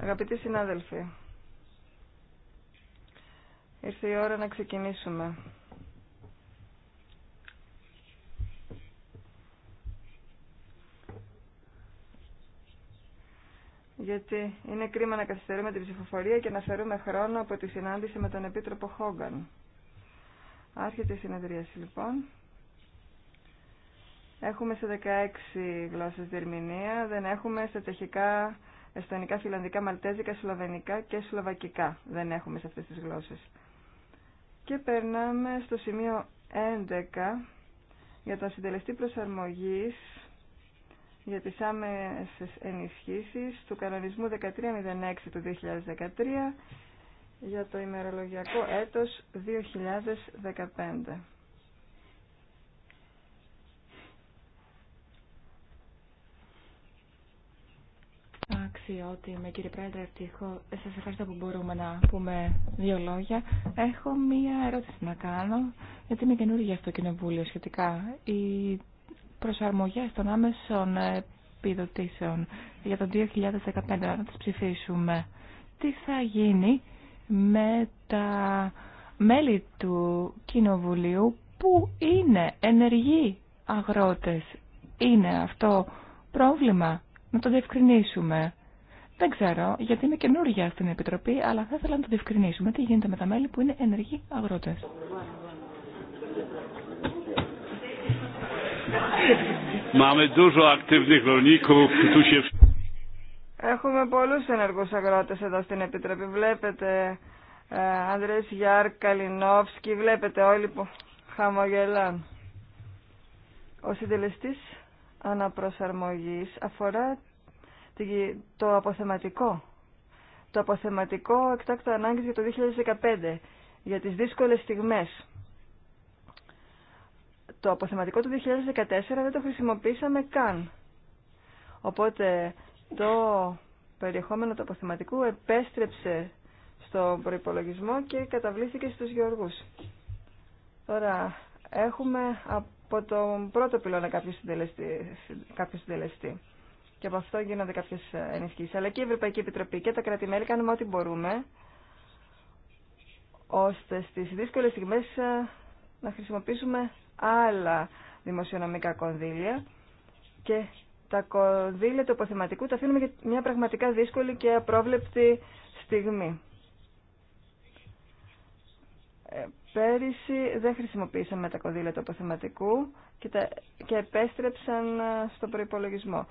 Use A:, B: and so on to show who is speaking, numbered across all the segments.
A: Αγαπητοί συνάδελφοι, ήρθε η ώρα να ξεκινήσουμε. Γιατί είναι κρίμα να καθυστερούμε την ψηφοφορία και να φερούμε χρόνο από τη συνάντηση με τον Επίτροπο Χόγκαν. Άρχεται η συνεδρίαση λοιπόν. Έχουμε σε 16 γλώσσες διερμηνία, δεν έχουμε σε τεχικά εστονικά, φιλανδικά, μαλτέζικα, σλοβενικά και σλοβακικά. Δεν έχουμε σε αυτές τις γλώσσες. Και περνάμε στο σημείο 11 για τον συντελεστή προσαρμογής για τις άμεσες ενισχύσεις του κανονισμού 1306 του 2013 για το ημερολογιακό έτος 2015. Αξιότιμη
B: κύριε πρόεδρε. ευτυχώ. Ε, σας ευχαριστώ που μπορούμε να πούμε δύο λόγια. Έχω μία ερώτηση να κάνω, γιατί είμαι καινούργια στο Κοινοβούλιο σχετικά. Οι προσαρμογέ των άμεσων επιδοτήσεων για το 2015, να τις ψηφίσουμε. Τι θα γίνει με τα μέλη του Κοινοβουλίου που είναι ενεργοί αγρότες. Είναι αυτό πρόβλημα να το διευκρινίσουμε. Δεν ξέρω, γιατί είμαι καινούργια στην Επιτροπή, αλλά θα ήθελα να το διευκρινίσουμε τι γίνεται με τα μέλη που είναι ενεργοί αγρότες.
A: Έχουμε πολλούς ενεργούς αγρότες εδώ στην Επιτροπή. Βλέπετε, ε, Ανδρέας Γιάρ, Καλινόφσκι, βλέπετε όλοι που χαμογελάν. Ο συντελεστής αναπροσαρμογής αφορά το αποθεματικό. Το αποθεματικό εκτάκτα ανάγκης για το 2015, για τις δύσκολες στιγμές. Το αποθεματικό του 2014 δεν το χρησιμοποίησαμε καν. Οπότε το περιεχόμενο του αποθεματικού επέστρεψε στο προϋπολογισμό και καταβλήθηκε στους γεωργούς. Τώρα έχουμε από τον πρώτο πυλώνα κάποιο συντελεστή. Κάποιο συντελεστή και από αυτό γίνονται κάποιε ενισχύσει. Αλλά και η Ευρωπαϊκή Επιτροπή και τα κράτη-μέλη κάνουμε ό,τι μπορούμε ώστε στι δύσκολε στιγμές ε, να χρησιμοποιήσουμε άλλα δημοσιονομικά κονδύλια και τα κονδύλια του αποθεματικού τα αφήνουμε για μια πραγματικά δύσκολη και απρόβλεπτη στιγμή. Ε, πέρυσι δεν χρησιμοποίησαμε τα κονδύλια του αποθεματικού και, τα, και επέστρεψαν ε, στον προϋπολογισμό.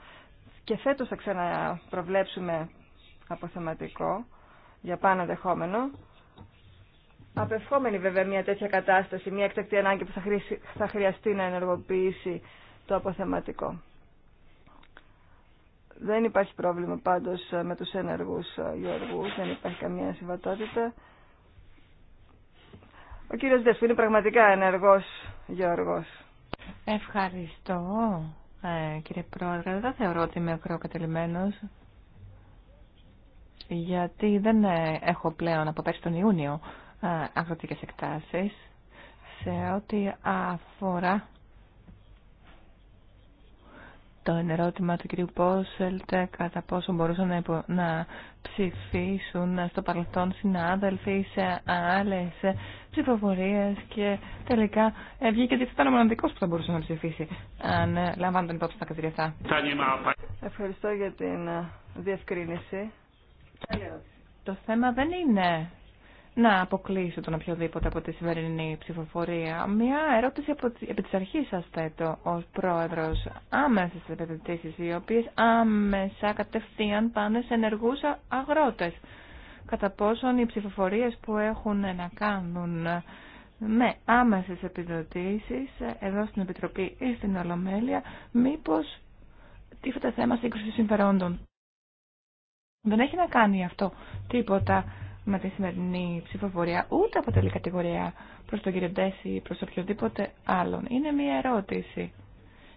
A: Και φέτος θα ξαναπροβλέψουμε αποθεματικό για πάνω δεχόμενο. Απευχόμενη βέβαια μια τέτοια κατάσταση, μια εκτακτή ανάγκη που θα χρειαστεί να ενεργοποιήσει το αποθεματικό. Δεν υπάρχει πρόβλημα πάντως με τους ενεργούς γεωργούς, δεν υπάρχει καμία συμβατότητα. Ο κύριος Δεσπού είναι πραγματικά ενεργός γεωργός.
B: Ευχαριστώ. Ε, κύριε Πρόεδρε, δεν θεωρώ ότι είμαι ακροκατελημένος, γιατί δεν ε, έχω πλέον από πέρσι τον Ιούνιο ε, αγροτικές εκτάσεις σε ό,τι αφορά το ερώτημα του κ. Πόσελτ κατά πόσο μπορούσαν να ψηφίσουν στο παρελθόν συνάδελφοι σε άλλες ψηφοφορίες και τελικά βγήκε ότι ήταν ο μοναδικός που θα μπορούσε να ψηφίσει αν τον υπόψη τα κριτήρια
A: Ευχαριστώ για την διευκρίνηση.
B: Το θέμα δεν είναι να αποκλείσω τον οποιοδήποτε από τη σημερινή ψηφοφορία. Μια ερώτηση από, επί της αρχής σας θέτω ως πρόεδρος. στις επενδυτήσεις οι οποίες άμεσα κατευθείαν πάνε σε ενεργούς αγρότες. Κατά οι ψηφοφορίες που έχουν να κάνουν με άμεσες επιδοτήσεις εδώ στην Επιτροπή ή στην Ολομέλεια, μήπως τίθεται θέμα σύγκρουση συμφερόντων. Δεν έχει να κάνει αυτό τίποτα με τη σημερινή ψηφοφορία ούτε αποτελεί κατηγορία προς τον κύριο Ντέση ή προς οποιοδήποτε άλλον. Είναι μία ερώτηση.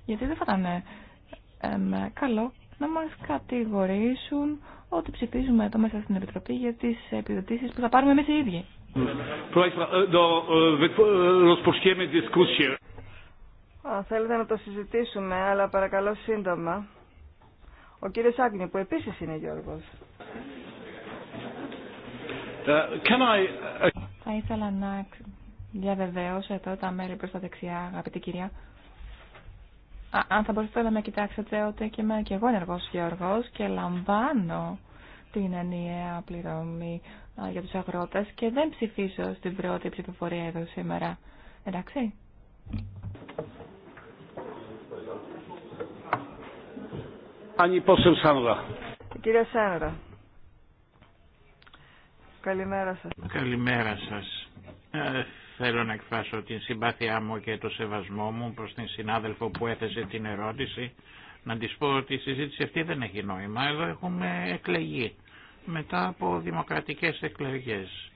B: Γιατί δεν θα ήταν καλό να μας κατηγορήσουν ότι ψηφίζουμε εδώ μέσα στην Επιτροπή για τις επιδοτήσεις που θα πάρουμε εμείς οι ίδιοι.
C: Ε, ε,
A: ε, θέλετε να το συζητήσουμε, αλλά παρακαλώ σύντομα. Ο κύριος Άγνη, που επίσης είναι Γιώργος.
C: Uh, uh,
A: θα ήθελα να
B: διαβεβαίωσω εδώ τα μέλη προς τα δεξιά, αγαπητή κυρία. αν θα μπορούσατε να με κοιτάξετε ότι και είμαι και εγώ ενεργός γεωργός και λαμβάνω την ενιαία πληρωμή για τους αγρότες και δεν ψηφίσω στην πρώτη ψηφοφορία εδώ σήμερα. Εντάξει.
A: Κύριε Σάνρα. Καλημέρα σας.
D: Καλημέρα σας. Ε, θέλω να εκφράσω την συμπάθειά μου και το σεβασμό μου προς την συνάδελφο που έθεσε την ερώτηση. Να της πω ότι η συζήτηση αυτή δεν έχει νόημα. Εδώ έχουμε εκλεγεί. Μετά από δημοκρατικές εκλογές.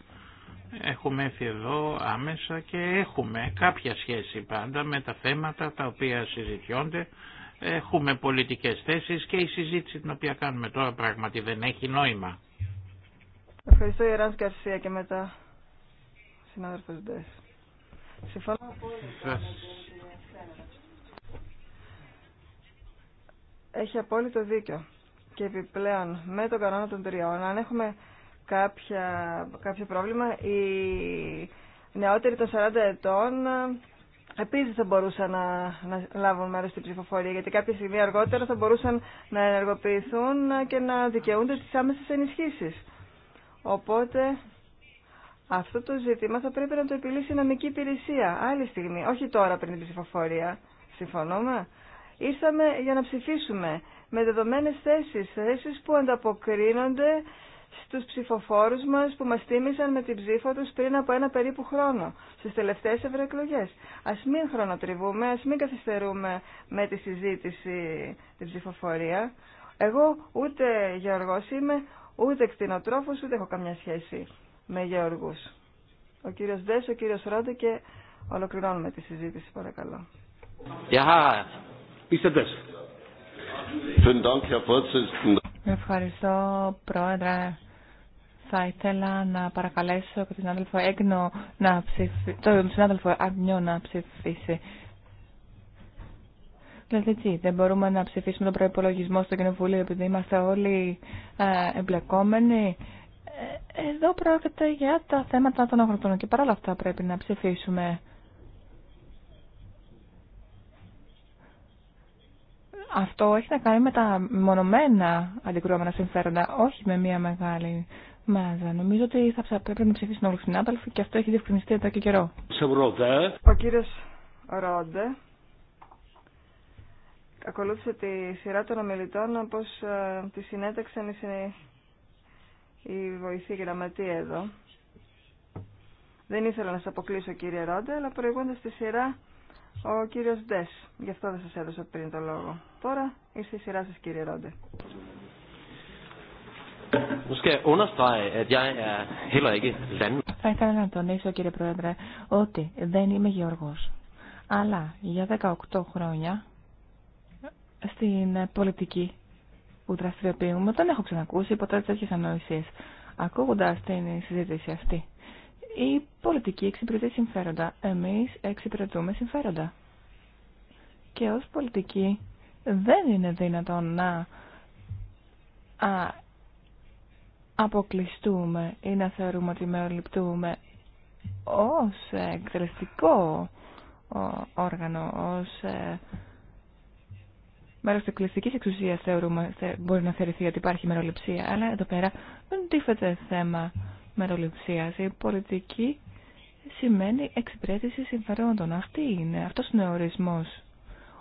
D: Έχουμε έρθει εδώ άμεσα και έχουμε κάποια σχέση πάντα με τα θέματα τα οποία συζητιώνται. Έχουμε πολιτικές θέσεις και η συζήτηση την οποία κάνουμε τώρα πράγματι δεν έχει νόημα.
A: Ευχαριστώ, Ιεράν Καρσία και μετά. Συνάδελφο Ντέ. Συμφωνώ απόλυτα. Έχει απόλυτο δίκιο. Και επιπλέον, με τον κανόνα των τριών, αν έχουμε κάποια, κάποιο πρόβλημα, οι νεότεροι των 40 ετών ε, Επίση θα μπορούσαν να, να λάβουν μέρο στην ψηφοφορία, γιατί κάποια στιγμή αργότερα θα μπορούσαν να ενεργοποιηθούν και να δικαιούνται τι άμεσε ενισχύσει. Οπότε αυτό το ζήτημα θα πρέπει να το επιλύσει η νομική υπηρεσία άλλη στιγμή, όχι τώρα πριν την ψηφοφορία. Συμφωνούμε. Ήρθαμε για να ψηφίσουμε με δεδομένες θέσεις, θέσεις που ανταποκρίνονται στους ψηφοφόρους μας που μας τίμησαν με την ψήφο τους πριν από ένα περίπου χρόνο, στις τελευταίες ευρωεκλογέ. Ας μην χρονοτριβούμε, ας μην καθυστερούμε με τη συζήτηση την ψηφοφορία. Εγώ ούτε Γεωργός είμαι, Ούτε κτηνοτρόφος, ούτε έχω καμιά σχέση με γεωργούς. Ο κύριος Δέσο, ο κύριος Ρόντε και ολοκληρώνουμε τη συζήτηση, παρακαλώ.
D: Γεια,
C: είστε Δέσο.
B: Ευχαριστώ, Πρόεδρε. Θα ήθελα να παρακαλέσω και συνάδελφο Έγνο να ψηφίσει, τον συνάδελφο Αγνιό να ψηφίσει δεν μπορούμε να ψηφίσουμε τον προπολογισμό στο Κοινοβούλιο επειδή είμαστε όλοι ε, εμπλεκόμενοι. Ε, εδώ πρόκειται για τα θέματα των αγροτών και παράλληλα αυτά πρέπει να ψηφίσουμε. Αυτό έχει να κάνει με τα μονομένα αντικρουόμενα συμφέροντα, όχι με μια μεγάλη μάζα. Νομίζω ότι θα πρέπει να ψηφίσουν όλοι συνάδελφοι και αυτό έχει διευκρινιστεί εδώ
A: και καιρό. Ο κύριος Ρόντε ακολούθησε τη σειρά των ομιλητών όπως ε, τη συνέταξαν οι, οι βοηθοί εδώ. Δεν ήθελα να σας αποκλείσω κύριε Ρόντα, αλλά προηγούντας τη σειρά ο κύριος Ντες. Γι' αυτό δεν σας έδωσα πριν το λόγο. Τώρα είστε η σειρά σας κύριε Ρόντα.
C: Er
B: Θα ήθελα να τονίσω κύριε Πρόεδρε ότι δεν είμαι γεωργός. Αλλά για 18 χρόνια στην πολιτική που δραστηριοποιούμε. Δεν έχω ξανακούσει ποτέ τέτοιε ανοησίε. Ακούγοντα την συζήτηση αυτή, η πολιτική εξυπηρετεί συμφέροντα. Εμεί εξυπηρετούμε συμφέροντα. Και ω πολιτική δεν είναι δυνατόν να αποκλειστούμε ή να θεωρούμε ότι ολυπτούμε ως εκτελεστικό όργανο, ως ε, μέρο τη κλειστική εξουσία θεωρούμε μπορεί να θεωρηθεί ότι υπάρχει μεροληψία. Αλλά εδώ πέρα δεν τίθεται θέμα μεροληψία. Η πολιτική σημαίνει εξυπηρέτηση συμφερόντων. Αυτή είναι, αυτό είναι ο ορισμό.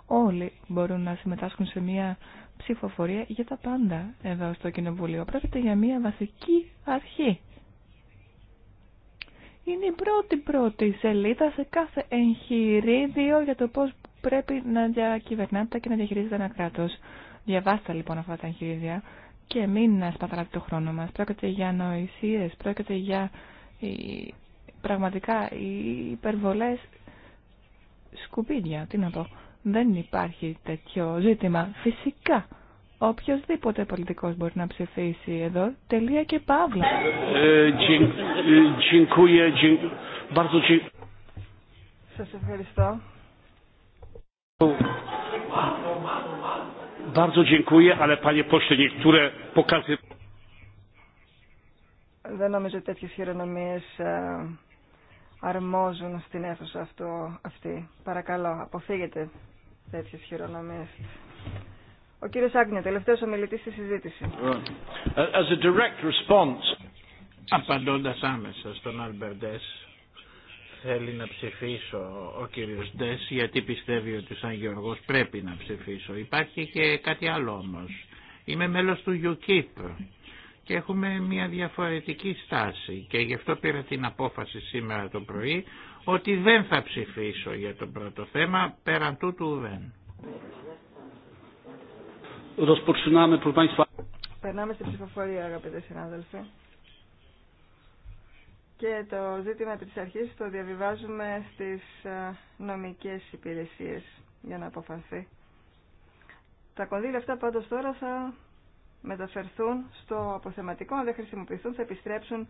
B: Όλοι μπορούν να συμμετάσχουν σε μια ψηφοφορία για τα πάντα εδώ στο Κοινοβούλιο. Πρόκειται για μια βασική αρχή. Είναι η πρώτη πρώτη σελίδα σε κάθε εγχειρίδιο για το πώς πρέπει να διακυβερνάτε και να διαχειρίζετε ένα κράτο. Διαβάστε λοιπόν αυτά τα εγχειρίδια και μην σπαταλάτε το χρόνο μα. Πρόκειται για νοησίε, πρόκειται για ε, πραγματικά υπερβολέ σκουπίδια. Τι να πω. Δεν υπάρχει τέτοιο ζήτημα. Φυσικά. Οποιοςδήποτε πολιτικός μπορεί να ψηφίσει εδώ.
A: Τελεία και παύλα. Ε, ε, Σας ευχαριστώ.
C: Bardzo dziękuję, ale panie pośle, niektóre pokazy...
A: Δεν νομίζω ότι τέτοιες χειρονομίες ε, αρμόζουν στην αίθουσα αυτού, αυτή. Παρακαλώ, αποφύγετε τέτοιες χειρονομίες. Ο κύριος Άγνια, τελευταίος ομιλητής στη συζήτηση.
D: As Απαντώντας άμεσα στον Αλμπερντές, θέλει να ψηφίσω ο κύριος Ντες γιατί πιστεύει ότι σαν Γεωργός πρέπει να ψηφίσω. Υπάρχει και κάτι άλλο όμως. Είμαι μέλος του UKIP και έχουμε μια διαφορετική στάση και γι' αυτό πήρα την απόφαση σήμερα το πρωί ότι δεν θα ψηφίσω για το πρώτο θέμα πέραν τούτου δεν.
A: Περνάμε στην ψηφοφορία αγαπητοί συνάδελφοι και το ζήτημα της αρχής το διαβιβάζουμε στις ε, νομικές υπηρεσίες για να αποφανθεί. Τα κονδύλια αυτά πάντως τώρα θα μεταφερθούν στο αποθεματικό, αν δεν χρησιμοποιηθούν θα επιστρέψουν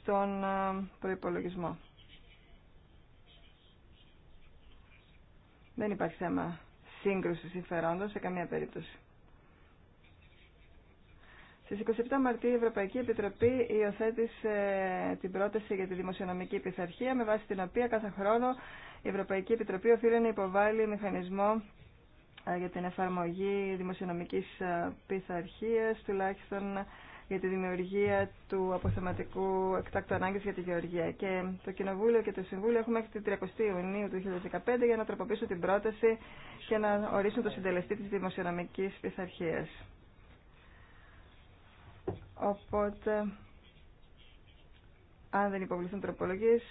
A: στον ε, προϋπολογισμό. Δεν υπάρχει θέμα σύγκρουση συμφερόντων σε καμία περίπτωση. Στις 27 Μαρτίου η Ευρωπαϊκή Επιτροπή υιοθέτησε την πρόταση για τη δημοσιονομική πειθαρχία με βάση την οποία κάθε χρόνο η Ευρωπαϊκή Επιτροπή οφείλει να υποβάλει μηχανισμό ε, για την εφαρμογή δημοσιονομικής ε, πειθαρχίας τουλάχιστον για τη δημιουργία του αποθεματικού εκτάκτου ανάγκη για τη Γεωργία. Και το Κοινοβούλιο και το Συμβούλιο έχουμε μέχρι την 30 Ιουνίου του 2015 για να τροποποιήσουν την πρόταση και να ορίσουν το συντελεστή τη δημοσιονομική πειθαρχία. Οπότε, αν δεν υποβληθούν τροπολογίες,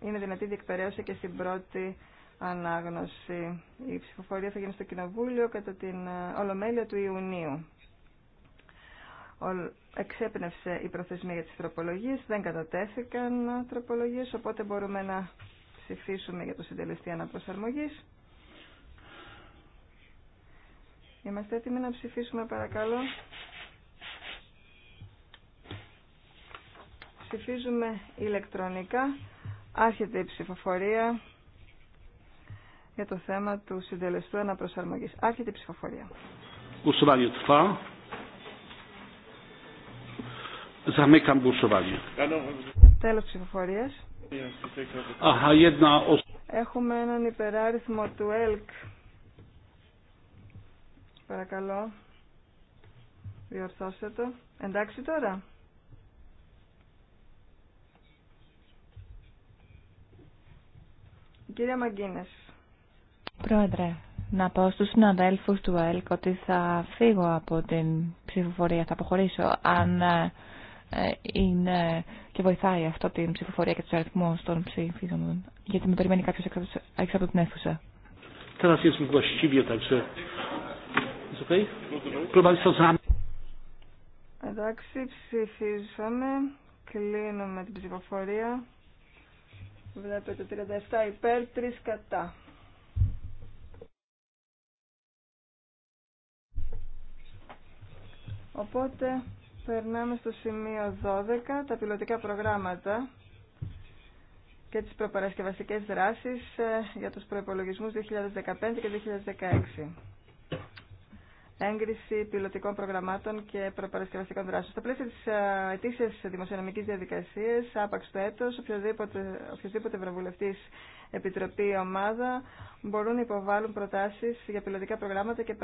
A: είναι δυνατή διεκπαιρέωση και στην πρώτη ανάγνωση. Η ψηφοφορία θα γίνει στο Κοινοβούλιο κατά την ε, Ολομέλεια του Ιουνίου. Εξέπνευσε η προθεσμία για τις τροπολογίες, δεν κατατέθηκαν τροπολογίες, οπότε μπορούμε να ψηφίσουμε για το συντελεστή αναπροσαρμογής. Είμαστε έτοιμοι να ψηφίσουμε παρακαλώ. ψηφίζουμε ηλεκτρονικά. Άρχεται η ψηφοφορία για το θέμα του συντελεστού αναπροσαρμογή. Άρχεται η ψηφοφορία.
C: Τέλο ψηφοφορία. Ζαμίκαν
A: Τέλος ψηφοφορίας. Έχουμε έναν υπεράριθμο του ΕΛΚ. Παρακαλώ. Διορθώστε το. Εντάξει τώρα. Κυρία Μαγκίνες.
B: Πρόεδρε, να πω στους συναδέλφους του ΕΛΚ ότι θα φύγω από την ψηφοφορία, θα αποχωρήσω αν ε, είναι και βοηθάει αυτό την ψηφοφορία και τους αριθμούς των ψήφων γιατί με περιμένει κάποιος έξω από την αίθουσα.
C: Εντάξει,
A: ψηφίσαμε. Κλείνουμε την ψηφοφορία. Βλέπετε 37 υπέρ, 3 κατά. Οπότε περνάμε στο σημείο 12, τα πιλωτικά προγράμματα και τις προπαρασκευαστικές δράσεις ε, για τους προϋπολογισμούς 2015 και 2016 έγκριση πιλωτικών προγραμμάτων και προπαρασκευαστικών δράσεων. Στο πλαίσια τη ε, ετήσια δημοσιονομική διαδικασία, άπαξ το έτο, οποιοδήποτε, οποιοδήποτε ευρωβουλευτή, επιτροπή ή ομάδα μπορούν να υποβάλουν προτάσει για πιλωτικά προγράμματα και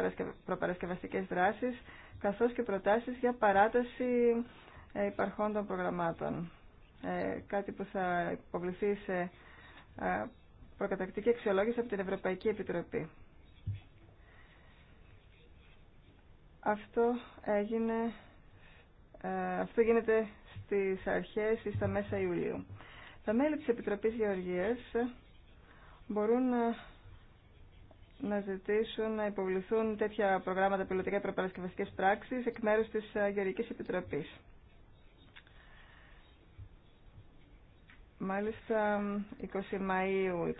A: προπαρασκευαστικέ δράσει, καθώ και προτάσει για παράταση ε, υπαρχών των προγραμμάτων. Ε, κάτι που θα υποβληθεί σε προκατακτική αξιολόγηση από την Ευρωπαϊκή Επιτροπή. Αυτό έγινε, ε, αυτό γίνεται στις αρχές ή στα μέσα Ιουλίου. Τα μέλη της Επιτροπής Γεωργίας μπορούν ε, να ζητήσουν να υποβληθούν τέτοια προγράμματα πιλωτικά προπαρασκευαστικές πράξεις εκ μέρους της ε, Γεωργικής Επιτροπής. Μάλιστα, 20 Μαΐου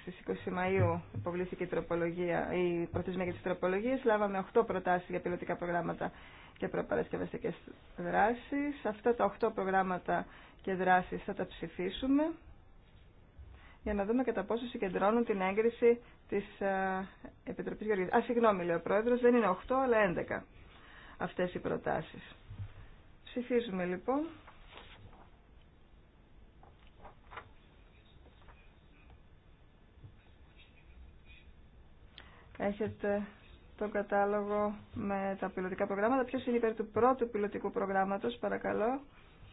A: στις 20 Μαΐου υποβλήθηκε η, τροπολογία, η προθεσμία για τις τροπολογίες. Λάβαμε 8 προτάσεις για πιλωτικά προγράμματα και προπαρασκευαστικές δράσεις. Αυτά τα 8 προγράμματα και δράσεις θα τα ψηφίσουμε για να δούμε κατά πόσο συγκεντρώνουν την έγκριση της ε, Επιτροπής Γεωργίας. Α, συγγνώμη, λέει ο Πρόεδρος, δεν είναι 8 αλλά 11 αυτές οι προτάσεις. Ψηφίζουμε λοιπόν. Έχετε το κατάλογο με τα πιλωτικά προγράμματα. Ποιος είναι υπέρ του πρώτου πιλωτικού προγράμματος, παρακαλώ.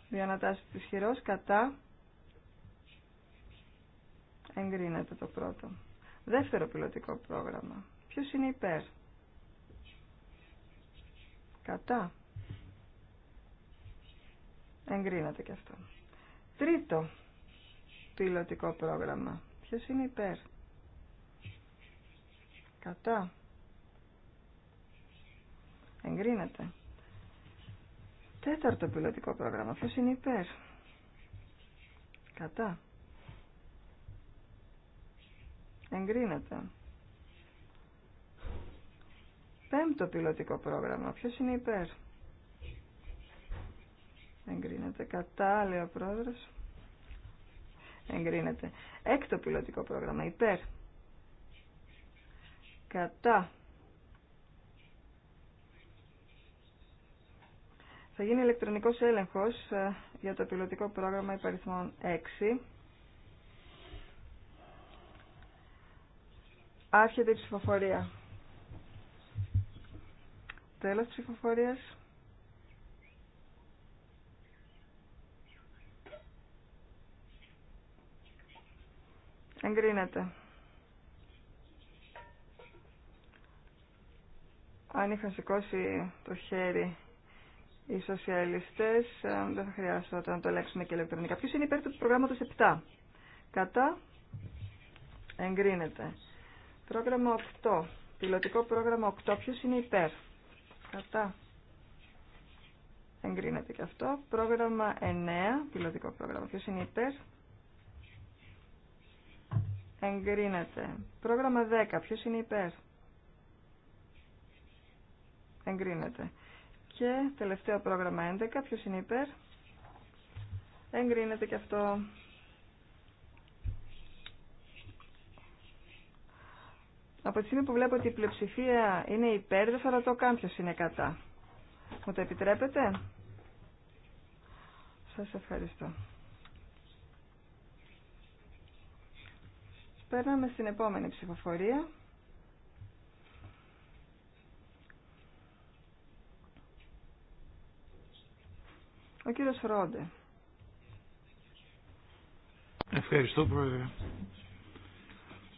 A: Διανατάσσετε της χειρός, κατά. Εγκρίνεται το πρώτο. Δεύτερο πιλωτικό πρόγραμμα. Ποιος είναι υπέρ. Κατά. Εγκρίνεται και αυτό. Τρίτο πιλωτικό πρόγραμμα. Ποιος είναι υπέρ. Κατά. Εγκρίνεται. Τέταρτο πιλωτικό πρόγραμμα. Ποιος είναι υπέρ. Κατά. Εγκρίνεται. Πέμπτο πιλωτικό πρόγραμμα. Ποιος είναι υπέρ. Εγκρίνεται. Κατά, λέει ο πρόεδρος. Εγκρίνεται. Έκτο πιλωτικό πρόγραμμα. Υπέρ. Κατά. Θα γίνει ηλεκτρονικός έλεγχος ε, για το πιλωτικό πρόγραμμα υπαριθμών 6. Άρχεται η ψηφοφορία. Τέλος ψηφοφορίας. Εγκρίνεται. Αν είχαν σηκώσει το χέρι οι σοσιαλιστές, ε, δεν θα χρειάζεται να το ελέγξουμε και ηλεκτρονικά. Ποιος είναι υπέρ του προγράμματος 7. Κατά. Εγκρίνεται. Πρόγραμμα 8. Πιλωτικό πρόγραμμα 8. Ποιος είναι υπέρ. Κατά. Εγκρίνεται και αυτό. Πρόγραμμα 9. Πιλωτικό πρόγραμμα. Ποιος είναι υπέρ. Εγκρίνεται. Πρόγραμμα 10. Ποιος είναι υπέρ εγκρίνεται. Και τελευταίο πρόγραμμα 11, ποιος είναι υπέρ, εγκρίνεται και αυτό. Από τη στιγμή που βλέπω ότι η πλειοψηφία είναι υπέρ, δεν θα ρωτώ είναι κατά. Μου το επιτρέπετε. Σας ευχαριστώ. Παίρναμε στην επόμενη ψηφοφορία. Ο κύριος Ρόντε.
D: Ευχαριστώ πρόεδρε.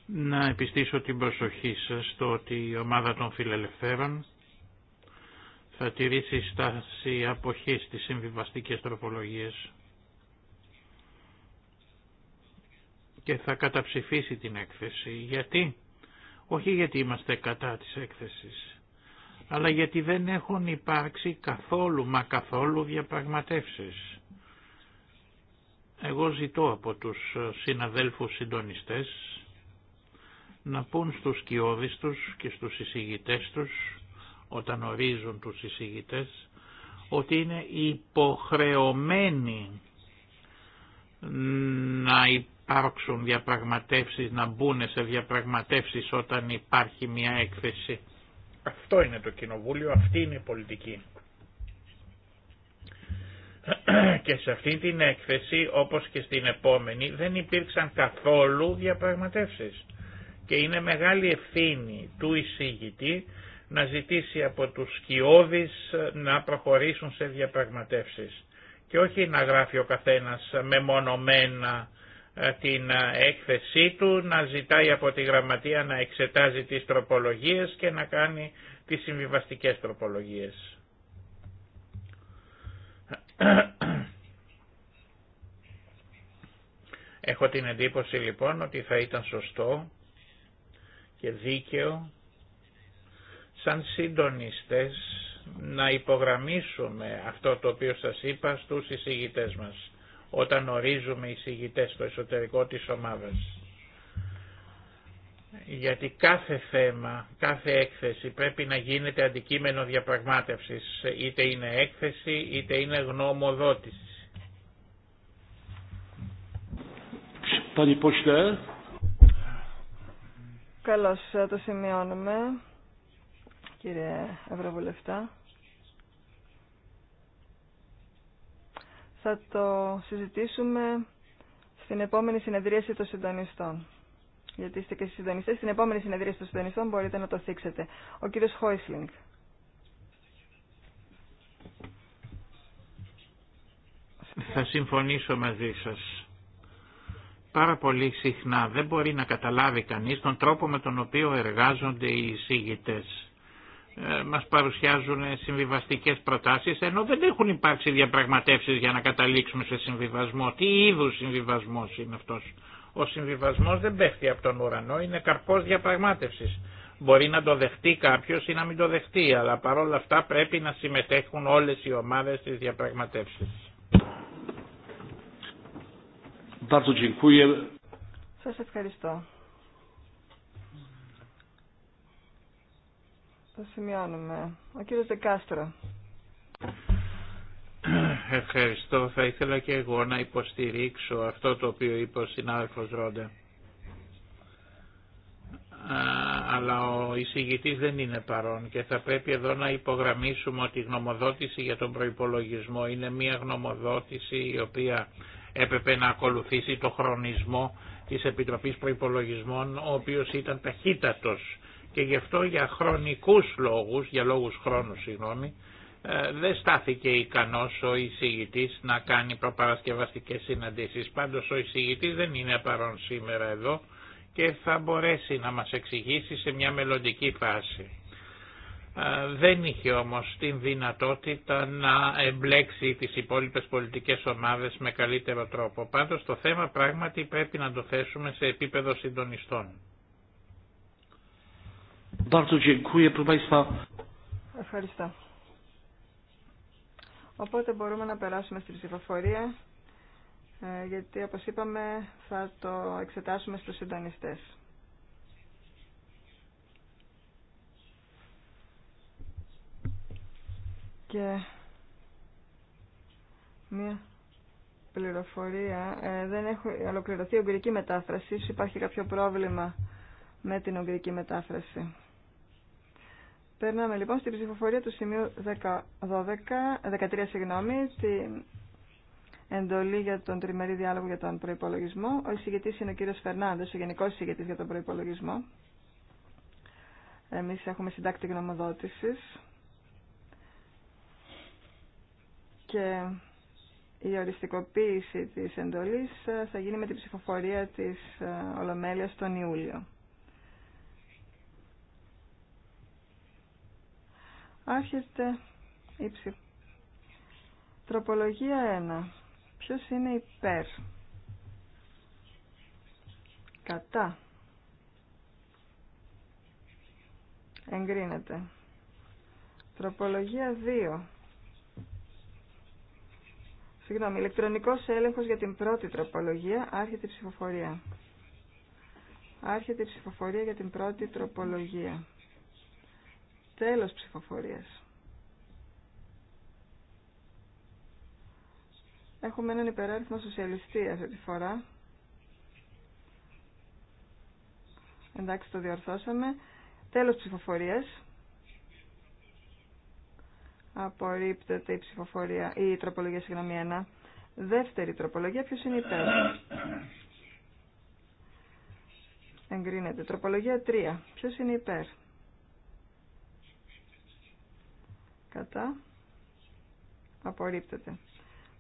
D: Να επιστήσω την προσοχή σας στο ότι η ομάδα των φιλελευθέρων θα τηρήσει στάση αποχής στις συμβιβαστικές τροπολογίες και θα καταψηφίσει την έκθεση. Γιατί? Όχι γιατί είμαστε κατά της έκθεσης αλλά γιατί δεν έχουν υπάρξει καθόλου μα καθόλου διαπραγματεύσεις. Εγώ ζητώ από τους συναδέλφους συντονιστές να πούν στους κοιόδης τους και στους εισηγητές τους, όταν ορίζουν τους εισηγητές, ότι είναι υποχρεωμένοι να υπάρξουν διαπραγματεύσεις, να μπουν σε διαπραγματεύσεις όταν υπάρχει μια έκθεση αυτό είναι το κοινοβούλιο, αυτή είναι η πολιτική. Και σε αυτή την έκθεση, όπως και στην επόμενη, δεν υπήρξαν καθόλου διαπραγματεύσεις. Και είναι μεγάλη ευθύνη του εισηγητή να ζητήσει από τους σκιώδεις να προχωρήσουν σε διαπραγματεύσεις. Και όχι να γράφει ο καθένας μεμονωμένα ε, την ε, έκθεσή του, να ζητάει από τη γραμματεία να εξετάζει τις τροπολογίες και να κάνει τις συμβιβαστικές τροπολογίες. Έχω την εντύπωση λοιπόν ότι θα ήταν σωστό και δίκαιο σαν συντονιστές να υπογραμμίσουμε αυτό το οποίο σας είπα στους εισηγητές μας όταν ορίζουμε εισηγητές στο εσωτερικό της ομάδας. Γιατί κάθε θέμα, κάθε έκθεση πρέπει να γίνεται αντικείμενο διαπραγμάτευσης, είτε είναι έκθεση είτε είναι γνωμοδότηση.
A: Καλώς, ε, το σημειώνουμε, κύριε Ευρωβουλευτά. θα το συζητήσουμε στην επόμενη συνεδρίαση των συντονιστών. Γιατί είστε και συντονιστέ, Στην επόμενη συνεδρίαση των συντονιστών μπορείτε να το θίξετε. Ο κύριος Χόισλινγκ.
D: Θα συμφωνήσω μαζί σας. Πάρα πολύ συχνά δεν μπορεί να καταλάβει κανείς τον τρόπο με τον οποίο εργάζονται οι εισήγητες. Ε, μας παρουσιάζουν συμβιβαστικές προτάσεις ενώ δεν έχουν υπάρξει διαπραγματεύσεις για να καταλήξουμε σε συμβιβασμό. Τι είδου συμβιβασμός είναι αυτός. Ο συμβιβασμός δεν πέφτει από τον ουρανό, είναι καρπός διαπραγμάτευσης. Μπορεί να το δεχτεί κάποιος ή να μην το δεχτεί, αλλά παρόλα αυτά πρέπει να συμμετέχουν όλες οι ομάδες στις διαπραγματεύσεις.
A: Σας ευχαριστώ. Το σημειώνουμε. Ο κύριος Δεκάστρο.
D: Ευχαριστώ. Θα ήθελα και εγώ να υποστηρίξω αυτό το οποίο είπε ο συνάδελφος Ρόντε. Αλλά ο εισηγητής δεν είναι παρόν και θα πρέπει εδώ να υπογραμμίσουμε ότι η γνωμοδότηση για τον προϋπολογισμό είναι μια γνωμοδότηση η οποία έπρεπε να ακολουθήσει το χρονισμό της Επιτροπής Προϋπολογισμών ο οποίος ήταν ταχύτατος και γι' αυτό για χρονικούς λόγους, για λόγους χρόνου συγγνώμη, ε, δεν στάθηκε ικανός ο εισηγητής να κάνει προπαρασκευαστικές συναντήσεις. Πάντως ο εισηγητής δεν είναι παρόν σήμερα εδώ και θα μπορέσει να μας εξηγήσει σε μια μελλοντική φάση. Ε, δεν είχε όμως την δυνατότητα να εμπλέξει τις υπόλοιπες πολιτικές ομάδες με καλύτερο τρόπο. Πάντως το θέμα πράγματι πρέπει να το θέσουμε σε επίπεδο συντονιστών.
A: Ευχαριστώ. Οπότε μπορούμε να περάσουμε στην ψηφοφορία, ε, γιατί όπως είπαμε θα το εξετάσουμε στους συντονιστέ. Και μία πληροφορία. Ε, δεν έχω ολοκληρωθεί η ουγγρική μετάφραση. Υπάρχει κάποιο πρόβλημα με την ουγγρική μετάφραση. Περνάμε λοιπόν στην ψηφοφορία του σημείου 13, συγγνώμη, την εντολή για τον τριμερή διάλογο για τον προπολογισμό. Ο εισηγητή είναι ο κύριο Φερνάνδε, ο γενικό εισηγητή για τον προπολογισμό. Εμεί έχουμε συντάκτη γνωμοδότηση. Και η οριστικοποίηση της εντολής θα γίνει με την ψηφοφορία της ε, Ολομέλειας τον Ιούλιο. Άρχεται η ψηφοφορία. Τροπολογία 1. Ποιος είναι υπέρ. Κατά. Εγκρίνεται. Τροπολογία 2. Συγγνώμη, ηλεκτρονικός έλεγχος για την πρώτη τροπολογία. Άρχεται η ψηφοφορία. Άρχεται η ψηφοφορία για την πρώτη τροπολογία. Τέλος ψηφοφορίας. Έχουμε έναν υπεράριθμο σοσιαλιστή αυτή τη φορά. Εντάξει, το διορθώσαμε. Τέλος ψηφοφορίας. Απορρίπτεται η ψηφοφορία, η τροπολογία, συγγνώμη, 1. Δεύτερη τροπολογία, ποιος είναι υπέρ. Εγκρίνεται. Τροπολογία 3. Ποιος είναι υπέρ. Κατά. Απορρίπτεται.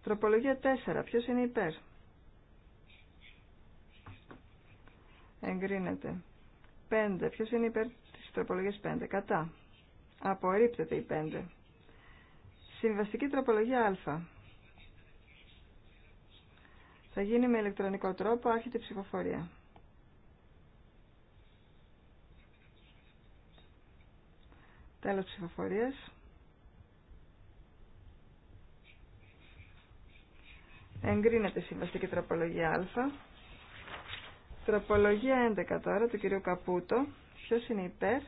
A: Τροπολογία 4. Ποιος είναι υπέρ. Εγκρίνεται. 5. Ποιος είναι υπέρ της τροπολογίας 5. Κατά. Απορρίπτεται η 5. Συμβαστική τροπολογία α. Θα γίνει με ηλεκτρονικό τρόπο, άρχεται ψηφοφορία. Τέλος ψηφοφορίας. Εγκρίνεται η συμβαστική τροπολογία α. Τροπολογία 11 τώρα του κυρίου Καπούτο. Ποιο είναι υπέρ.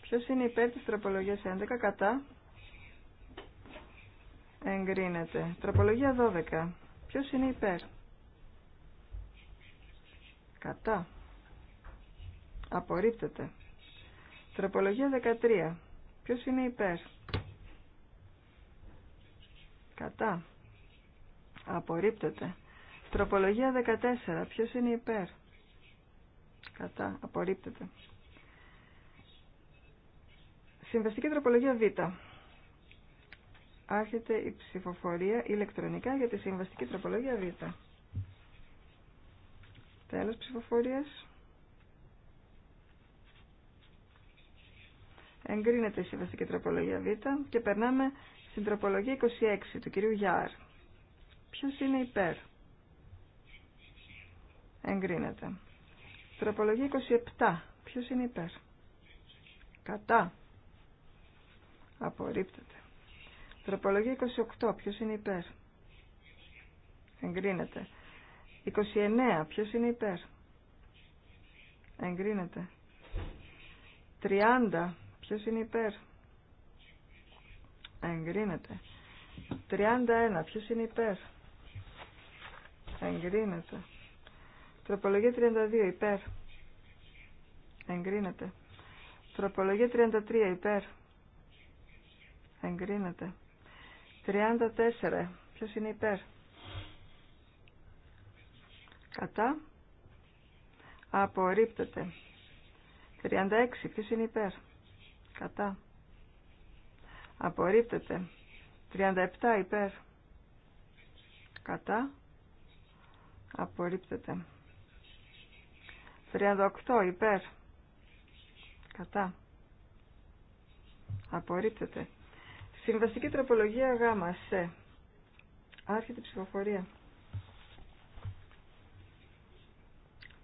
A: Ποιο είναι υπέρ τη τροπολογία 11 κατά. Εγκρίνεται. Τροπολογία 12. Ποιο είναι υπέρ. Κατά. Απορρίπτεται. Τροπολογία 13. Ποιο είναι υπέρ. Κατά. Απορρίπτεται. Τροπολογία 14. Ποιος είναι υπέρ. Κατά. Απορρίπτεται. Συμβαστική τροπολογία Β. Άρχεται η ψηφοφορία ηλεκτρονικά για τη συμβαστική τροπολογία Β. Τέλος ψηφοφορίας. Εγκρίνεται η συμβαστική τροπολογία Β και περνάμε στην τροπολογία 26 του κυρίου Γιάρ. Ποιος είναι υπέρ. Εγκρίνεται. Τροπολογία 27. Ποιος είναι υπέρ. Κατά. Απορρίπτεται. Τροπολογία 28. Ποιος είναι υπέρ. Εγκρίνεται. 29. Ποιος είναι υπέρ. Εγκρίνεται. 30. Ποιος είναι υπέρ. Εγκρίνεται. 31. ποιο είναι υπέρ. Εγκρίνεται. Τροπολογία 32. Υπέρ. Εγκρίνεται. Τροπολογία 33. Υπέρ. Εγκρίνεται. 34. Ποιο είναι υπέρ. Κατά. Απορρίπτεται. 36. Ποιο είναι υπέρ. Κατά. Απορρίπτεται. 37 υπέρ. Κατά. Απορρίπτεται. 38 υπέρ. Κατά. Απορρίπτεται. Συμβαστική τροπολογία γάμα σε. Άρχεται ψηφοφορία.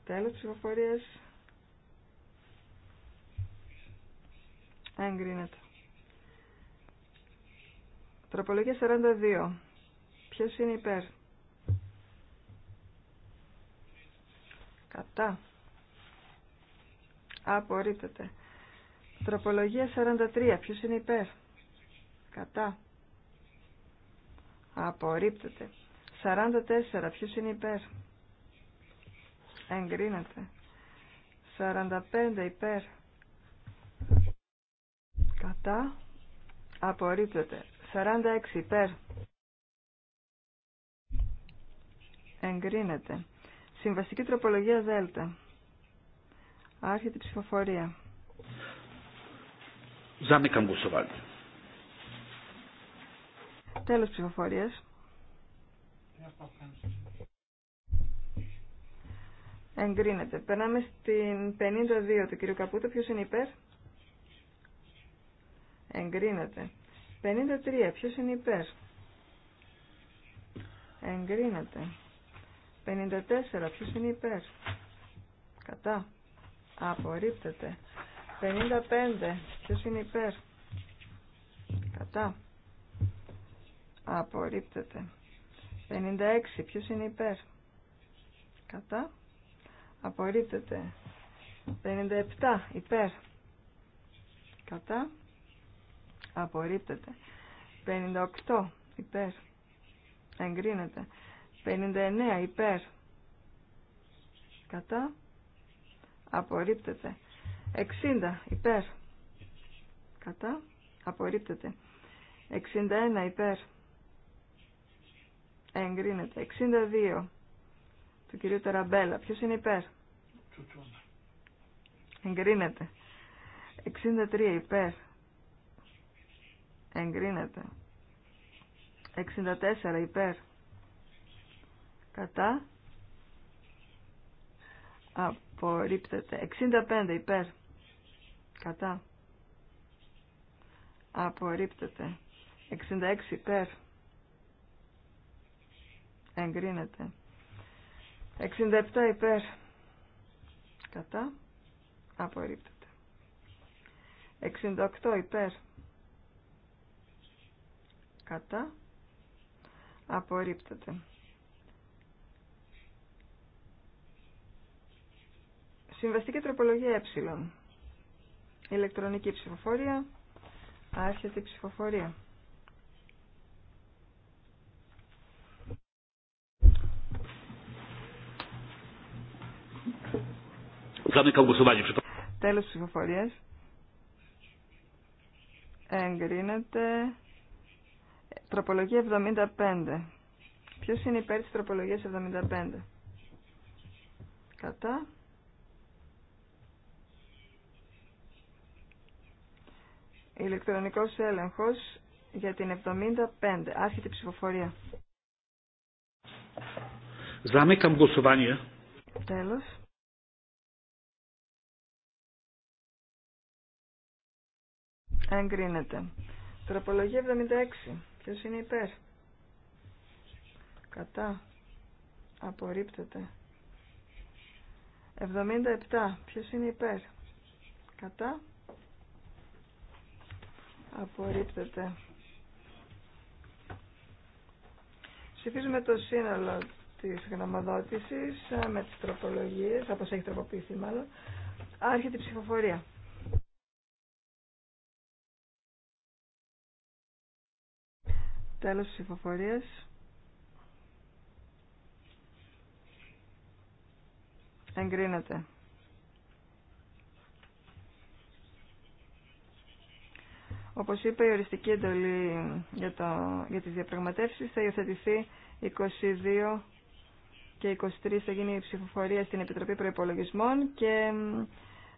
A: Τέλος ψηφοφορίας. Εγκρίνεται. Τροπολογία 42. Ποιο είναι υπέρ. Κατά. Απορρίπτεται. Τροπολογία 43. ποιο είναι υπέρ. Κατά. Απορρίπτεται. 44. ποιο είναι υπέρ. Εγκρίνεται. 45. Υπέρ. Κατά. Απορρίπτεται. 46 υπέρ. Εγκρίνεται. Συμβαστική τροπολογία Δέλτα. Άρχεται η ψηφοφορία.
C: Τέλο ψηφοφορία.
A: Τέλος ψηφοφορίας. Εγκρίνεται. Περνάμε στην 52 του κ. Καπούτο. Ποιος είναι υπέρ. Εγκρίνεται. 53. Ποιος είναι υπέρ. Εγκρίνεται. 54. Ποιος είναι υπέρ. Κατά. Απορρίπτεται. 55. Ποιος είναι υπέρ. Κατά. Απορρίπτεται. 56. Ποιος είναι υπέρ. Κατά. Απορρίπτεται. 57. Υπέρ. Κατά απορρίπτεται. 58 υπέρ, εγκρίνεται. 59 υπέρ, κατά, απορρίπτεται. 60 υπέρ, κατά, απορρίπτεται. 61 υπέρ, εγκρίνεται. 62 του κυρίου Ταραμπέλα. Ποιος είναι υπέρ. Εγκρίνεται. 63 υπέρ εγκρίνεται. 64 υπέρ κατά απορρίπτεται. 65 υπέρ κατά απορρίπτεται. 66 υπέρ εγκρίνεται. 67 υπέρ κατά απορρίπτεται. 68 υπέρ κατά απορρίπτεται. Συμβαστική τροπολογία ε. Ηλεκτρονική ψηφοφορία. Άρχεται η ψηφοφορία. Τέλος ψηφοφορίας. Εγκρίνεται Τροπολογία 75. Ποιος είναι υπέρ της τροπολογίας 75. Κατά. Ηλεκτρονικός έλεγχος για την 75. Άρχεται η ψηφοφορία.
C: Zamykam głosowanie.
A: Τέλος. Εγκρίνεται. Τροπολογία 76. Ποιος είναι υπέρ. Κατά. Απορρίπτεται. 77. Ποιος είναι υπέρ. Κατά. Απορρίπτεται. Ψηφίζουμε το σύνολο της γνωμοδότησης ε, με τις τροπολογίες, όπως έχει τροποποιηθεί μάλλον. Άρχεται η ψηφοφορία. Τέλος της ψηφοφορίας. Εγκρίνεται. Όπως είπε η οριστική εντολή για, το, για τις διαπραγματεύσεις θα υιοθετηθεί 22 και 23 θα γίνει η ψηφοφορία στην Επιτροπή Προϋπολογισμών και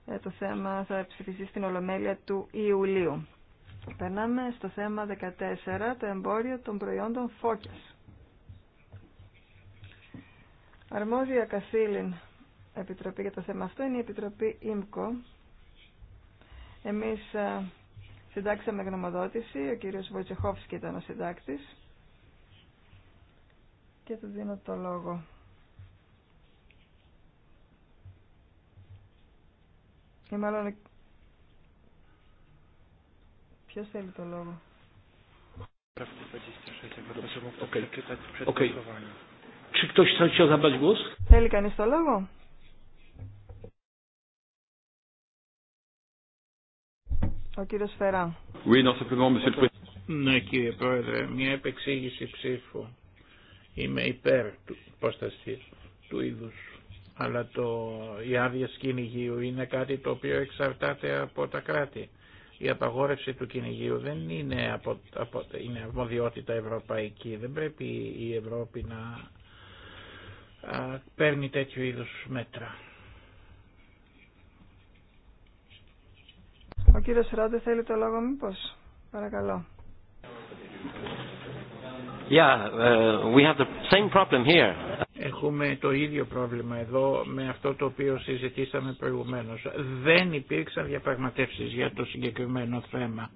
A: ε, το θέμα θα ψηφιστεί στην Ολομέλεια του Ιουλίου. Περνάμε στο θέμα 14, το εμπόριο των προϊόντων φώκιας. Αρμόδια καθήλυν επιτροπή για το θέμα αυτό είναι η Επιτροπή ΙΜΚΟ. Εμείς ε, συντάξαμε γνωμοδότηση, ο κύριος Βοητσεχόφσκι ήταν ο συντάκτης και του δίνω το λόγο. Ή μάλλον Ποιος θέλει το λόγο. Θέλει κανείς το λόγο. Ο κύριος Φερά.
D: Ναι κύριε Πρόεδρε, μια επεξήγηση ψήφου. Είμαι υπέρ του υπόστασης του είδους. Αλλά το, η άδεια σκηνηγίου είναι κάτι το οποίο εξαρτάται από τα κράτη. Η απαγόρευση του κυνηγίου δεν είναι, απο, απο, είναι αρμοδιότητα ευρωπαϊκή. Δεν πρέπει η Ευρώπη να α, παίρνει τέτοιου είδους μέτρα.
A: Ο κύριο Ρόντε θέλει το λόγο μήπως. Παρακαλώ.
C: Yeah, uh, we have the same problem here.
D: Έχουμε το ίδιο πρόβλημα εδώ με αυτό το οποίο συζητήσαμε προηγουμένως. Δεν υπήρξαν διαπραγματεύσεις για το συγκεκριμένο θέμα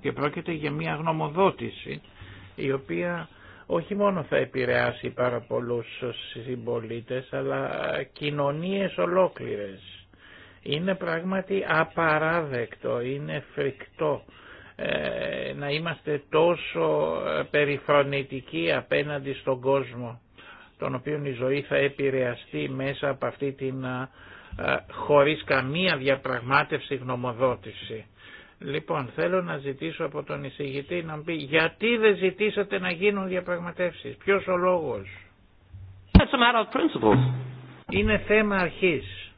D: και πρόκειται για μια γνωμοδότηση η οποία όχι μόνο θα επηρεάσει πάρα πολλούς συμπολίτε, αλλά κοινωνίες ολόκληρες. Είναι πράγματι απαράδεκτο, είναι φρικτό ε, να είμαστε τόσο περιφρονητικοί απέναντι στον κόσμο τον οποίο η ζωή θα επηρεαστεί μέσα από αυτή την χωρίς καμία διαπραγμάτευση γνωμοδότηση. Λοιπόν, θέλω να ζητήσω από τον εισηγητή να μου πει γιατί δεν ζητήσατε να γίνουν διαπραγματεύσεις, ποιος ο λόγος. Είναι θέμα αρχής.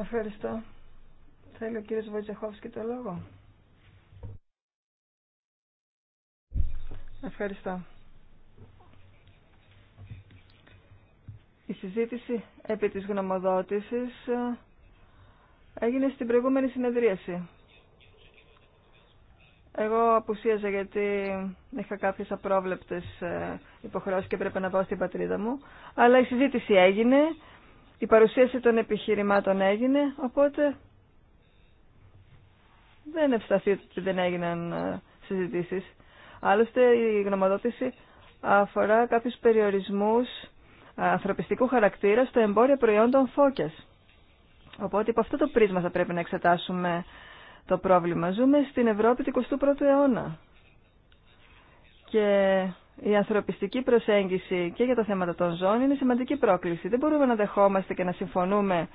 A: Ευχαριστώ. Θέλει ο κύριος Βοητσεχόφσκι το λόγο. Ευχαριστώ. Η συζήτηση επί της γνωμοδότησης ε, έγινε στην προηγούμενη συνεδρίαση. Εγώ απουσίαζα γιατί είχα κάποιες απρόβλεπτες ε, υποχρεώσεις και πρέπει να πάω στην πατρίδα μου. Αλλά η συζήτηση έγινε, η παρουσίαση των επιχειρημάτων έγινε, οπότε δεν ευσταθεί ότι δεν έγιναν ε, συζητήσεις. Άλλωστε η γνωμοδότηση αφορά κάποιους περιορισμούς ανθρωπιστικού χαρακτήρα στο εμπόριο προϊόντων φώκιας. Οπότε από αυτό το πρίσμα θα πρέπει να εξετάσουμε το πρόβλημα. Ζούμε στην Ευρώπη του 21ου αιώνα. Και η ανθρωπιστική προσέγγιση και για τα θέματα των ζώων είναι σημαντική πρόκληση. Δεν μπορούμε να δεχόμαστε και να συμφωνούμε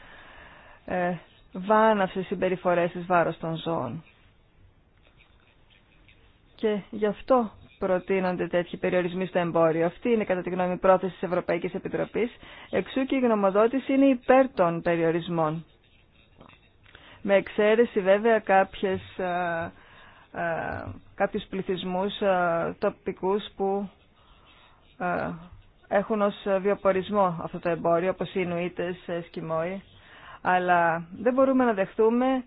A: ε, βάναυσες συμπεριφορές εις βάρος των ζώων. Και γι' αυτό προτείνονται τέτοιοι περιορισμοί στο εμπόριο. Αυτή είναι κατά τη γνώμη πρόθεση της Ευρωπαϊκής Επιτροπής. Εξού και η γνωμοδότηση είναι υπέρ των περιορισμών. Με εξαίρεση βέβαια κάποιες, α, α, κάποιους πληθυσμούς τοπικούς που έχουν ως βιοπορισμό αυτό το εμπόριο, όπως οι Ινουίτες, ε, Σκιμόοι. Αλλά δεν μπορούμε να δεχτούμε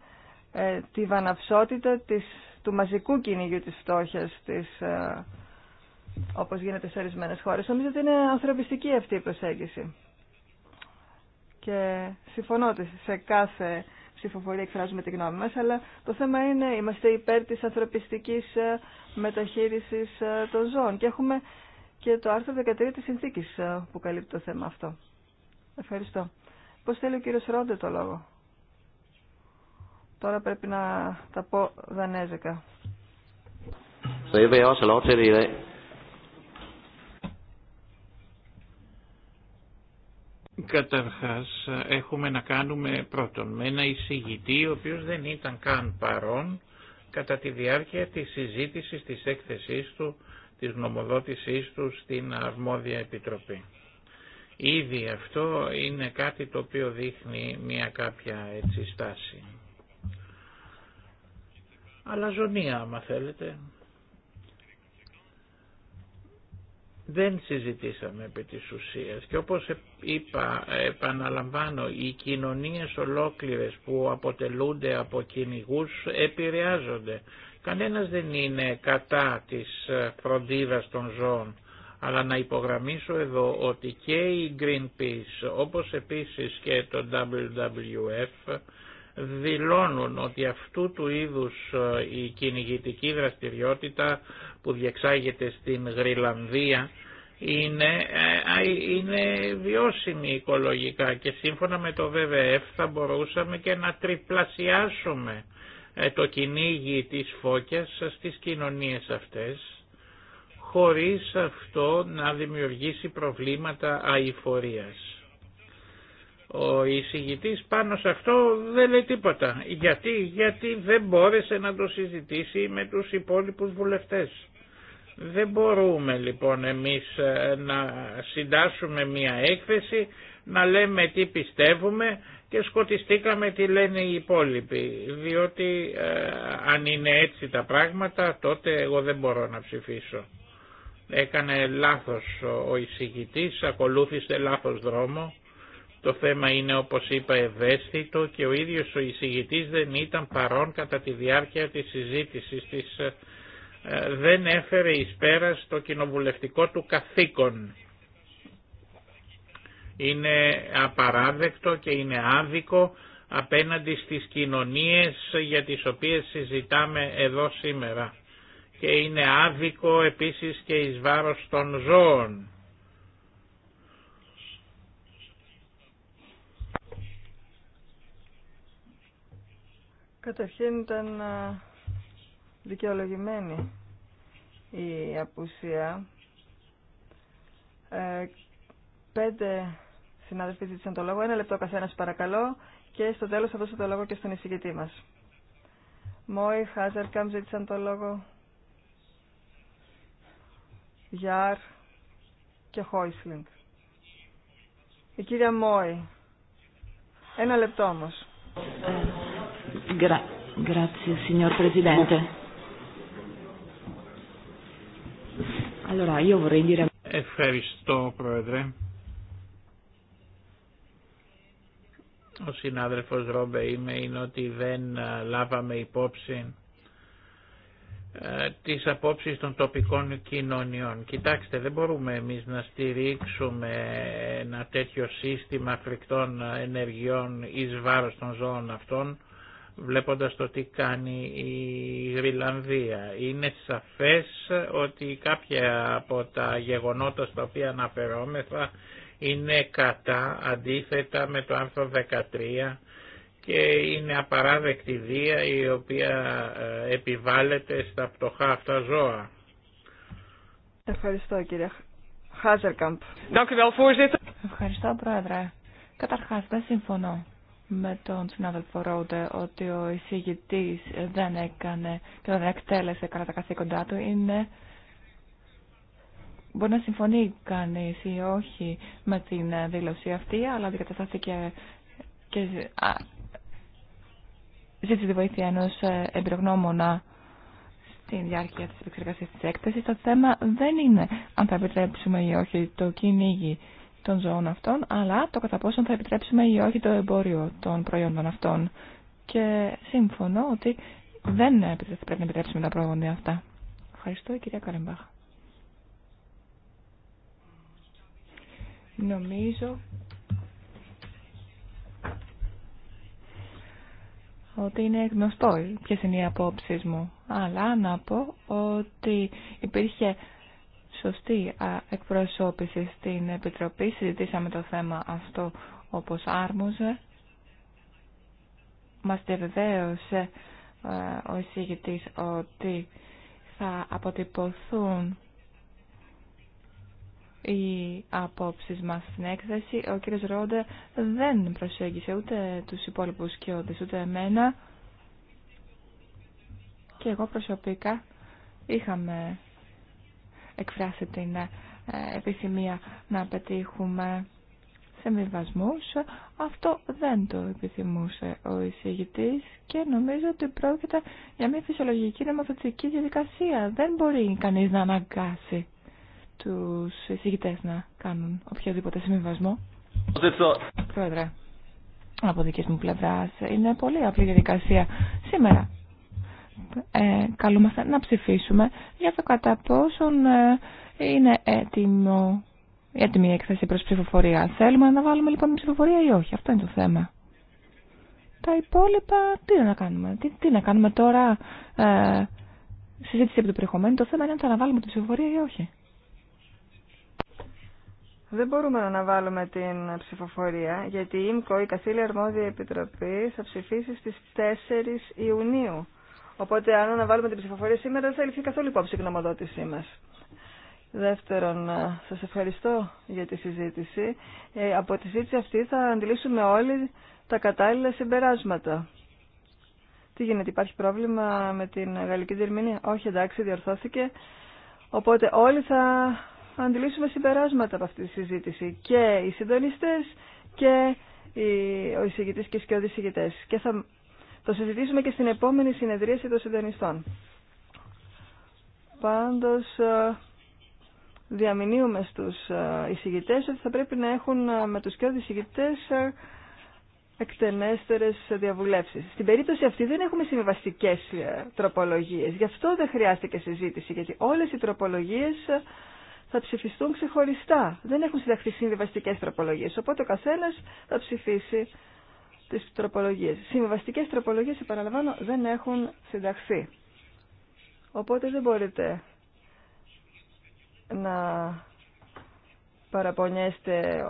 A: ε, τη βαναυσότητα της του μαζικού κυνηγιού της φτώχειας της, ε, όπως γίνεται σε ορισμένε χώρες. Νομίζω ότι είναι ανθρωπιστική αυτή η προσέγγιση. Και συμφωνώ ότι σε κάθε ψηφοφορία εκφράζουμε τη γνώμη μας, αλλά το θέμα είναι είμαστε υπέρ της ανθρωπιστικής ε, μεταχείρισης ε, των ζώων και έχουμε και το άρθρο 13 της συνθήκης που καλύπτει το θέμα αυτό. Ευχαριστώ. Πώς θέλει ο κύριος Ρόντε το λόγο. Τώρα πρέπει να τα πω δανέζικα.
D: Καταρχάς έχουμε να κάνουμε πρώτον με ένα εισηγητή ο οποίος δεν ήταν καν παρόν κατά τη διάρκεια της συζήτησης της έκθεσής του, της νομοδότησής του στην αρμόδια επιτροπή. Ήδη αυτό είναι κάτι το οποίο δείχνει μια κάποια έτσι στάση αλαζονία άμα θέλετε. Δεν συζητήσαμε επί της ουσίας και όπως είπα, επαναλαμβάνω, οι κοινωνίες ολόκληρες που αποτελούνται από κυνηγού επηρεάζονται. Κανένας δεν είναι κατά της φροντίδας των ζώων, αλλά να υπογραμμίσω εδώ ότι και η Greenpeace, όπως επίσης και το WWF, δηλώνουν ότι αυτού του είδους ε, η κυνηγητική δραστηριότητα που διεξάγεται στην Γρυλανδία είναι, ε, είναι βιώσιμη οικολογικά και σύμφωνα με το WWF θα μπορούσαμε και να τριπλασιάσουμε ε, το κυνήγι της φώκιας στις κοινωνίες αυτές χωρίς αυτό να δημιουργήσει προβλήματα αηφορίας. Ο εισηγητής πάνω σε αυτό δεν λέει τίποτα. Γιατί, γιατί δεν μπόρεσε να το συζητήσει με τους υπόλοιπους βουλευτές. Δεν μπορούμε λοιπόν εμείς ε, να συντάσσουμε μία έκθεση, να λέμε τι πιστεύουμε και σκοτιστήκαμε τι λένε οι υπόλοιποι. Διότι ε, αν είναι έτσι τα πράγματα τότε εγώ δεν μπορώ να ψηφίσω. Έκανε λάθος ο εισηγητής, ακολούθησε λάθος δρόμο το θέμα είναι όπως είπα ευαίσθητο και ο ίδιος ο εισηγητής δεν ήταν παρόν κατά τη διάρκεια της συζήτησης της ε, δεν έφερε εις πέρα στο κοινοβουλευτικό του καθήκον. Είναι απαράδεκτο και είναι άδικο απέναντι στις κοινωνίες για τις οποίες συζητάμε εδώ σήμερα. Και είναι άδικο επίσης και εις βάρος των ζώων.
A: Καταρχήν ήταν δικαιολογημένη η απουσία. Ε, πέντε συνάδελφοι ζήτησαν το λόγο. Ένα λεπτό καθένα παρακαλώ και στο τέλο θα δώσω το λόγο και στον εισηγητή μα. Μόι, Χάζερκαμ, Καμ ζήτησαν το λόγο. Γιάρ και Χόισλινγκ. Η κυρία Μόι. Ένα λεπτό όμως.
D: Ευχαριστώ, Πρόεδρε. Ο συνάδελφος Ρόμπε είμαι είναι ότι δεν ε, λάβαμε υπόψη ε, τις απόψεις των τοπικών κοινωνιών. Κοιτάξτε, δεν μπορούμε εμείς να στηρίξουμε ένα τέτοιο σύστημα φρικτών ε, ενεργειών εις βάρος των ζώων αυτών βλέποντας το τι κάνει η Γρυλανδία. Είναι σαφές ότι κάποια από τα γεγονότα στα οποία αναφερόμεθα είναι κατά, αντίθετα με το άρθρο 13 και είναι απαράδεκτη βία η οποία ε, επιβάλλεται στα πτωχά αυτά ζώα.
A: Ευχαριστώ κύριε Χάζερκαμπ.
C: Ευχαριστώ
B: πρόεδρε. Καταρχάς δεν συμφωνώ με τον συνάδελφο Ρόντε ότι ο εισηγητής δεν έκανε και δεν εκτέλεσε καλά τα καθήκοντά του είναι μπορεί να συμφωνεί κανεί ή όχι με την δήλωση αυτή αλλά αντικαταστάθηκε και ζήτησε τη βοήθεια ενός ε, εμπειρογνώμονα στην διάρκεια της επεξεργασίας της έκθεσης. Το θέμα δεν είναι αν θα επιτρέψουμε ή όχι το κυνήγι των ζώων αυτών, αλλά το κατά πόσον θα επιτρέψουμε ή όχι το εμπόριο των προϊόντων αυτών. Και σύμφωνο ότι δεν πρέπει να επιτρέψουμε τα προϊόντα αυτά. Ευχαριστώ, κυρία Καρεμπάχ. Νομίζω ότι είναι γνωστό ποιε είναι οι απόψει μου. Αλλά να πω ότι υπήρχε σωστή εκπροσώπηση στην Επιτροπή. Συζητήσαμε το θέμα αυτό όπως άρμοζε. Μας διαβεβαίωσε ε, ο εισηγητής ότι θα αποτυπωθούν οι απόψει μα στην έκθεση. Ο κ. Ρόντε δεν προσέγγισε ούτε του υπόλοιπου σκιώδε ούτε εμένα. Και εγώ προσωπικά είχαμε εκφράσει την ε, επιθυμία να πετύχουμε συμβιβασμούς. Αυτό δεν το επιθυμούσε ο εισηγητής και νομίζω ότι πρόκειται για μια φυσιολογική νομοθετική διαδικασία. Δεν μπορεί κανείς να αναγκάσει τους εισηγητές να κάνουν οποιοδήποτε συμβιβασμό. Πρόεδρε, από δική μου πλευρά είναι πολύ απλή διαδικασία. Σήμερα ε, καλούμαστε να ψηφίσουμε για το κατά πόσον ε, είναι έτοιμο, έτοιμη η έκθεση προς ψηφοφορία. Θέλουμε να βάλουμε λοιπόν ψηφοφορία ή όχι. Αυτό είναι το θέμα. Τα υπόλοιπα τι να κάνουμε. Τι, να κάνουμε τώρα ε, συζήτηση επί του περιεχομένου. Το θέμα είναι αν θα αναβάλουμε την ψηφοφορία ή όχι.
A: Δεν μπορούμε να αναβάλουμε την ψηφοφορία, γιατί η ΙΜΚΟ, η Καθήλια Αρμόδια Επιτροπή, θα ψηφίσει στις 4 Ιουνίου. Οπότε αν αναβάλουμε την ψηφοφορία σήμερα δεν θα ληφθεί καθόλου υπόψη η γνωμοδότησή μας. Δεύτερον, ε, σας ευχαριστώ για τη συζήτηση. Ε, από τη συζήτηση αυτή θα αντιλήσουμε όλοι τα κατάλληλα συμπεράσματα. Τι γίνεται, υπάρχει πρόβλημα με την γαλλική διερμηνία. Όχι, εντάξει, διορθώθηκε. Οπότε όλοι θα αντιλήσουμε συμπεράσματα από αυτή τη συζήτηση. Και οι συντονιστές και οι, ο εισηγητής και οι σκιώδης Και θα το συζητήσουμε και στην επόμενη συνεδρίαση των συντονιστών. Πάντως, ε, διαμηνύουμε στους ε, εισηγητές ότι θα πρέπει να έχουν ε, με τους και εισηγητές εκτενέστερες διαβουλεύσεις. Στην περίπτωση αυτή δεν έχουμε συμβαστικές τροπολογίες. Γι' αυτό δεν χρειάστηκε συζήτηση, γιατί όλες οι τροπολογίες θα ψηφιστούν ξεχωριστά. Δεν έχουν συνταχθεί συμβαστικέ τροπολογίες, οπότε ο καθένας θα ψηφίσει τις τροπολογίες. Συμβαστικές τροπολογίες, επαναλαμβάνω, δεν έχουν συνταχθεί. Οπότε δεν μπορείτε να παραπονιέστε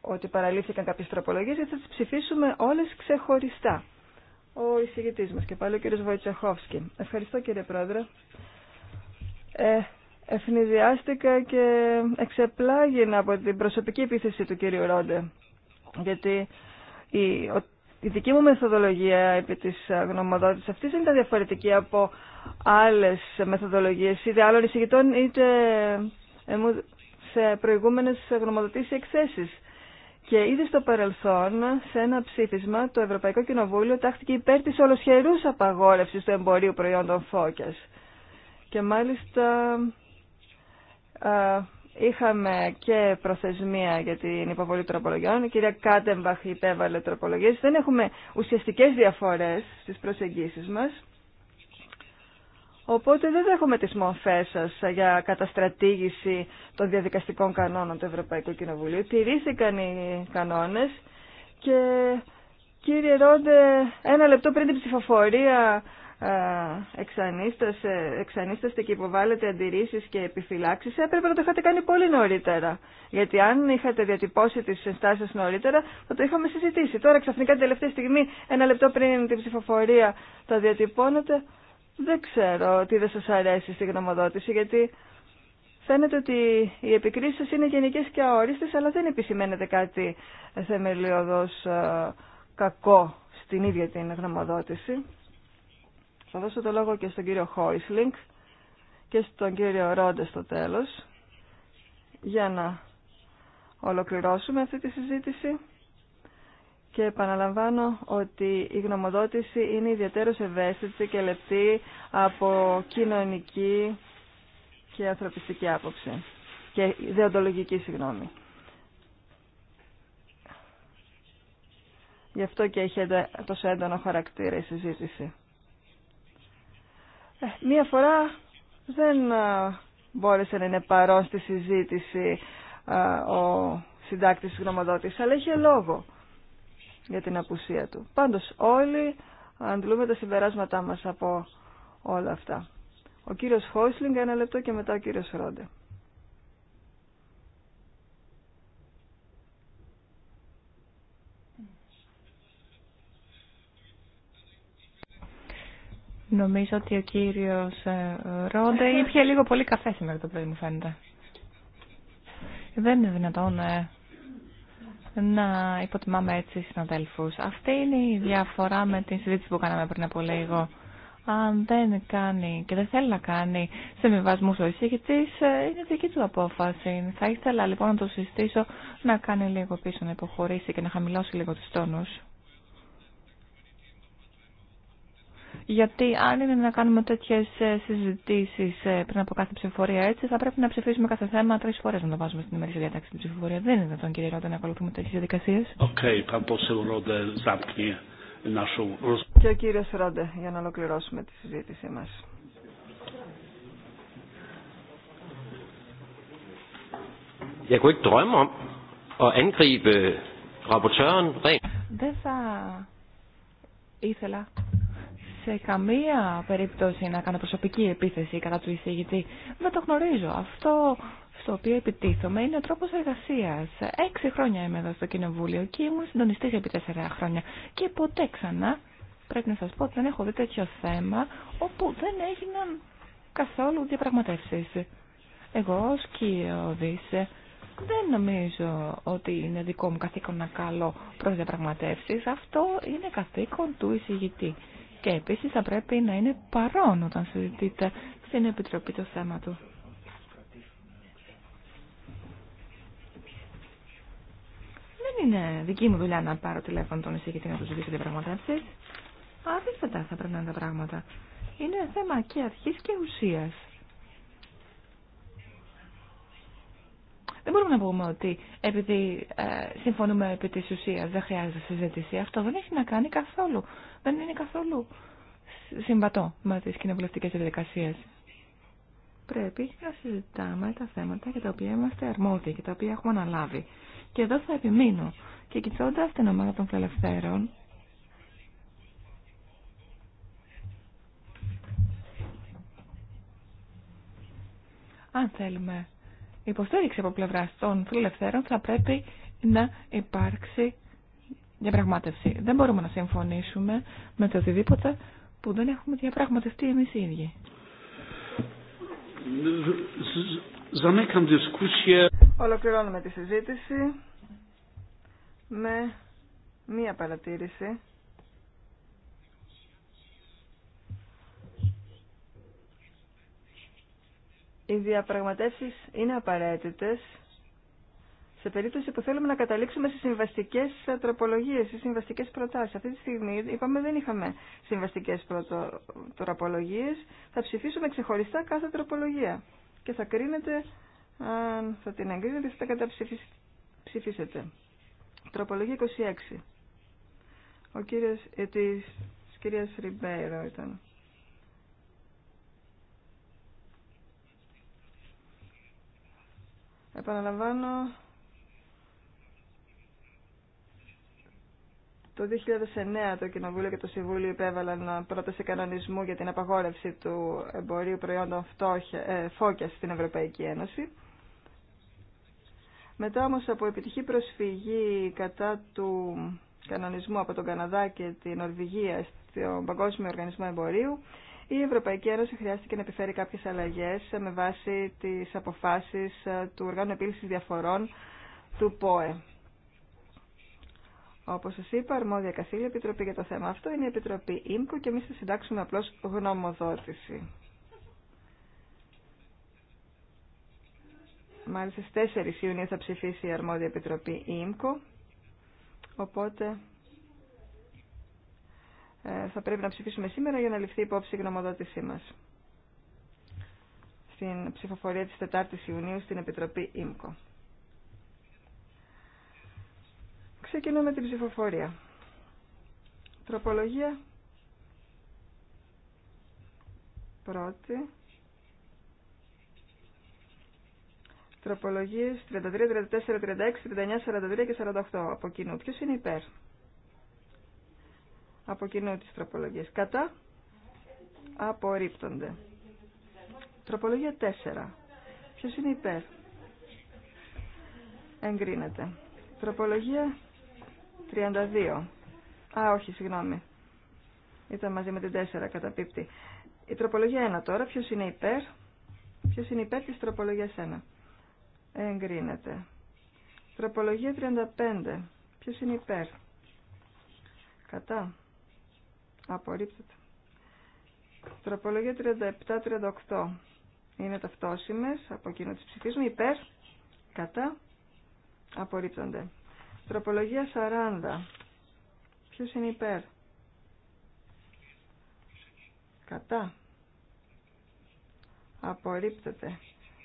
A: ότι παραλήφθηκαν κάποιες τροπολογίες, γιατί θα τις ψηφίσουμε όλες ξεχωριστά. Ο εισηγητή μας και πάλι ο κύριος Βοητσεχόφσκι. Ευχαριστώ κύριε Πρόεδρε. Ε, ευνηδιάστηκα και εξεπλάγινα από την προσωπική επίθεση του κύριου Ρόντε, γιατί η, δική μου μεθοδολογία επί της γνωμοδότησης αυτής δεν ήταν διαφορετική από άλλες μεθοδολογίες είτε άλλων εισηγητών είτε σε προηγούμενες γνωμοδοτήσεις εκθέσεις. Και ήδη στο παρελθόν, σε ένα ψήφισμα, το Ευρωπαϊκό Κοινοβούλιο τάχθηκε υπέρ της ολοσχερούς απαγόρευσης του εμπορίου προϊόντων φώκιας. Και μάλιστα Είχαμε και προθεσμία για την υποβολή τροπολογιών. Η κυρία Κάτεμπαχ υπέβαλε τροπολογίες. Δεν έχουμε ουσιαστικές διαφορές στις προσεγγίσεις μας. Οπότε δεν έχουμε τις μορφές σας για καταστρατήγηση των διαδικαστικών κανόνων του Ευρωπαϊκού Κοινοβουλίου. Τηρήθηκαν οι κανόνες και κύριε Ρόντε, ένα λεπτό πριν την ψηφοφορία εξανίσταστε και υποβάλλετε αντιρρήσεις και επιφυλάξεις, έπρεπε να το είχατε κάνει πολύ νωρίτερα. Γιατί αν είχατε διατυπώσει τις ενστάσεις νωρίτερα, θα το είχαμε συζητήσει. Τώρα ξαφνικά την τελευταία στιγμή, ένα λεπτό πριν την ψηφοφορία, τα διατυπώνετε. Δεν ξέρω τι δεν σας αρέσει στη γνωμοδότηση, γιατί φαίνεται ότι οι επικρίσεις σας είναι γενικές και αόριστες, αλλά δεν επισημαίνεται κάτι θεμελιωδό κακό στην ίδια την γνωμοδότηση. Θα δώσω το λόγο και στον κύριο Χόισλινγκ και στον κύριο Ρόντε στο τέλος για να ολοκληρώσουμε αυτή τη συζήτηση και επαναλαμβάνω ότι η γνωμοδότηση είναι ιδιαίτερως ευαίσθητη και λεπτή από κοινωνική και ανθρωπιστική άποψη και ιδεοντολογική συγγνώμη. Γι' αυτό και έχει τόσο έντονο χαρακτήρα η συζήτηση. Ε, μία φορά δεν ε, μπόρεσε να είναι παρόν στη συζήτηση ε, ο συντάκτης γνωμοδότης, αλλά είχε λόγο για την απουσία του. Πάντως όλοι αντλούμε τα συμπεράσματά μας από όλα αυτά. Ο κύριος Χόισλινγκ ένα λεπτό και μετά ο κύριος Ρόντε.
B: Νομίζω ότι ο κύριος ε, Ρόντε ήπια λίγο πολύ καφέ σήμερα το πρωί μου φαίνεται. Δεν είναι δυνατόν ε, να υποτιμάμε έτσι συναδέλφους. Αυτή είναι η διαφορά με την συζήτηση που κάναμε πριν από λίγο. Αν δεν κάνει και δεν θέλει να κάνει σε συμβιβασμού ο εισηγητή, ε, είναι δική του απόφαση. Θα ήθελα λοιπόν να το συστήσω να κάνει λίγο πίσω, να υποχωρήσει και να χαμηλώσει λίγο του τόνου. Γιατί αν είναι να κάνουμε τέτοιε συζητήσει ε, πριν από κάθε ψηφοφορία έτσι, θα πρέπει να ψηφίσουμε κάθε θέμα τρει φορέ να το βάζουμε στην ημερήσια διάταξη της ψηφοφορία. Δεν είναι δυνατόν, κύριε Ρόντα, να ακολουθούμε τέτοιε διαδικασίε.
A: Και ο κύριο Ρόντε για να ολοκληρώσουμε τη συζήτησή μα.
B: Δεν θα ήθελα σε καμία περίπτωση να κάνω προσωπική επίθεση κατά του εισηγητή. Δεν το γνωρίζω. Αυτό στο οποίο επιτίθομαι είναι ο τρόπο εργασία. Έξι χρόνια είμαι εδώ στο Κοινοβούλιο και ήμουν συντονιστή επί τέσσερα χρόνια. Και ποτέ ξανά πρέπει να σα πω ότι δεν έχω δει τέτοιο θέμα όπου δεν έγιναν καθόλου διαπραγματεύσει. Εγώ ω κοιόδη δεν νομίζω ότι είναι δικό μου καθήκον να κάνω προς διαπραγματεύσεις. Αυτό είναι καθήκον του εισηγητή και επίσης θα πρέπει να είναι παρόν όταν συζητείτε στην Επιτροπή το θέμα του. Δεν είναι δική μου δουλειά να πάρω τηλέφωνο τον εισηγητή να του ζητήσω πραγματεύση. Αντίθετα θα πρέπει να είναι τα πράγματα. Είναι θέμα και αρχής και ουσίας. Δεν μπορούμε να πούμε ότι επειδή ε, συμφωνούμε επί της ουσίας δεν χρειάζεται συζήτηση. Αυτό δεν έχει να κάνει καθόλου δεν είναι καθόλου συμβατό με τις κοινοβουλευτικές διαδικασίες. Πρέπει να συζητάμε τα θέματα για τα οποία είμαστε αρμόδιοι και τα οποία έχουμε αναλάβει. Και εδώ θα επιμείνω. Και κοιτώντα την ομάδα των φιλελευθέρων, αν θέλουμε υποστήριξη από πλευρά των φιλελευθέρων, θα πρέπει να υπάρξει διαπραγμάτευση. Δεν μπορούμε να συμφωνήσουμε με το οτιδήποτε που δεν έχουμε διαπραγματευτεί εμεί. οι ίδιοι.
C: Ολοκληρώνουμε τη συζήτηση
A: με μία παρατήρηση. Οι διαπραγματεύσεις είναι απαραίτητες σε περίπτωση που θέλουμε να καταλήξουμε σε συμβαστικέ ε, τροπολογίε ή συμβαστικέ προτάσει. Αυτή τη στιγμή, είπαμε, δεν είχαμε συμβαστικέ τροπολογίε. Θα ψηφίσουμε ξεχωριστά κάθε τροπολογία. Και θα κρίνετε αν θα την εγκρίνετε ή θα τα καταψηφίσετε. Τροπολογία 26. Ο κύριος ε, της κυρίας Ριμπέιρο ήταν. Επαναλαμβάνω, Το 2009 το Κοινοβούλιο και το Συμβούλιο υπέβαλαν πρόταση κανονισμού για την απαγόρευση του εμπορίου προϊόντων ε, φώκια στην Ευρωπαϊκή Ένωση. Μετά όμως από επιτυχή προσφυγή κατά του κανονισμού από τον Καναδά και την Ορβηγία στον Παγκόσμιο Οργανισμό Εμπορίου, η Ευρωπαϊκή Ένωση χρειάστηκε να επιφέρει κάποιες αλλαγές με βάση τις αποφάσεις του Οργάνου Επίλυσης Διαφορών του ΠΟΕ. Όπω σα είπα, αρμόδια καθήλια επιτροπή για το θέμα αυτό είναι η Επιτροπή ΙΜΚΟ και εμεί θα συντάξουμε απλώ γνωμοδότηση. Μάλιστα στι 4 Ιουνίου θα ψηφίσει η αρμόδια Επιτροπή ΙΜΚΟ, οπότε ε, θα πρέπει να ψηφίσουμε σήμερα για να ληφθεί υπόψη η γνωμοδότησή μα στην ψηφοφορία τη 4 η Ιουνίου στην Επιτροπή ΙΜΚΟ. Ξεκινούμε την ψηφοφορία. Τροπολογία. Πρώτη. Τροπολογίες 33, 34, 36, 39, 43 και 48 από κοινού. Ποιος είναι υπέρ από κοινού τις τροπολογίες. Κατά απορρίπτονται. Τροπολογία 4. Ποιος είναι υπέρ. Εγκρίνεται. Τροπολογία 32. Α, όχι, συγγνώμη. Ήταν μαζί με την 4 πίπτη Η τροπολογία 1 τώρα. Ποιος είναι υπέρ. Ποιος είναι υπέρ της τροπολογίας 1. Εγκρίνεται. Τροπολογία 35. Ποιος είναι υπέρ. Κατά. Απορρίπτεται. Τροπολογία 37-38. Είναι ταυτόσιμες. Από εκείνο τις ψηφίζουμε. Υπέρ. Κατά. Απορρίπτονται. Τροπολογία 40. Ποιος είναι υπέρ. Κατά. Απορρίπτεται.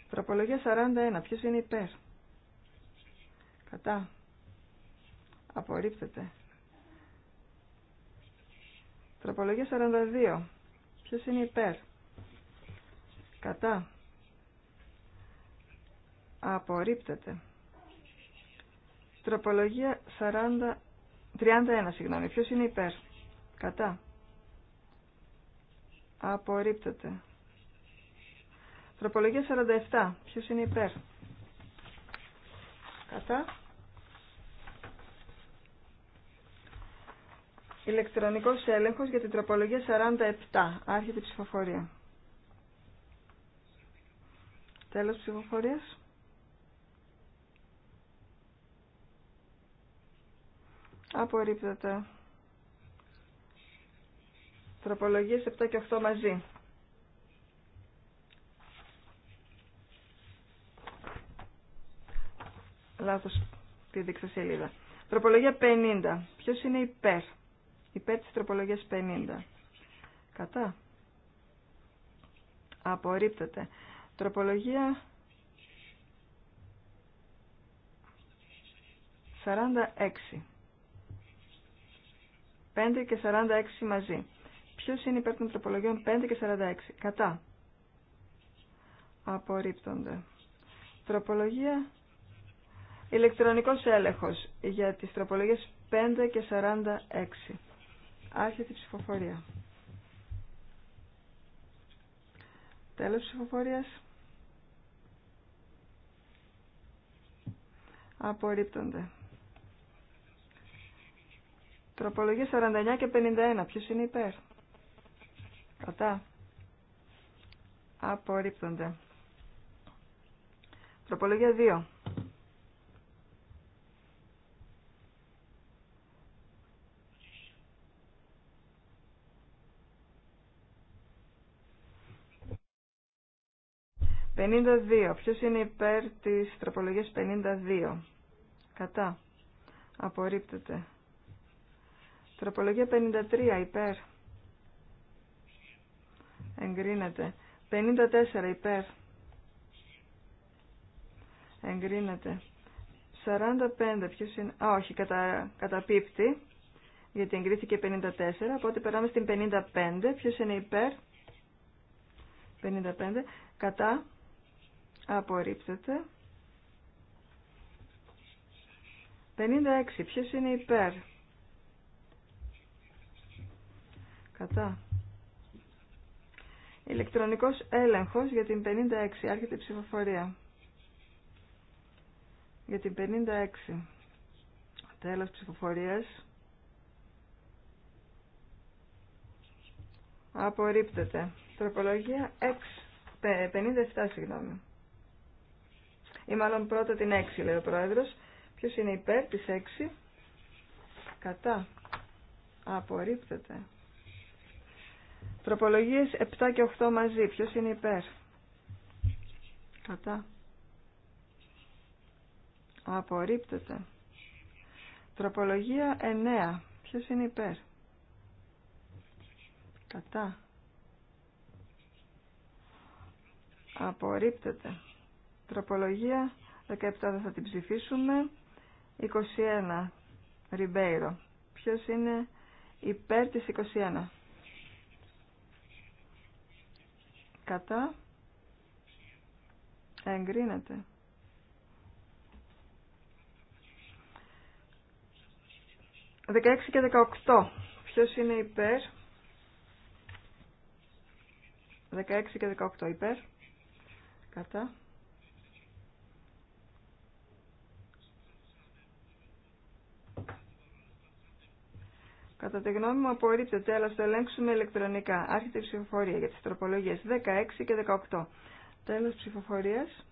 A: Τροπολογία 41. Ποιος είναι υπέρ. Κατά. Απορρίπτεται. Τροπολογία 42. Ποιος είναι υπέρ. Κατά. Απορρίπτεται. Τροπολογία 40, 31, συγγνώμη. Ποιος είναι υπέρ. Κατά. Απορρίπτεται. Τροπολογία 47. Ποιος είναι υπέρ. Κατά. Ηλεκτρονικός έλεγχος για την τροπολογία 47. Άρχεται η ψηφοφορία. Τέλος ψηφοφορίας. Απορρίπτεται. Τροπολογίες 7 και 8 μαζί. Λάθος τη δείξα σελίδα. Τροπολογία 50. Ποιος είναι υπέρ. Υπέρ της τροπολογίας 50. Κατά. Απορρίπτεται. Τροπολογία 46. 5 και 46 μαζί. Ποιο είναι υπέρ των τροπολογιών 5 και 46. Κατά. Απορρίπτονται. Τροπολογία. Ηλεκτρονικός έλεγχος για τις τροπολογίες 5 και 46. Άρχεται η ψηφοφορία. Τέλος ψηφοφορίας. Απορρίπτονται. Τροπολογία 49 και 51. Ποιος είναι υπέρ. Κατά. Απορρίπτονται. Τροπολογία 2. 52. Ποιος είναι υπέρ της τροπολογίας 52. Κατά. Απορρίπτεται. Τροπολογία 53 υπέρ. Εγκρίνεται. 54 υπέρ. Εγκρίνεται. 45 ποιος είναι... Α, όχι, κατα... καταπίπτει. Γιατί εγκρίθηκε 54. Οπότε περάμε στην 55. Ποιος είναι υπέρ. 55. Κατά. Απορρίπτεται. 56. Ποιος είναι υπέρ. Κατά. Ηλεκτρονικός έλεγχος για την 56. Άρχεται η ψηφοφορία. Για την 56. Τέλος ψηφοφορίας. Απορρίπτεται. Τροπολογία 6. 57, συγγνώμη. Ή μάλλον πρώτα την 6, λέει ο Πρόεδρος. Ποιος είναι υπέρ της 6. Κατά. Απορρίπτεται. Τροπολογίες 7 και 8 μαζί. Ποιος είναι υπέρ. Κατά. Απορρίπτεται. Τροπολογία 9. Ποιος είναι υπέρ. Κατά. Απορρίπτεται. Τροπολογία 17 δεν θα την ψηφίσουμε. 21. Ριμπέιρο. Ποιος είναι υπέρ της 21. Κατά. Εγκρίνεται. 16 και 18. Ποιος είναι υπέρ. 16 και 18 υπέρ. Κατά. Κατά τη γνώμη μου απορρίπτεται, αλλά στο ελέγξουμε ηλεκτρονικά. Άρχεται η ψηφοφορία για τις τροπολογίες 16 και 18. Τέλος ψηφοφορίας.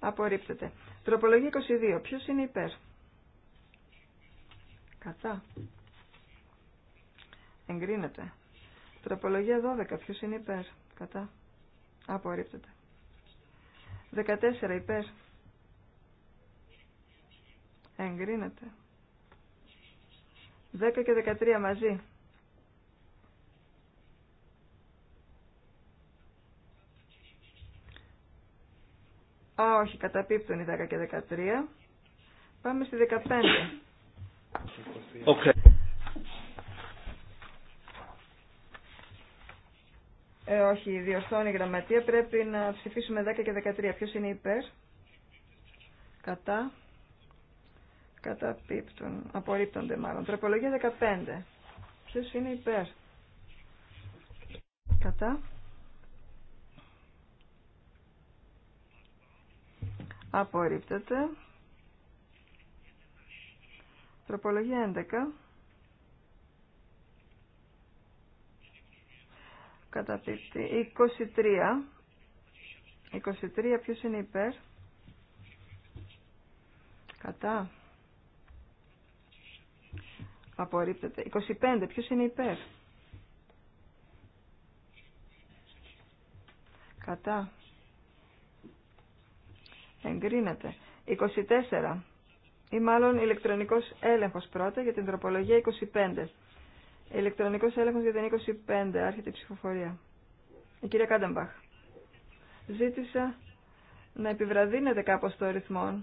A: Απορρίπτεται. Τροπολογία 22. Ποιος είναι υπέρ. Κατά. Εγκρίνεται. Τροπολογία 12. Ποιος είναι υπέρ. Κατά. Απορρίπτεται. 14. Υπέρ. Εγκρίνεται. 10 και 13 μαζί. Α, όχι, καταπίπτουν οι 10 και 13. Πάμε στη 15. Okay. Ε, όχι, διορθώνει η γραμματεία. Πρέπει να ψηφίσουμε 10 και 13. Ποιος είναι υπέρ. Κατά καταπίπτουν, απορρίπτονται μάλλον. Τροπολογία 15. Ποιο είναι υπέρ. Κατά. Απορρίπτεται. Τροπολογία 11. Καταπίπτει. 23. 23 ποιος είναι υπέρ. Κατά απορρίπτεται. 25, ποιος είναι υπέρ. Κατά. Εγκρίνεται. 24. Ή μάλλον ηλεκτρονικός έλεγχος πρώτα για την τροπολογία 25. Ηλεκτρονικός έλεγχος για την 25. Άρχεται η ψηφοφορία. Η κυρία Κάντεμπαχ. Ζήτησα να επιβραδύνετε κάπως το ρυθμό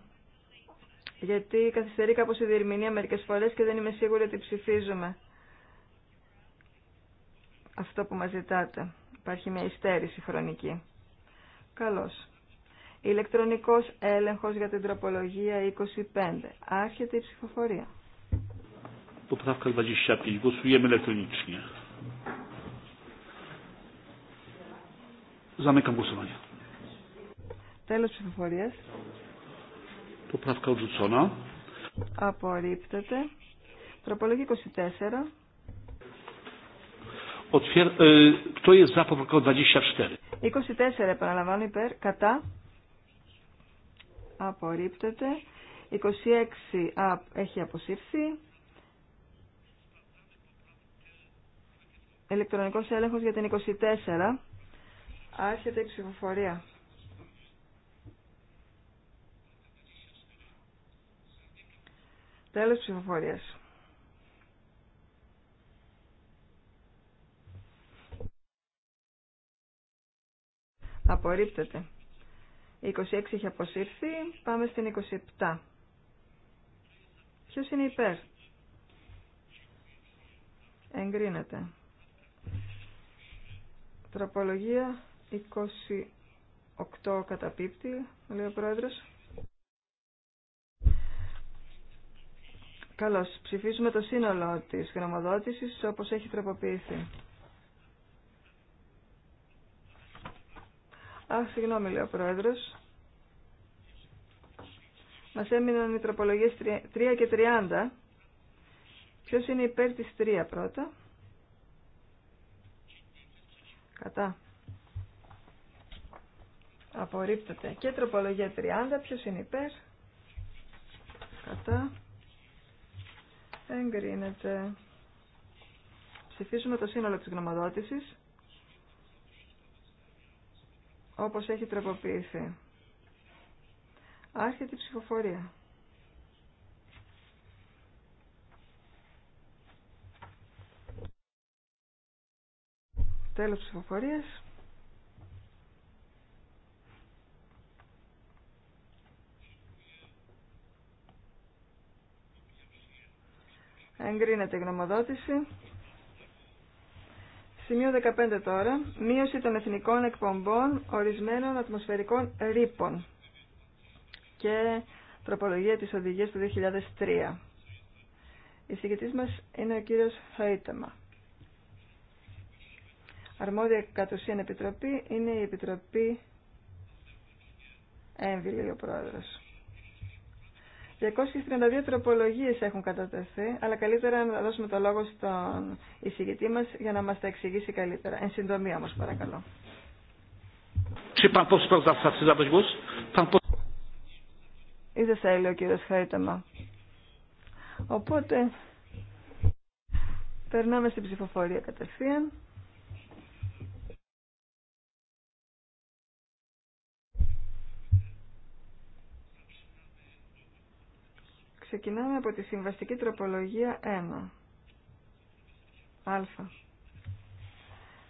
A: γιατί καθυστερεί κάπω η διερμηνία μερικέ φορέ και δεν είμαι σίγουρη ότι ψηφίζουμε αυτό που μας ζητάτε. Υπάρχει μια υστέρηση χρονική. Καλώ. Ηλεκτρονικός έλεγχος για την τροπολογία 25. Άρχεται η ψηφοφορία.
C: Poprawka 25.
A: Τέλος ψηφοφορίας. Απορρίπτεται. Τροπολογή 24.
C: Otwier... Ε, kto jest 24?
A: 24 επαναλαμβάνω υπέρ, κατά. Απορρίπτεται. 26 έχει αποσύρθει. Ελεκτρονικός έλεγχος για την 24. Άρχεται η ψηφοφορία. Τέλος ψηφοφορίας. Απορρίπτεται. Η 26 έχει αποσύρθει. Πάμε στην 27. Ποιος είναι υπέρ. Εγκρίνεται. Τροπολογία 28 καταπίπτει, λέει ο πρόεδρος. Καλώς. Ψηφίζουμε το σύνολο της γνωμοδότησης όπως έχει τροποποιηθεί. Α, συγγνώμη, λέει ο Πρόεδρος. Μας έμειναν οι τροπολογίες 3 και 30. Ποιος είναι υπέρ της 3 πρώτα. Κατά. Απορρίπτεται. Και τροπολογία 30. Ποιος είναι υπέρ. Κατά. Εγκρίνεται. Ψηφίσουμε το σύνολο της γνωμοδότησης όπως έχει τροποποιηθεί. Άρχεται η ψηφοφορία. Τέλος ψηφοφορίας. Εγκρίνεται η γνωμοδότηση. Σημείο 15 τώρα. Μείωση των εθνικών εκπομπών ορισμένων ατμοσφαιρικών ρήπων. Και τροπολογία της οδηγίας του 2003. Η συγκεκριτής μας είναι ο κύριος Χαϊτεμα. Αρμόδια κατ' ουσίαν επιτροπή είναι η Επιτροπή Έμβη, ο Πρόεδρος. 232 τροπολογίε έχουν κατατεθεί, αλλά καλύτερα να δώσουμε το λόγο στον εισηγητή μα για να μα τα εξηγήσει καλύτερα. Εν συντομία όμω, παρακαλώ. Είδε σε έλεγε ο κύριο Χαϊταμα. Οπότε, περνάμε στην ψηφοφορία κατευθείαν. Ξεκινάμε από τη συμβαστική τροπολογία 1. Α.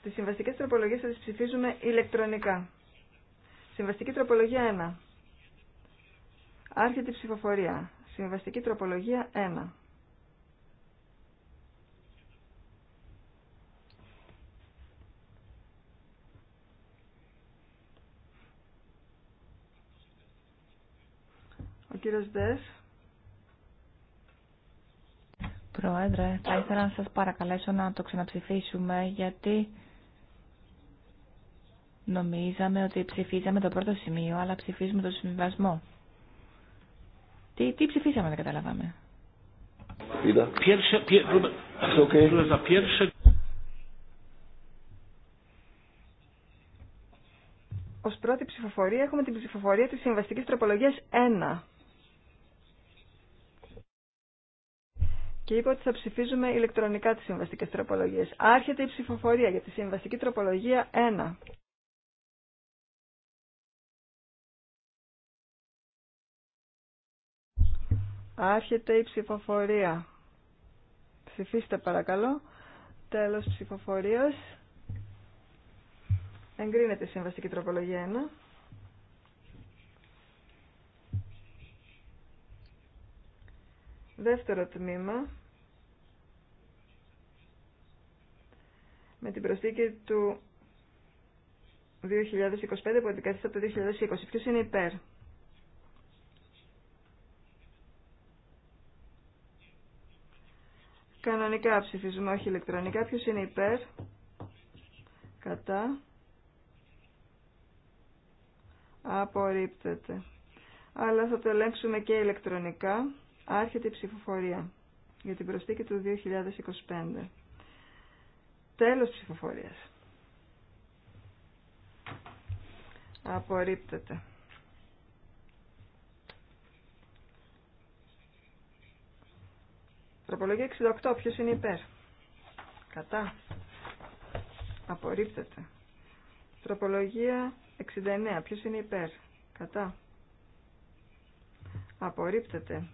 A: Τις συμβαστικές τροπολογίες θα τις ψηφίζουμε ηλεκτρονικά. Συμβαστική τροπολογία 1. Άρχεται η ψηφοφορία. Συμβαστική τροπολογία 1. Ο κύριος Δες
B: Πρόεδρε, θα ήθελα να σας παρακαλέσω να το ξαναψηφίσουμε γιατί νομίζαμε ότι ψηφίζαμε το πρώτο σημείο αλλά ψηφίζουμε το συμβιβασμό. Τι, τι ψηφίσαμε δεν
A: καταλαβαμε. Ως πρώτη ψηφοφορία έχουμε την ψηφοφορία της συμβαστικής τροπολογίας 1. και είπα ότι θα ψηφίζουμε ηλεκτρονικά τις συμβαστικές τροπολογίες. Άρχεται η ψηφοφορία για τη συμβαστική τροπολογία 1. Άρχεται η ψηφοφορία. Ψηφίστε παρακαλώ. Τέλος ψηφοφορίας. Εγκρίνεται η συμβαστική τροπολογία 1. Δεύτερο τμήμα. Με την προσθήκη του 2025 που αντικαθιστά το 2020. Ποιος είναι υπέρ. Κανονικά ψηφίζουμε, όχι ηλεκτρονικά. Ποιος είναι υπέρ. Κατά. Απορρίπτεται. Αλλά θα το ελέγξουμε και ηλεκτρονικά. Άρχεται η ψηφοφορία για την προσθήκη του 2025. Τέλος ψηφοφορίας. Απορρίπτεται. Τροπολογία 68. Ποιος είναι υπέρ. Κατά. Απορρίπτεται. Τροπολογία 69. Ποιος είναι υπέρ. Κατά. Απορρίπτεται.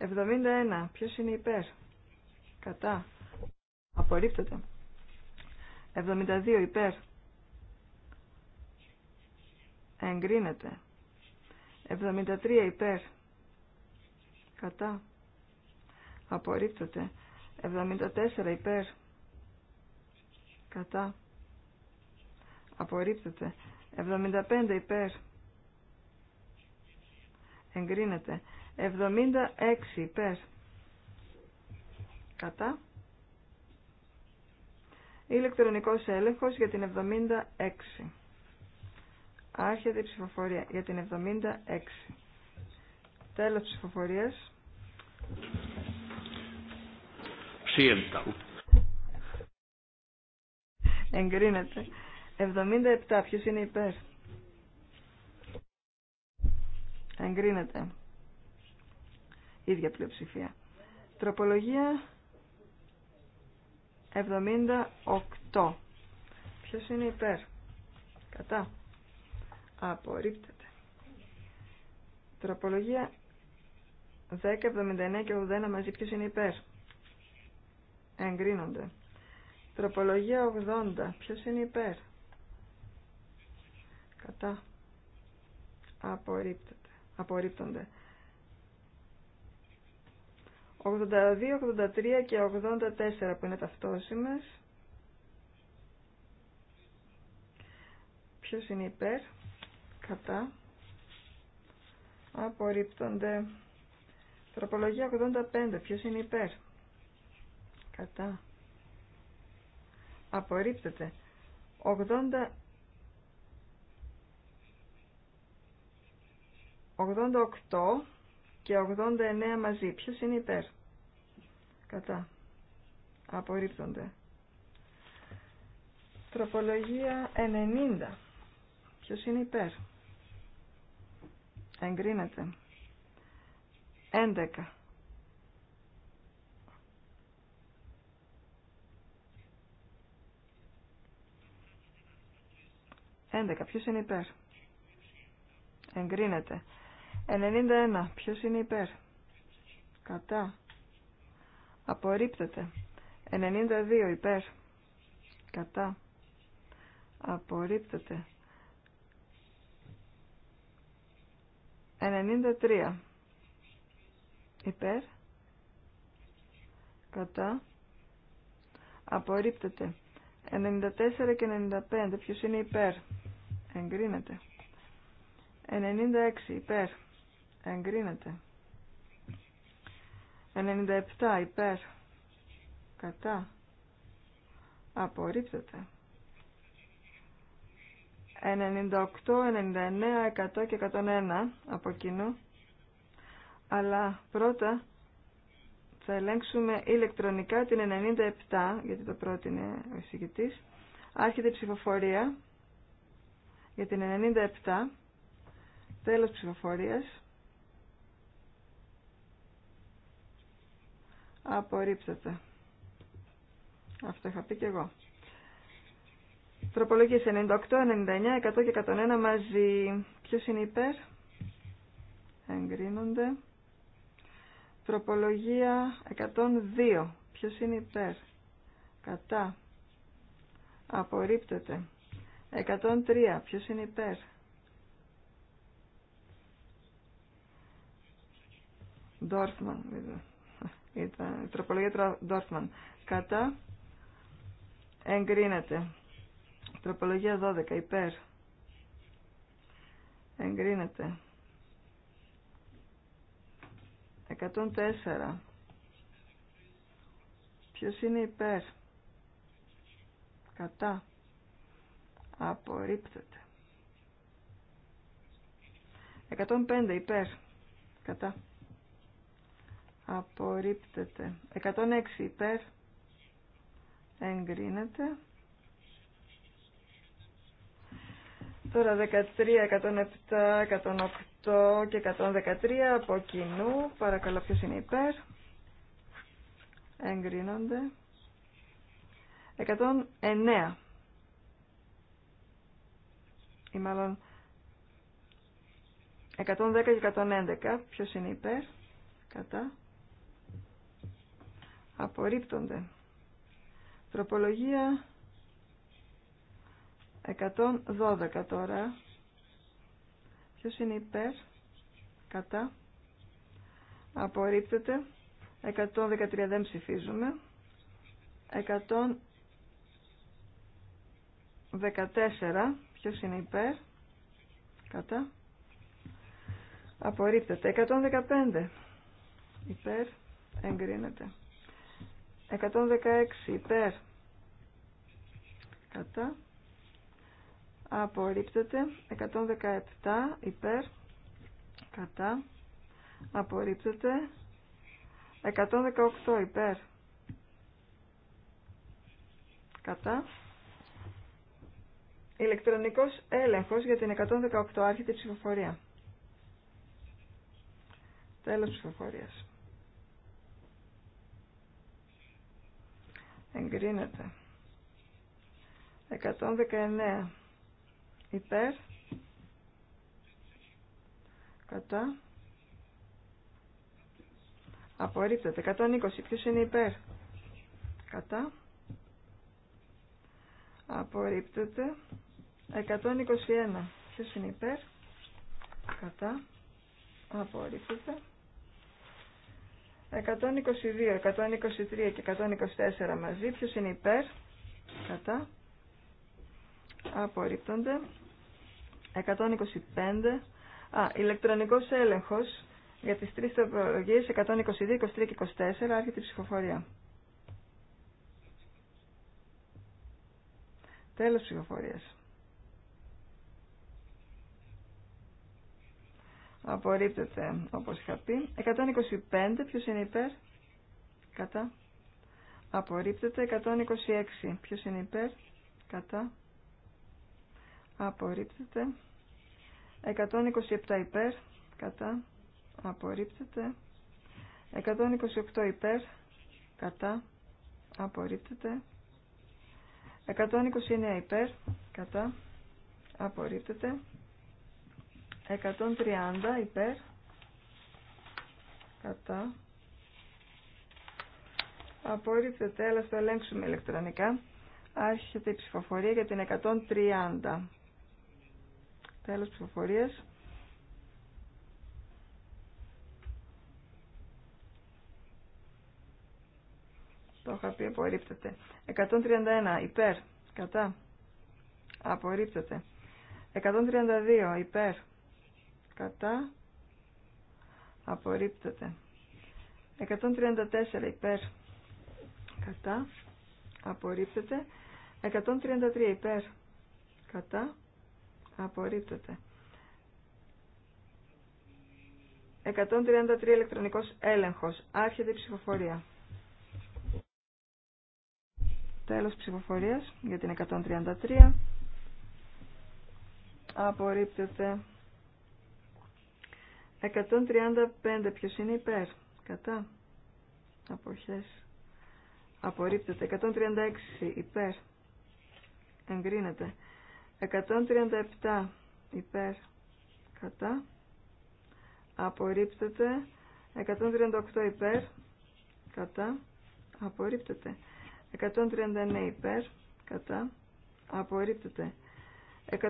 A: 71. Ποιος είναι υπέρ. Κατά. Απορρίπτεται. 72. Υπέρ. Εγκρίνεται. 73. Υπέρ. Κατά. Απορρίπτεται. 74. Υπέρ. Κατά. Απορρίπτεται. 75. Υπέρ. Εγκρίνεται. 76 υπέρ κατά ηλεκτρονικός έλεγχος για την 76 άρχεται η ψηφοφορία για την 76 τέλος ψηφοφορίας εγκρίνεται 77 ποιος είναι υπέρ εγκρίνεται ίδια πλειοψηφία. Τροπολογία 78. Ποιο είναι υπέρ. Κατά. Απορρίπτεται. Τροπολογία 10, 79 και 81 μαζί. Ποιος είναι υπέρ. Εγκρίνονται. Τροπολογία 80. ποιο είναι υπέρ. Κατά. Απορρίπτεται. Απορρίπτονται. 82, 83 και 84 που είναι ταυτόσιμες. Ποιος είναι υπέρ, κατά, απορρίπτονται. Τροπολογία 85, ποιος είναι υπέρ, κατά, απορρίπτεται. 80... 88 και 89 μαζί. Ποιο είναι υπέρ. Κατά. Απορρίπτονται. Τροπολογία 90. Ποιο είναι υπέρ. Εγκρίνεται. 11. 11. Ποιος είναι υπέρ. Εγκρίνεται. 91. Ποιος είναι υπέρ. Κατά. Απορρίπτεται. 92. Υπέρ. Κατά. Απορρίπτεται. 93. Υπέρ. Κατά. Απορρίπτεται. 94 και 95. Ποιος είναι υπέρ. Εγκρίνεται. 96. Υπέρ εγκρίνεται. 97 υπέρ κατά απορρίπτεται. 98, 99, 100 και 101 από κοινού. Αλλά πρώτα θα ελέγξουμε ηλεκτρονικά την 97, γιατί το πρώτο είναι ο εισηγητής. Άρχεται η ψηφοφορία για την 97, τέλος ψηφοφορίας. απορρίψατε. Αυτό είχα πει και εγώ. Τροπολογίες 98, 99, 100 και 101 μαζί. Ποιος είναι υπέρ? Εγκρίνονται. Τροπολογία 102. Ποιος είναι υπέρ? Κατά. Απορρίπτεται. 103. Ποιος είναι υπέρ? Ντόρφμαν. Ήταν η τροπολογία Ντόρφμαν. Κατά. Εγκρίνεται. Τροπολογία 12. Υπέρ. Εγκρίνεται. 104. Ποιος είναι υπέρ. Κατά. Απορρίπτεται. 105 υπέρ. Κατά απορρίπτεται. 106 υπέρ εγκρίνεται. Τώρα 13, 107, 108 και 113 από κοινού. Παρακαλώ ποιος είναι υπέρ. Εγκρίνονται. 109. Ή μάλλον 110 και 111. Ποιος είναι υπέρ. Κατά απορρίπτονται. Τροπολογία 112 τώρα. Ποιο είναι υπέρ, κατά, απορρίπτεται. 113 δεν ψηφίζουμε. 114, ποιος είναι υπέρ, κατά, απορρίπτεται. 115, υπέρ, εγκρίνεται. 116 υπέρ κατά απορρίπτεται 117 υπέρ κατά απορρίπτεται 118 υπέρ κατά ηλεκτρονικός έλεγχος για την 118 άρχεται ψηφοφορία τέλος ψηφοφορίας εγκρίνεται 119 υπέρ κατά απορρίπτεται 120 ποιος είναι υπέρ κατά απορρίπτεται 121 ποιος είναι υπέρ κατά απορρίπτεται 122, 123 και 124 μαζί. Ποιος είναι υπέρ, κατά, απορρίπτονται. 125, α, ηλεκτρονικός έλεγχος για τις τρεις τροπολογίες 122, 23 και 24, άρχεται η ψηφοφορία. Τέλος ψηφοφορίας. Απορρίπτεται, όπως είχα πει. 125, ποιος είναι υπέρ. Κατά. Απορρίπτεται. 126, ποιος είναι υπέρ. Κατά. Απορρίπτεται. 127 υπέρ. Κατά. Απορρίπτεται. 128 υπέρ. Κατά. Απορρίπτεται. 129 υπέρ. Κατά. Απορρίπτεται. 130 υπέρ κατά απορρίπτεται τέλος το ελέγξουμε ηλεκτρονικά άρχεται η ψηφοφορία για την 130 τέλος ψηφοφορίας το είχα πει απορρίπτεται 131 υπέρ κατά απορρίπτεται 132 υπέρ κατά απορρίπτεται 134 υπέρ κατά απορρίπτεται 133 υπέρ κατά απορρίπτεται 133 ηλεκτρονικός έλεγχος άρχεται η ψηφοφορία τέλος ψηφοφορίας για την 133 απορρίπτεται 135 ποιος είναι υπέρ κατά αποχές απορρίπτεται 136 υπέρ εγκρίνεται 137 υπέρ κατά απορρίπτεται 138 υπέρ κατά απορρίπτεται 139 υπέρ κατά απορρίπτεται 140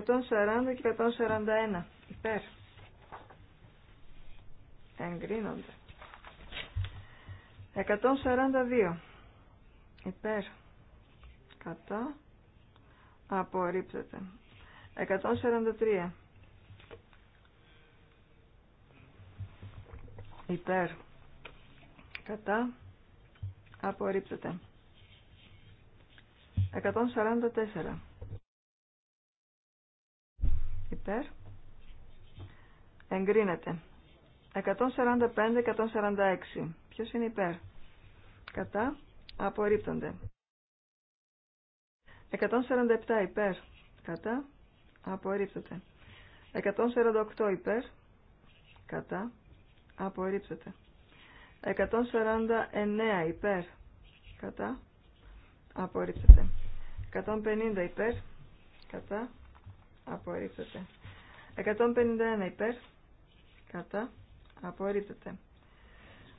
A: και 141 υπέρ εγκρίνονται. 142 υπέρ κατά απορρίπτεται. 143 υπέρ κατά απορρίπτεται. 144 υπέρ εγκρίνεται. 145-146. Ποιος είναι υπέρ. Κατά. Απορρίπτονται. 147 υπέρ. Κατά. Απορρίπτονται. 148 υπέρ. Κατά. Απορρίπτονται. 149 υπέρ. Κατά. Απορρίπτονται. 150 υπέρ. Κατά. Απορρίπτονται. 151 υπέρ. Κατά. Απορρίπτεται.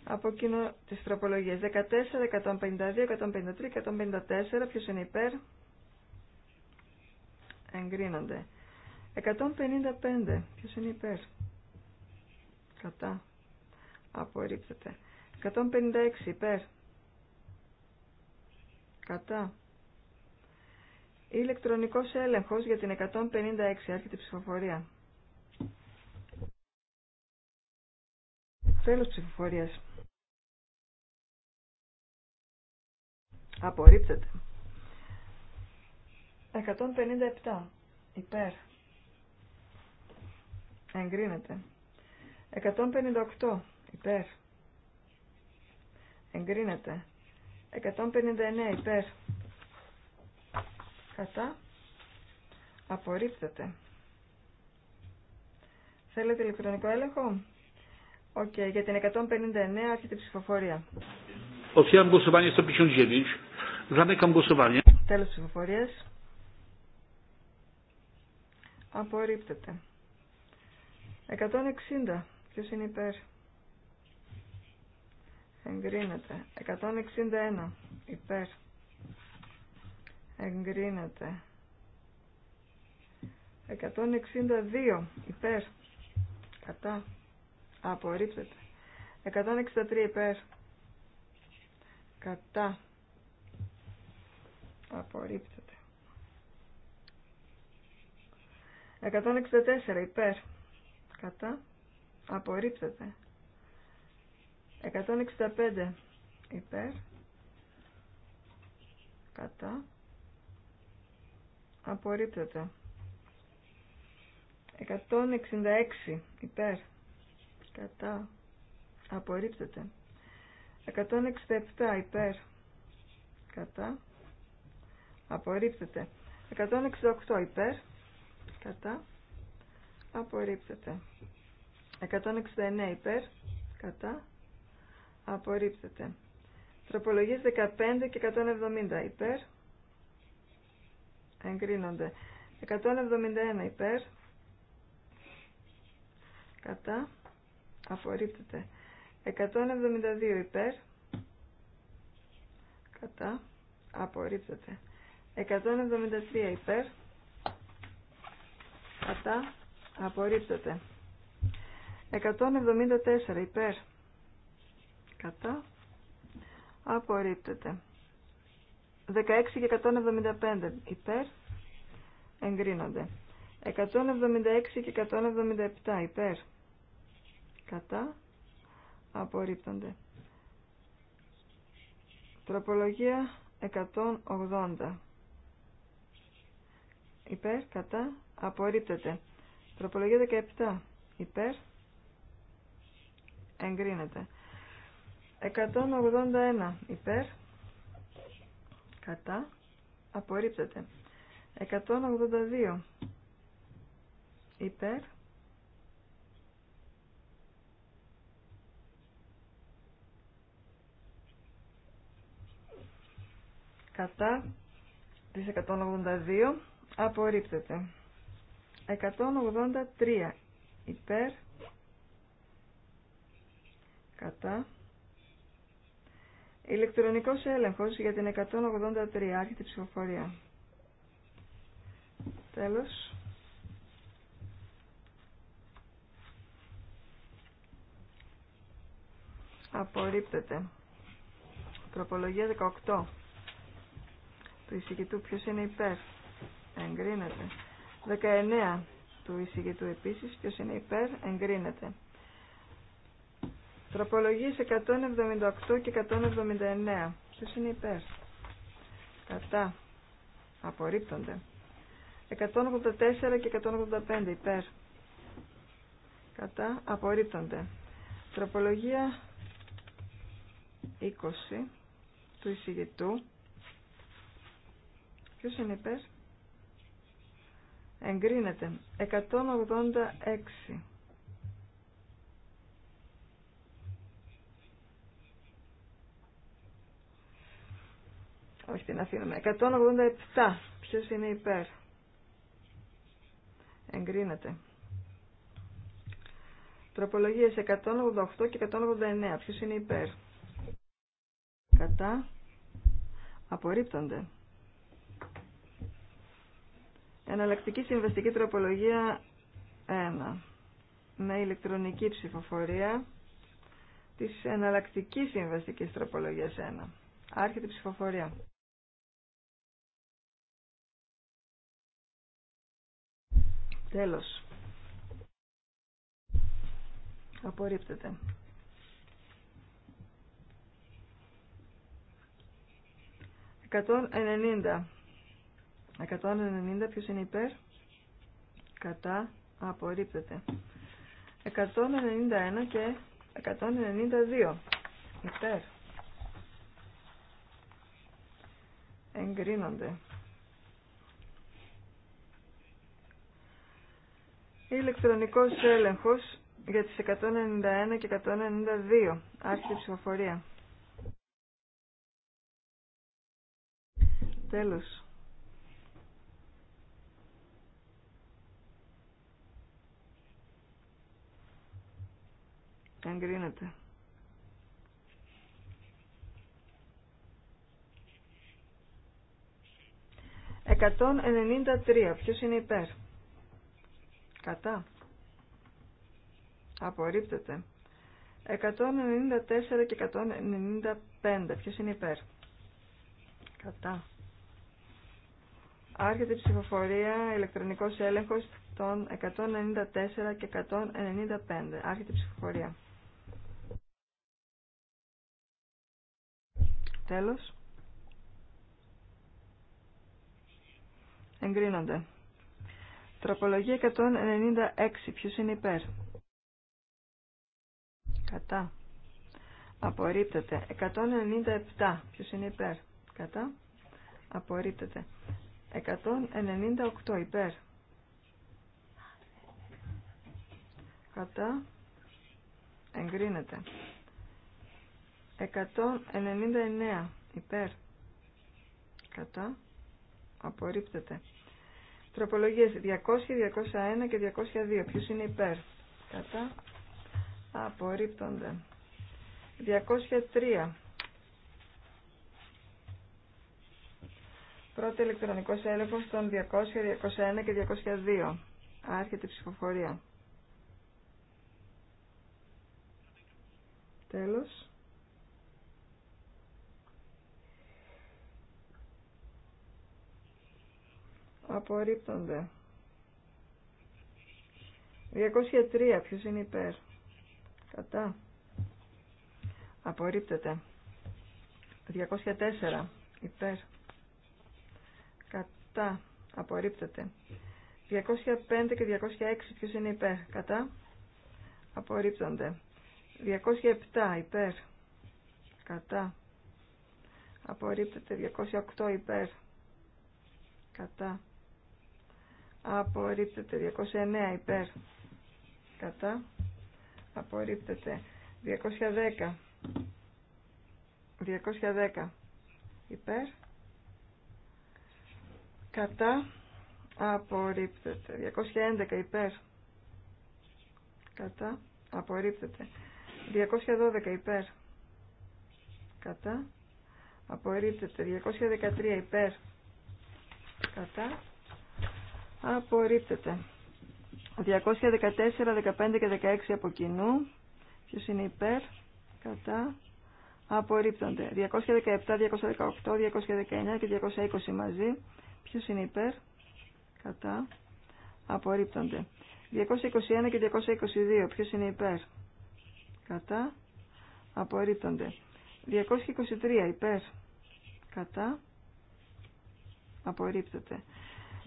A: Από κοινό τι τροπολογίε 14, 152, 153, 154, ποιο είναι υπέρ, εγκρίνονται. 155, Ποιο είναι υπέρ, κατά, απορρίπτεται. 156, υπέρ, κατά. Ηλεκτρονικός έλεγχος για την 156, άρχεται ψηφοφορία. Τέλος ψηφοφορίας. Απορρίπτεται. 157. Υπέρ. Εγκρίνεται. 158. Υπέρ. Εγκρίνεται. 159. Υπέρ. Κατά. Απορρίπτεται. Θέλετε ηλεκτρονικό έλεγχο. Οκ, okay, για την 159 άρχεται η ψηφοφορία.
C: Otwieram głosowanie 159.
A: Τέλος ψηφοφορίας. Απορρίπτεται. 160. Ποιος είναι υπέρ. Εγκρίνεται. 161. Υπέρ. Εγκρίνεται. 162. Υπέρ. Κατά. Απορρίπτεται. 163 υπέρ. Κατά. Απορρίπτεται. 164 υπέρ. Κατά. Απορρίπτεται. 165 υπέρ. Κατά. Απορρίπτεται. 166 υπέρ κατά απορρίπτεται 167 υπέρ κατά απορρίπτεται 168 υπέρ κατά απορρίπτεται 169 υπέρ κατά απορρίπτεται τροπολογίες 15 και 170 υπέρ εγκρίνονται 171 υπέρ κατά Απορρίπτεται. 172 υπέρ. Κατά. Απορρίπτεται. 173 υπέρ. Κατά. Απορρίπτεται. 174 υπέρ. Κατά. Απορρίπτεται. 16 και 175 υπέρ. Εγκρίνονται. 176 και 177 υπέρ κατά απορρίπτονται. Τροπολογία 180 υπέρ κατά απορρίπτεται. Τροπολογία 17 υπέρ εγκρίνεται. 181 υπέρ κατά απορρίπτεται. 182 υπέρ κατά της 182 απορρίπτεται. 183 υπέρ κατά ηλεκτρονικός έλεγχος για την 183 άρχιτη ψηφοφορία. Τέλος. Απορρίπτεται. Τροπολογία 18 του εισηγητού. Ποιος είναι υπέρ. Εγκρίνεται. 19 του εισηγητού επίσης. Ποιος είναι υπέρ. Εγκρίνεται. Τροπολογίες 178 και 179. Ποιος είναι υπέρ. Κατά. Απορρίπτονται. 184 και 185 υπέρ. Κατά. Απορρίπτονται. Τροπολογία 20 του εισηγητού Ποιος είναι υπέρ. Εγκρίνεται. 186. Όχι την αφήνουμε. 187. Ποιος είναι υπέρ. Εγκρίνεται. Τροπολογίες 188 και 189. Ποιος είναι υπέρ. Κατά. Απορρίπτονται. Εναλλακτική συμβαστική τροπολογία 1. Με ηλεκτρονική ψηφοφορία της εναλλακτική συμβαστική τροπολογία 1. Άρχεται η ψηφοφορία. Τέλος. Απορρίπτεται. Εκατόν 190 ποιος είναι υπέρ κατά απορρίπτεται 191 και 192 υπέρ εγκρίνονται ηλεκτρονικός έλεγχος για τις 191 και 192 άρχισε ψηφοφορία τέλος Εγκρίνεται. Εκατόν ενενήντα τρία. Ποιος είναι υπέρ. Κατά. Απορρίπτεται. 194 και 195. Ποιος είναι υπέρ. Κατά. Άρχεται η ψηφοφορία, ηλεκτρονικός έλεγχος των 194 και 195. Άρχεται η ψηφοφορία. Τέλος. Εγκρίνονται. Τροπολογία 196. Ποιος είναι υπέρ. Κατά. Απορρίπτεται. 197. Ποιος είναι υπέρ. Κατά. Απορρίπτεται. 198 υπέρ. Κατά. Εγκρίνεται. 199 υπέρ κατά απορρίπτεται τροπολογίες 200, 201 και 202 ποιος είναι υπέρ κατά απορρίπτονται 203 Πρώτο ηλεκτρονικό έλεγχος των 200, 201 και 202. Άρχεται η ψηφοφορία. Τέλος. απορρίπτονται. 203. Ποιος είναι υπέρ. Κατά. Απορρίπτεται. 204. Υπέρ. Κατά. Απορρίπτεται. 205 και 206. Ποιος είναι υπέρ. Κατά. Απορρίπτονται. 207. Υπέρ. Κατά. Απορρίπτεται. 208. Υπέρ. Κατά απορρίπτεται 209 υπέρ κατά απορρίπτεται 210 210 υπέρ κατά απορρίπτεται 211 υπέρ κατά απορρίπτεται 212 υπέρ κατά απορρίπτεται 213 υπέρ κατά Απορρίπτεται. 214, 15 και 16 από κοινού. Ποιο είναι υπέρ, κατά. Απορρίπτονται. 217, 218, 219 και 220 μαζί. Ποιο είναι υπέρ, κατά. Απορρίπτονται. 221 και 222. Ποιο είναι υπέρ, κατά. Απορρίπτονται. 223 υπέρ, κατά. Απορρίπτεται.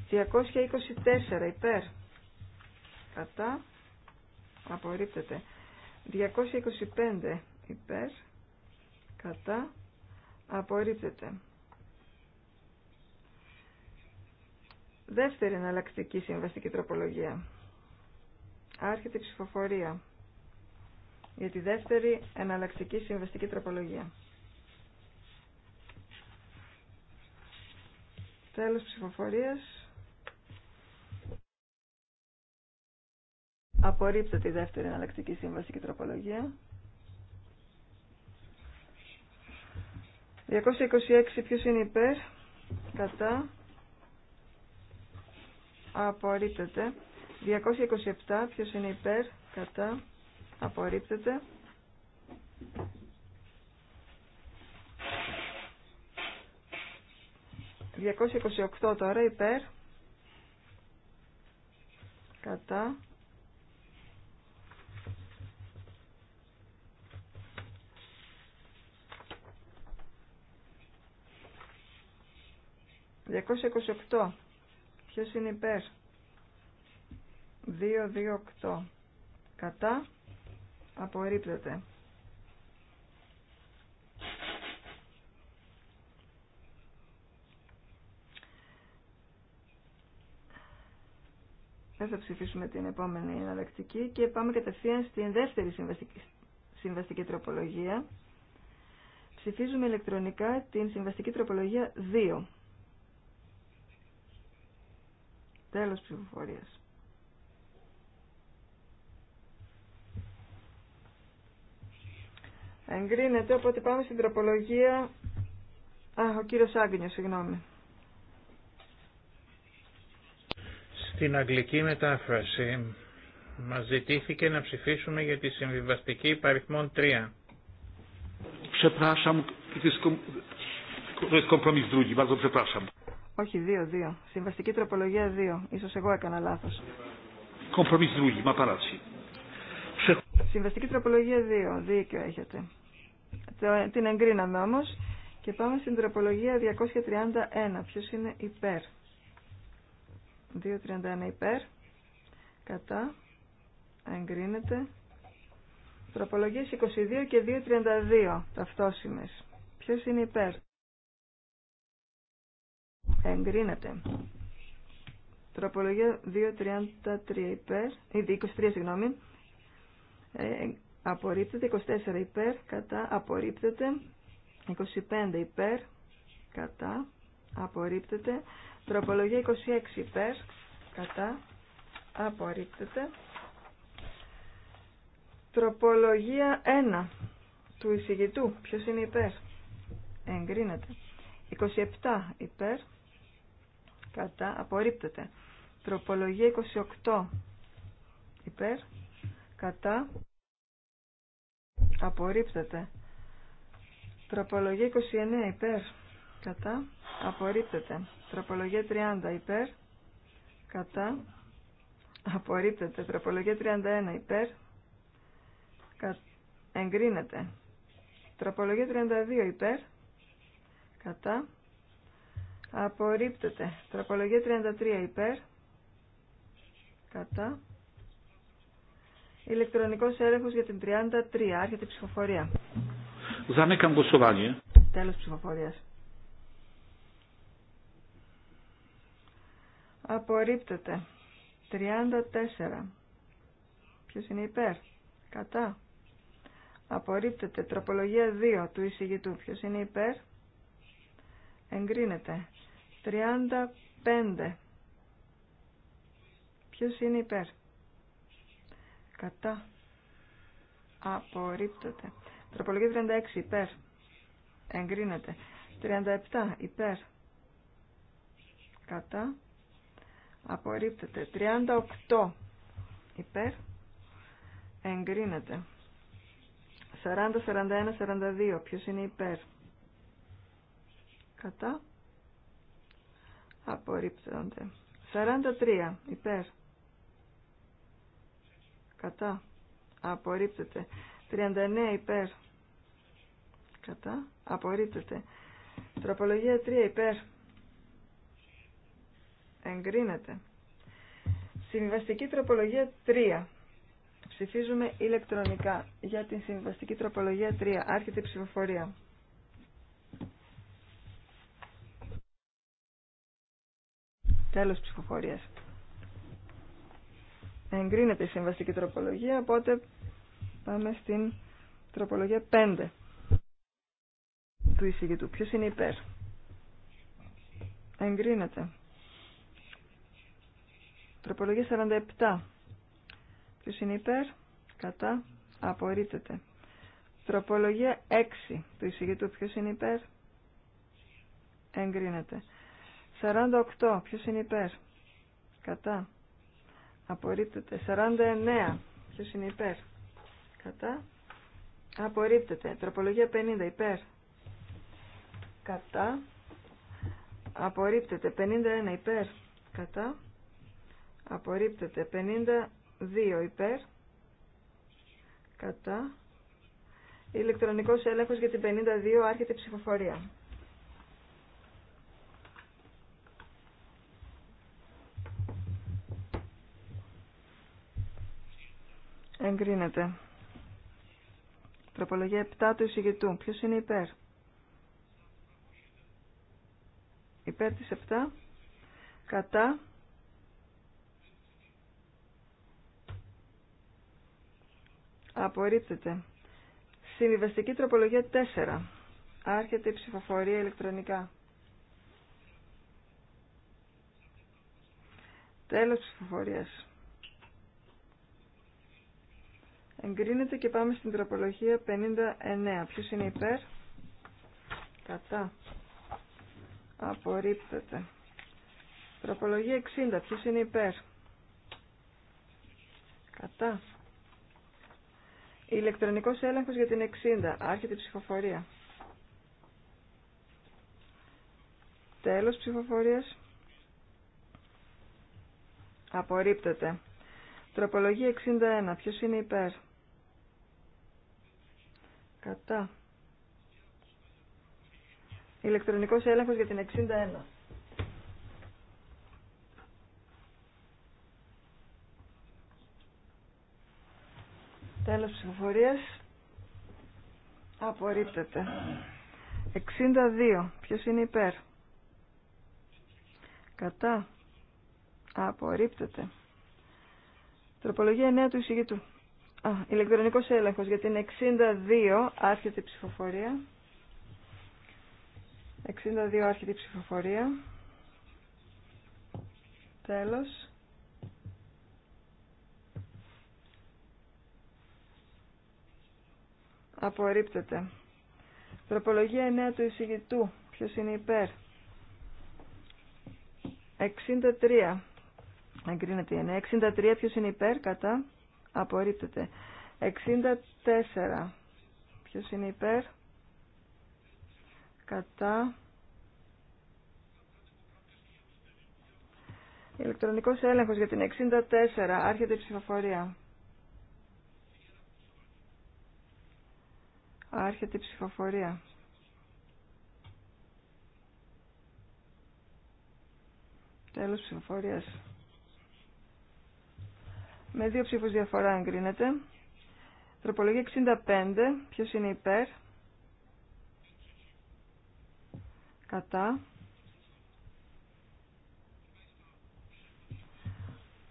A: 224 υπέρ. Κατά. Απορρίπτεται. 225 υπέρ. Κατά. Απορρίπτεται. Δεύτερη εναλλακτική συμβαστική τροπολογία. Άρχεται η ψηφοφορία για τη δεύτερη εναλλακτική συμβαστική τροπολογία. Τέλος ψηφοφορίας. Απορρίπτεται τη δεύτερη εναλλακτική σύμβαση και τροπολογία. 226 ποιος είναι υπέρ, κατά, απορρίπτεται. 227 ποιος είναι υπέρ, κατά, απορρίπτεται. 228 τώρα υπέρ, κατά, 228. Ποιος είναι υπέρ. 228. Κατά. Απορρίπτεται. Δεν θα ψηφίσουμε την επόμενη εναλλακτική και πάμε κατευθείαν στην δεύτερη συμβαστική, συμβαστική τροπολογία. Ψηφίζουμε ηλεκτρονικά την συμβαστική τροπολογία 2. Τέλος ψηφοφορίας. Εγκρίνεται, οπότε πάμε στην τροπολογία... Α, ο κύριος Άγγινιο, συγγνώμη.
D: Στην αγγλική μετάφραση μας ζητήθηκε να ψηφίσουμε για τη συμβιβαστική υπαριθμών 3. Ξεπράσαμε,
C: ξεπράσαμε.
A: Όχι, 2-2. Συμβαστική τροπολογία δύο, δύο. συμβαστικη τροπολογια δύο. ισως εγω εκανα λαθος συμβαστικη τροπολογια δύο. δικιο εχετε Την εγκρίναμε όμως. Και πάμε στην τροπολογία 231. Ποιος είναι υπέρ. 231 υπέρ. Κατά. Εγκρίνεται. Τροπολογίες 22 και 232. Ταυτόσιμες. Ποιος είναι υπέρ. Εγκρίνεται. Τροπολογία 2.33 υπέρ, 23 ε, συγγνώμη, ε, απορρίπτεται, 24 υπέρ, κατά, απορρίπτεται, 25 υπέρ, κατά, απορρίπτεται, τροπολογία 26 υπέρ, κατά, απορρίπτεται, τροπολογία 1 του εισηγητού, ποιος είναι υπέρ, εγκρίνεται, 27 υπέρ, κατά απορρίπτεται. Τροπολογία 28 υπέρ κατά απορρίπτεται. Τροπολογία 29 υπέρ κατά απορρίπτεται. Τροπολογία 30 υπέρ κατά απορρίπτεται. Τροπολογία 31 υπέρ κα, εγκρίνεται. Τροπολογία 32 υπέρ κατά Απορρίπτεται. Τροπολογία 33 υπέρ. Κατά. Ηλεκτρονικός έλεγχο για την 33. Άρχεται η ψηφοφορία.
C: Zamykam ψηφοφορία.
A: Τέλος ψηφοφορίας. Απορρίπτεται. 34. Ποιο είναι υπέρ. Κατά. Απορρίπτεται. Τροπολογία 2 του εισηγητού. Ποιο είναι υπέρ εγκρίνεται. 35. Ποιος είναι υπέρ. Κατά. Απορρίπτεται. Τροπολογία 36 υπέρ. Εγκρίνεται. 37 υπέρ. Κατά. Απορρίπτεται. 38 υπέρ. Εγκρίνεται. 40, 41, 42. Ποιος είναι υπέρ κατά απορρίπτονται 43 υπέρ κατά απορρίπτεται 39 υπέρ κατά απορρίπτεται τροπολογία 3 υπέρ εγκρίνεται συμβαστική τροπολογία 3 ψηφίζουμε ηλεκτρονικά για την συμβαστική τροπολογία 3 άρχεται η ψηφοφορία Τέλος ψυχοφορίας. Εγκρίνεται η συμβαστική τροπολογία, οπότε πάμε στην τροπολογία 5 του εισηγητού. Ποιος είναι υπέρ. Εγκρίνεται. Τροπολογία 47. Ποιος είναι υπέρ. Κατά. Απορρίπτεται. Τροπολογία 6 του εισηγητού. Ποιος είναι υπέρ. Εγκρίνεται. 48. Ποιος είναι υπέρ. Κατά. Απορρίπτεται. 49. Ποιος είναι υπέρ. Κατά. Απορρίπτεται. Τροπολογία 50. Υπέρ. Κατά. Απορρίπτεται. 51. Υπέρ. Κατά. Απορρίπτεται. 52. Υπέρ. Κατά. Ηλεκτρονικός έλεγχος για την 52. Άρχεται ψηφοφορία. Εγκρίνεται. Τροπολογία 7 του εισηγητού. Ποιο είναι υπέρ. Υπέρ τη 7. Κατά. Απορρίπτεται. Συμβιβαστική τροπολογία 4. Άρχεται η ψηφοφορία ηλεκτρονικά. Τέλος ψηφοφορίας. Εγκρίνεται και πάμε στην τροπολογία 59. Ποιο είναι υπέρ? Κατά. Απορρίπτεται. Τροπολογία 60. Ποιο είναι υπέρ? Κατά. Ηλεκτρονικός έλεγχος για την 60. Άρχεται η ψηφοφορία. Τέλος ψηφοφορία. Απορρίπτεται. Τροπολογία 61. Ποιος είναι υπέρ? Κατά. Ηλεκτρονικός έλεγχος για την 61. Τέλος ψηφοφορίας. Απορρίπτεται. 62. Ποιος είναι υπέρ. Κατά. Απορρίπτεται. Τροπολογία 9 του εισηγητού. Α, ηλεκτρονικός έλεγχος για την 62 άρχεται ψηφοφορία. 62 άρχεται ψηφοφορία. Τέλος. Απορρίπτεται. Τροπολογία 9 του εισηγητού. Ποιος είναι υπέρ. 63. Εγκρίνεται η 63 ποιος είναι υπέρ κατά απορρίπτεται. 64. Ποιος είναι υπέρ. Κατά. Ηλεκτρονικός έλεγχος για την 64. Άρχεται η ψηφοφορία. Άρχεται η ψηφοφορία. Τέλος ψηφοφορίας. Με δύο ψήφους διαφορά εγκρίνεται. Τροπολογία 65. Ποιος είναι υπέρ. Κατά.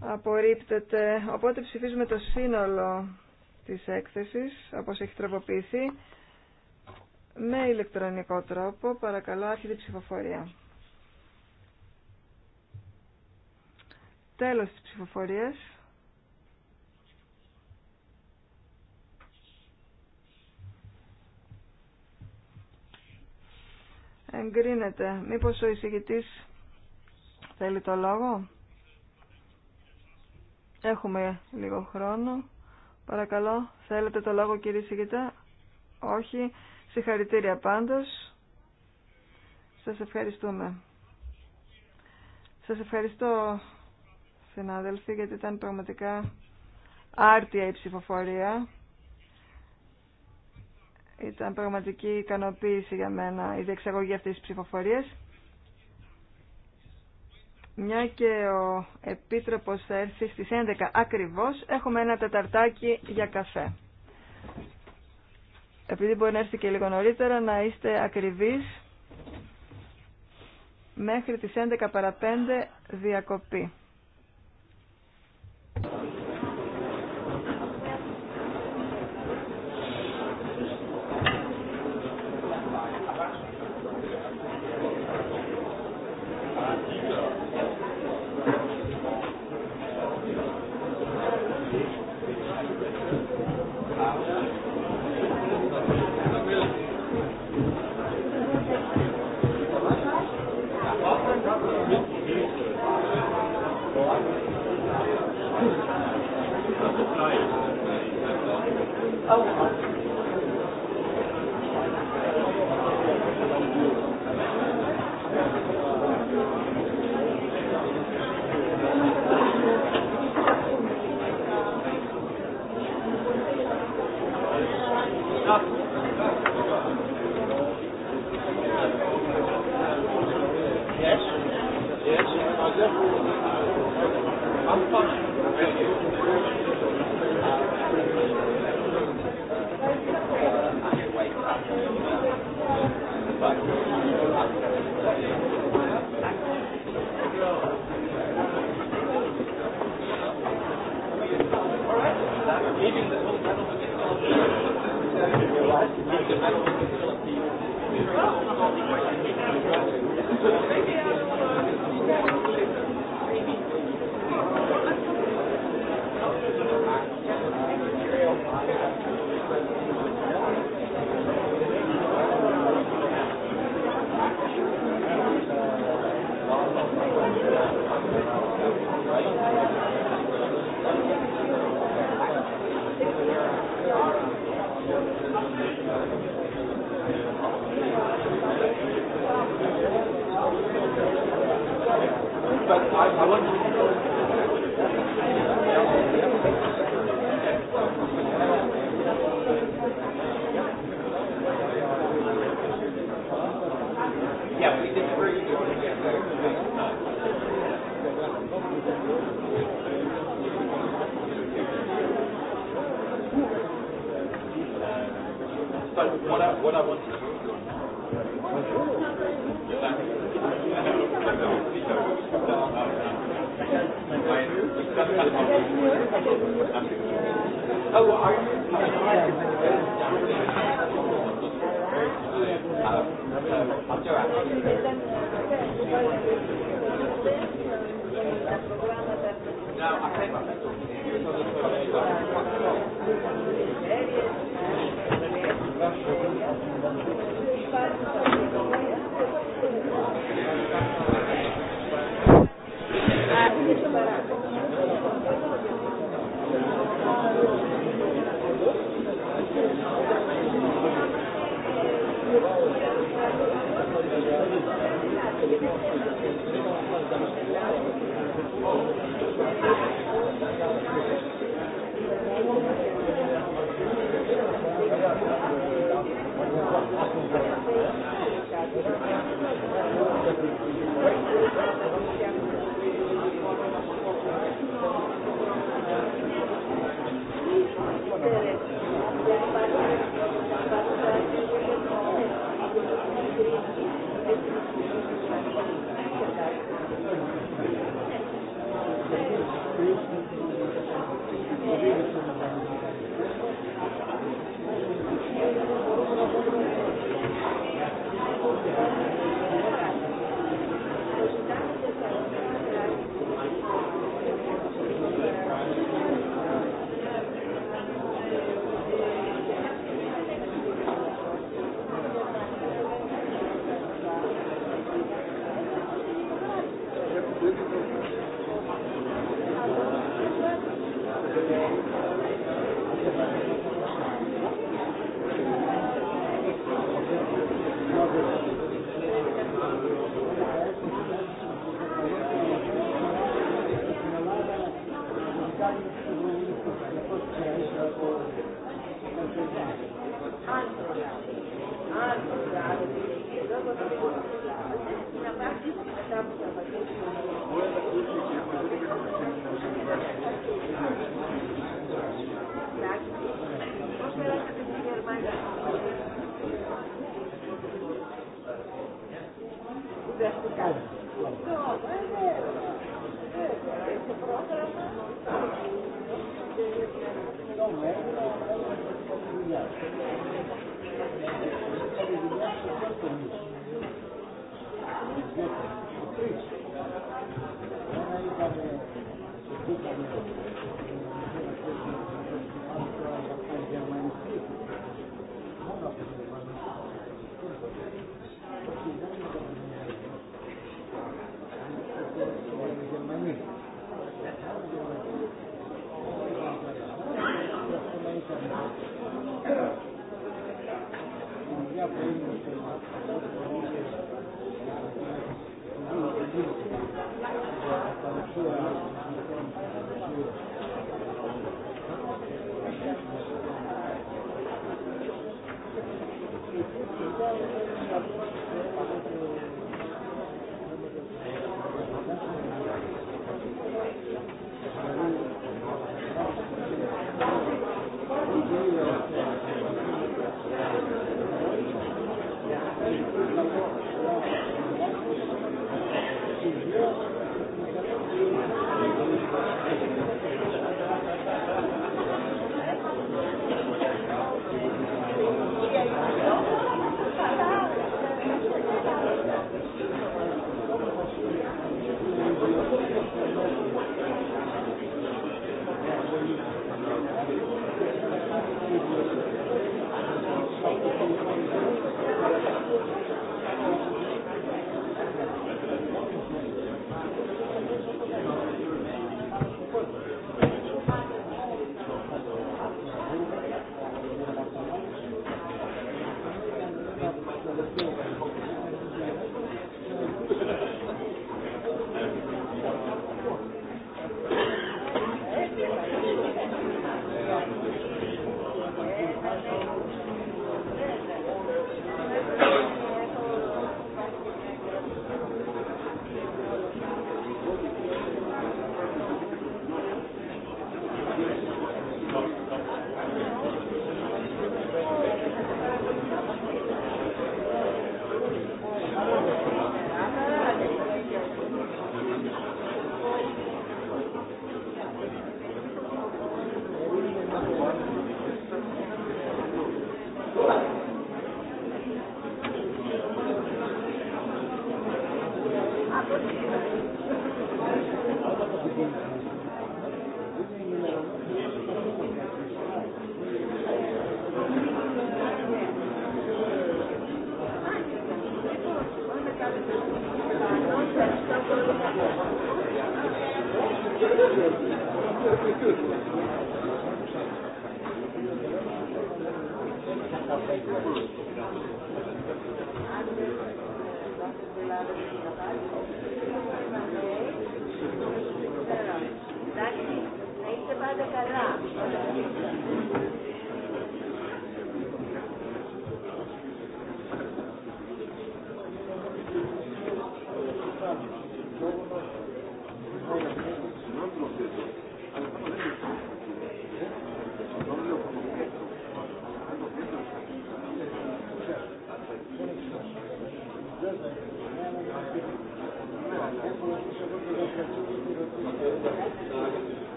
A: Απορρίπτεται. Οπότε ψηφίζουμε το σύνολο της έκθεσης, όπως έχει τροποποιηθεί, με ηλεκτρονικό τρόπο. Παρακαλώ, άρχιδη ψηφοφορία. Τέλος της ψηφοφορίας. εγκρίνεται. Μήπως ο εισηγητής θέλει το λόγο. Έχουμε λίγο χρόνο. Παρακαλώ, θέλετε το λόγο κύριε εισηγητά. Όχι. Συγχαρητήρια πάντως. Σας ευχαριστούμε. Σας ευχαριστώ συνάδελφοι γιατί ήταν πραγματικά άρτια η ψηφοφορία. Ήταν πραγματική ικανοποίηση για μένα η διεξαγωγή αυτής της ψηφοφορίας. Μια και ο Επίτροπος θα έρθει στις 11 ακριβώς, έχουμε ένα τεταρτάκι για καφέ. Επειδή μπορεί να έρθει και λίγο νωρίτερα, να είστε ακριβείς μέχρι τις 11 παρα 5 διακοπή.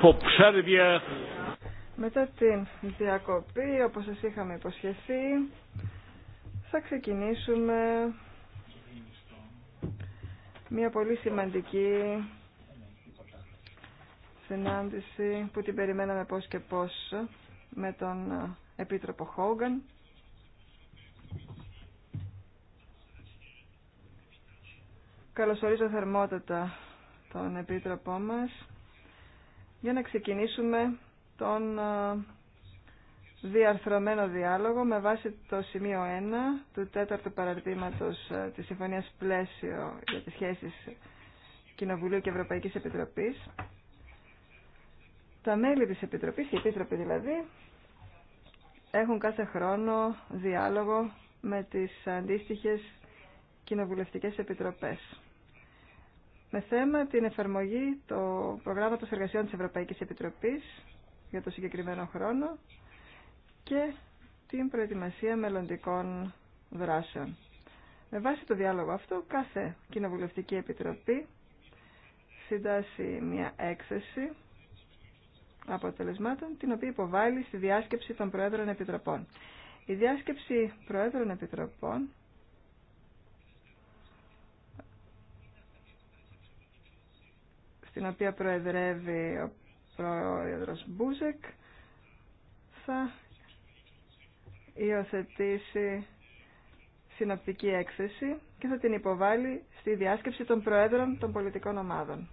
C: po przerwie.
A: Μετά την διακοπή, όπως σας είχαμε υποσχεθεί, θα ξεκινήσουμε μια πολύ σημαντική συνάντηση που την περιμέναμε πώς και πώς με τον Επίτροπο Χόγκαν Καλωσορίζω θερμότατα τον Επίτροπό μας για να ξεκινήσουμε τον διαρθρωμένο διάλογο με βάση το σημείο 1 του τέταρτου παραρτήματος της Συμφωνίας Πλαίσιο για τις σχέσεις Κοινοβουλίου και Ευρωπαϊκής Επιτροπής. Τα μέλη της Επιτροπής, οι Επίτροποι δηλαδή, έχουν κάθε χρόνο διάλογο με τις αντίστοιχες κοινοβουλευτικές επιτροπές με θέμα την εφαρμογή του προγράμματος εργασιών της Ευρωπαϊκής Επιτροπής για το συγκεκριμένο χρόνο και την προετοιμασία μελλοντικών δράσεων. Με βάση το διάλογο αυτό, κάθε Κοινοβουλευτική Επιτροπή συντάσσει μια έκθεση αποτελεσμάτων, την οποία υποβάλλει στη διάσκεψη των Προέδρων Επιτροπών. Η διάσκεψη Προέδρων Επιτροπών Στην οποία προεδρεύει ο πρόεδρος Μπούζεκ θα υιοθετήσει συνοπτική έκθεση και θα την υποβάλει στη διάσκεψη των Προέδρων των πολιτικών ομάδων.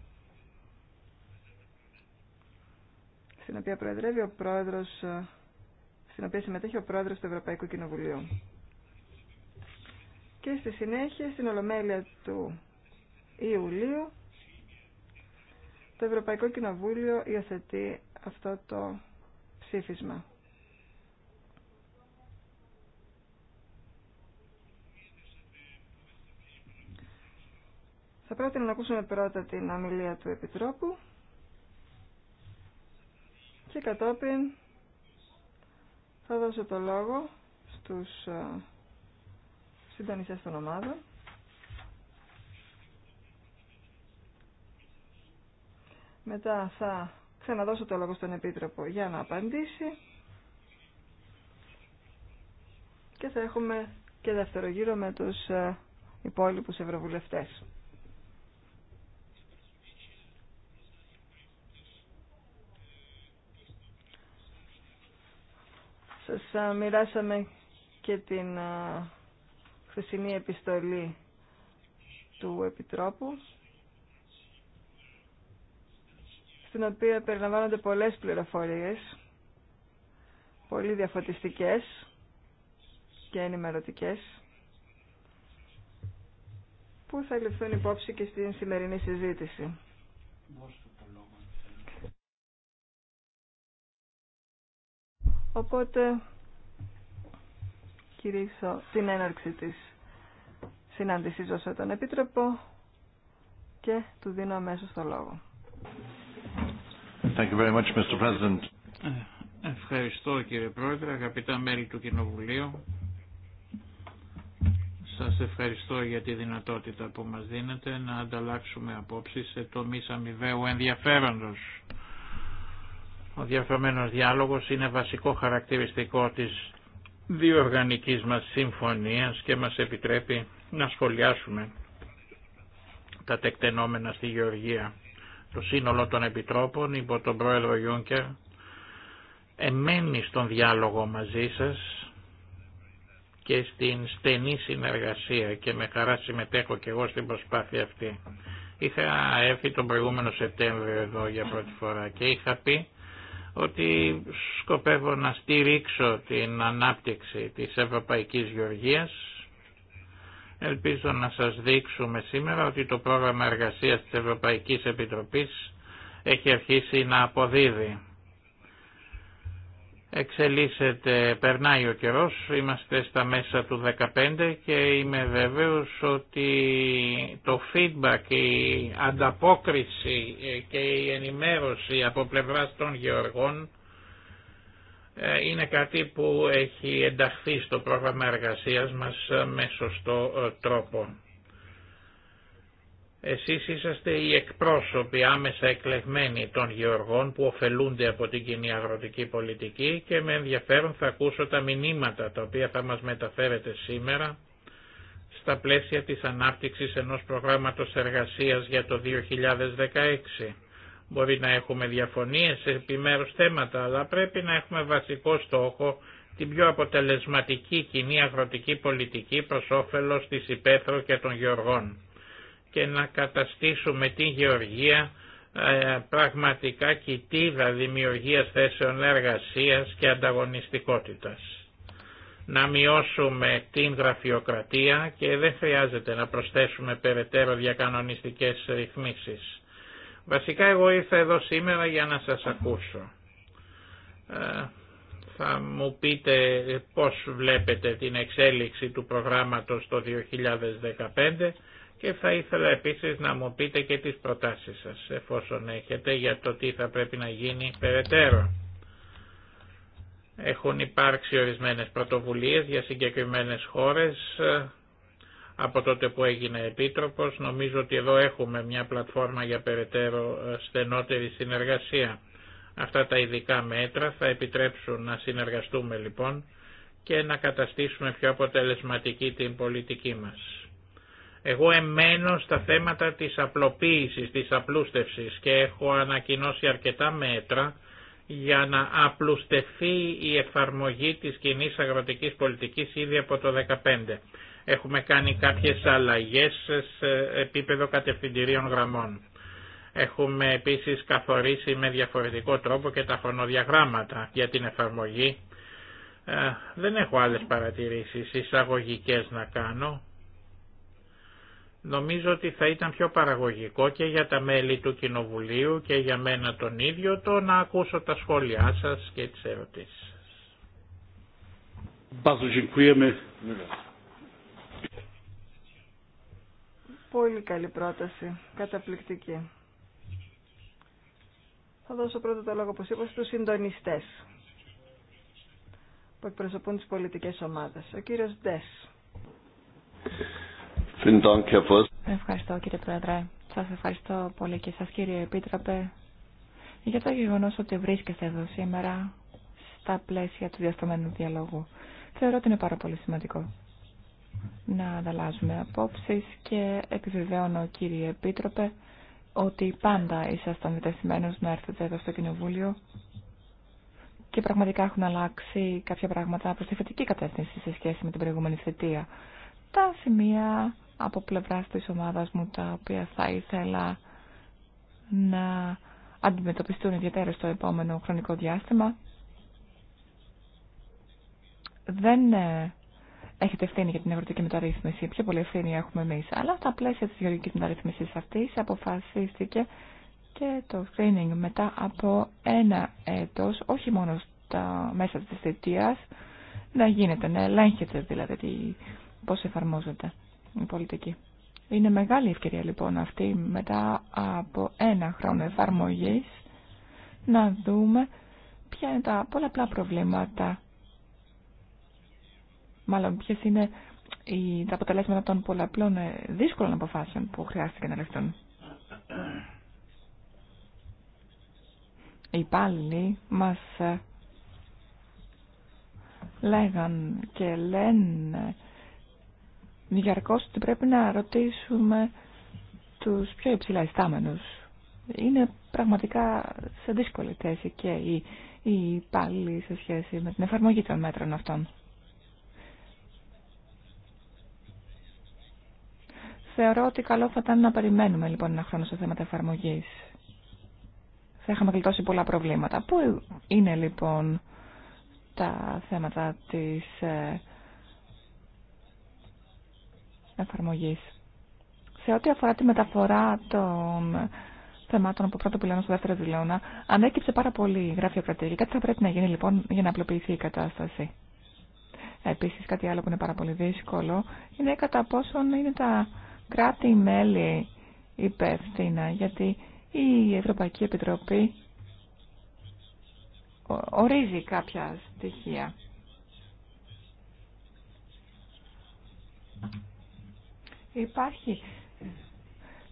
A: Στην οποία, ο πρόεδρος, στην οποία συμμετέχει ο Πρόεδρος του Ευρωπαϊκού Κοινοβουλίου. Και στη συνέχεια, στην Ολομέλεια του Ιουλίου, το Ευρωπαϊκό Κοινοβούλιο υιοθετεί αυτό το ψήφισμα. Θα πρέπει να ακούσουμε πρώτα την ομιλία του Επιτρόπου και κατόπιν θα δώσω το λόγο στους ε, συντονιστές των ομάδων. Μετά θα ξαναδώσω το λόγο στον Επίτροπο για να απαντήσει και θα έχουμε και δεύτερο γύρο με τους ε, υπόλοιπους ευρωβουλευτές. Σας ε, μοιράσαμε και την ε, χθεσινή επιστολή του Επιτρόπου. στην οποία περιλαμβάνονται πολλές πληροφορίες, πολύ διαφωτιστικές και ενημερωτικές, που θα ληφθούν υπόψη και στην σημερινή συζήτηση. Οπότε κηρύσω την έναρξη της συνάντησής ως τον Επίτροπο και του δίνω αμέσως το λόγο.
C: Thank you very much, Mr.
D: President. Ε, ευχαριστώ κύριε Πρόεδρε, αγαπητά μέλη του Κοινοβουλίου. Σας ευχαριστώ για τη δυνατότητα που μας δίνετε να ανταλλάξουμε απόψεις σε τομείς αμοιβαίου ενδιαφέροντος. Ο διαφερμένος διάλογος είναι βασικό χαρακτηριστικό της διοργανικής μας συμφωνίας και μας επιτρέπει να σχολιάσουμε τα τεκτενόμενα στη Γεωργία το σύνολο των επιτρόπων υπό τον πρόεδρο Γιούνκερ εμένει στον διάλογο μαζί σας και στην στενή συνεργασία και με χαρά συμμετέχω και εγώ στην προσπάθεια αυτή. Είχα έρθει τον προηγούμενο Σεπτέμβριο εδώ για πρώτη φορά και είχα πει ότι σκοπεύω να στηρίξω την ανάπτυξη της Ευρωπαϊκής Γεωργίας Ελπίζω να σας δείξουμε σήμερα ότι το πρόγραμμα εργασίας της Ευρωπαϊκής Επιτροπής έχει αρχίσει να αποδίδει. Εξελίσσεται, περνάει ο καιρός, είμαστε στα μέσα του 2015 και είμαι βέβαιος ότι το feedback, η ανταπόκριση και η ενημέρωση από πλευράς των γεωργών ε, είναι κάτι που έχει ενταχθεί στο πρόγραμμα εργασίας μας ε, με σωστό ε, τρόπο. Εσείς είσαστε οι εκπρόσωποι άμεσα εκλεγμένοι των γεωργών που ωφελούνται από την κοινή αγροτική πολιτική και με ενδιαφέρον θα ακούσω τα μηνύματα τα οποία θα μας μεταφέρετε σήμερα στα πλαίσια της ανάπτυξης ενός προγράμματος εργασίας για το 2016 Μπορεί να έχουμε διαφωνίες σε επιμέρους θέματα, αλλά πρέπει να έχουμε βασικό στόχο την πιο αποτελεσματική κοινή αγροτική πολιτική προς όφελος της υπαίθρου και των γεωργών και να καταστήσουμε την γεωργία ε, πραγματικά κοιτίδα δημιουργίας θέσεων εργασίας και ανταγωνιστικότητας. Να μειώσουμε την γραφειοκρατία και δεν χρειάζεται να προσθέσουμε περαιτέρω διακανονιστικές ρυθμίσεις. Βασικά εγώ ήρθα εδώ σήμερα για να σας ακούσω. Ε, θα μου πείτε πώς βλέπετε την εξέλιξη του προγράμματος το 2015 και θα ήθελα επίσης να μου πείτε και τις προτάσεις σας εφόσον έχετε για το τι θα πρέπει να γίνει περαιτέρω. Έχουν υπάρξει ορισμένες πρωτοβουλίες για συγκεκριμένες χώρες από τότε που έγινε επίτροπος. Νομίζω ότι εδώ έχουμε μια πλατφόρμα για περαιτέρω ε, στενότερη συνεργασία. Αυτά τα ειδικά μέτρα θα επιτρέψουν να συνεργαστούμε λοιπόν και να καταστήσουμε πιο αποτελεσματική την πολιτική μας. Εγώ εμένω στα θέματα της απλοποίησης, της απλούστευσης και έχω ανακοινώσει αρκετά μέτρα για να απλουστευτεί η εφαρμογή της κοινή αγροτικής πολιτικής ήδη από το 2015. Έχουμε κάνει κάποιες αλλαγές σε επίπεδο κατευθυντηρίων γραμμών. Έχουμε επίσης καθορίσει με διαφορετικό τρόπο και τα φωνοδιαγράμματα για την εφαρμογή. Ε, δεν έχω άλλες παρατηρήσεις εισαγωγικέ να κάνω. Νομίζω ότι θα ήταν πιο παραγωγικό και για τα μέλη του Κοινοβουλίου και για μένα τον ίδιο το να ακούσω τα σχόλιά σας και τις ερωτήσεις
C: σας.
A: Πολύ καλή πρόταση. Καταπληκτική. Θα δώσω πρώτα το λόγο, όπως είπα, στους συντονιστές που εκπροσωπούν τις πολιτικές ομάδες. Ο κύριος Ντες.
B: Ευχαριστώ κύριε Πρόεδρε. Σας ευχαριστώ πολύ και σας κύριε Επίτροπε για το γεγονός ότι βρίσκεστε εδώ σήμερα στα πλαίσια του διαστομένου διαλόγου. Θεωρώ ότι είναι πάρα πολύ σημαντικό να ανταλλάσσουμε απόψεις και επιβεβαιώνω κύριε Επίτροπε ότι πάντα ήσασταν διτεθειμένος να έρθετε εδώ στο Κοινοβούλιο και πραγματικά έχουν αλλάξει κάποια πράγματα προς τη θετική κατεύθυνση σε σχέση με την προηγούμενη θετία. Τα σημεία από πλευράς της ομάδας μου τα οποία θα ήθελα να αντιμετωπιστούν ιδιαίτερα στο επόμενο χρονικό διάστημα δεν ε, έχετε ευθύνη για την ευρωτική μεταρρύθμιση, πιο πολύ ευθύνη έχουμε εμεί. Αλλά στα πλαίσια τη γεωργική μεταρρύθμιση αυτή αποφασίστηκε και το screening μετά από ένα έτο, όχι μόνο στα μέσα τη θητεία, να γίνεται, να ελέγχεται δηλαδή πώ εφαρμόζεται η πολιτική. Είναι μεγάλη ευκαιρία λοιπόν αυτή μετά από ένα χρόνο εφαρμογή να δούμε ποια είναι τα πολλαπλά προβλήματα μάλλον ποιε είναι οι, τα αποτελέσματα των πολλαπλών ε, δύσκολων αποφάσεων που χρειάστηκε να λεφτούν. Οι υπάλληλοι μας ε, λέγαν και λένε διαρκώς ότι πρέπει να ρωτήσουμε τους πιο υψηλά ειστάμενους Είναι πραγματικά σε δύσκολη θέση και οι, οι υπάλληλοι σε σχέση με την εφαρμογή των μέτρων αυτών. Θεωρώ ότι καλό θα ήταν να περιμένουμε λοιπόν ένα χρόνο σε θέματα εφαρμογή. Θα είχαμε γλιτώσει πολλά προβλήματα. Πού είναι λοιπόν τα θέματα της ε, εφαρμογής. Σε ό,τι αφορά τη μεταφορά των θεμάτων από πρώτο πυλώνα στο δεύτερο δηλώνα, ανέκυψε πάρα πολύ η και κάτι θα πρέπει να γίνει λοιπόν για να απλοποιηθεί η κατάσταση. Επίσης κάτι άλλο που είναι πάρα πολύ δύσκολο είναι κατά πόσον είναι τα κράτη-μέλη υπεύθυνα, γιατί η Ευρωπαϊκή Επιτροπή ορίζει κάποια στοιχεία. Υπάρχει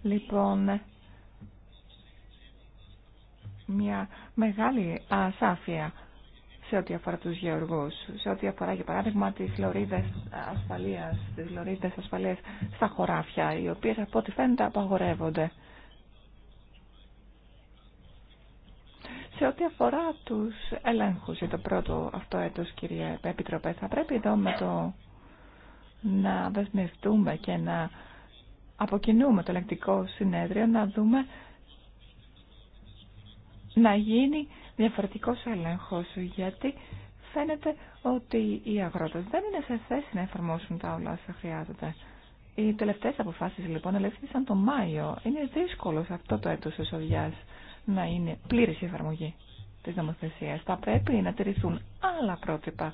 B: λοιπόν μια μεγάλη ασάφεια σε ό,τι αφορά τους γεωργούς, σε ό,τι αφορά για παράδειγμα τις λωρίδες ασφαλείας, τις λωρίδες ασφαλείας στα χωράφια, οι οποίες από ό,τι φαίνεται απαγορεύονται. Σε ό,τι αφορά τους ελέγχους για το πρώτο αυτό έτος, κύριε Επιτροπέ, θα πρέπει εδώ με το να δεσμευτούμε και να αποκοινούμε το ελεγκτικό συνέδριο, να δούμε να γίνει διαφορετικός έλεγχος, γιατί φαίνεται ότι οι αγρότες δεν είναι σε θέση να εφαρμόσουν τα όλα όσα χρειάζονται. Οι τελευταίες αποφάσεις λοιπόν ελέγχθησαν το Μάιο. Είναι δύσκολο σε αυτό το έτος της οδειάς να είναι πλήρης η εφαρμογή της νομοθεσίας. Θα πρέπει να τηρηθούν άλλα πρότυπα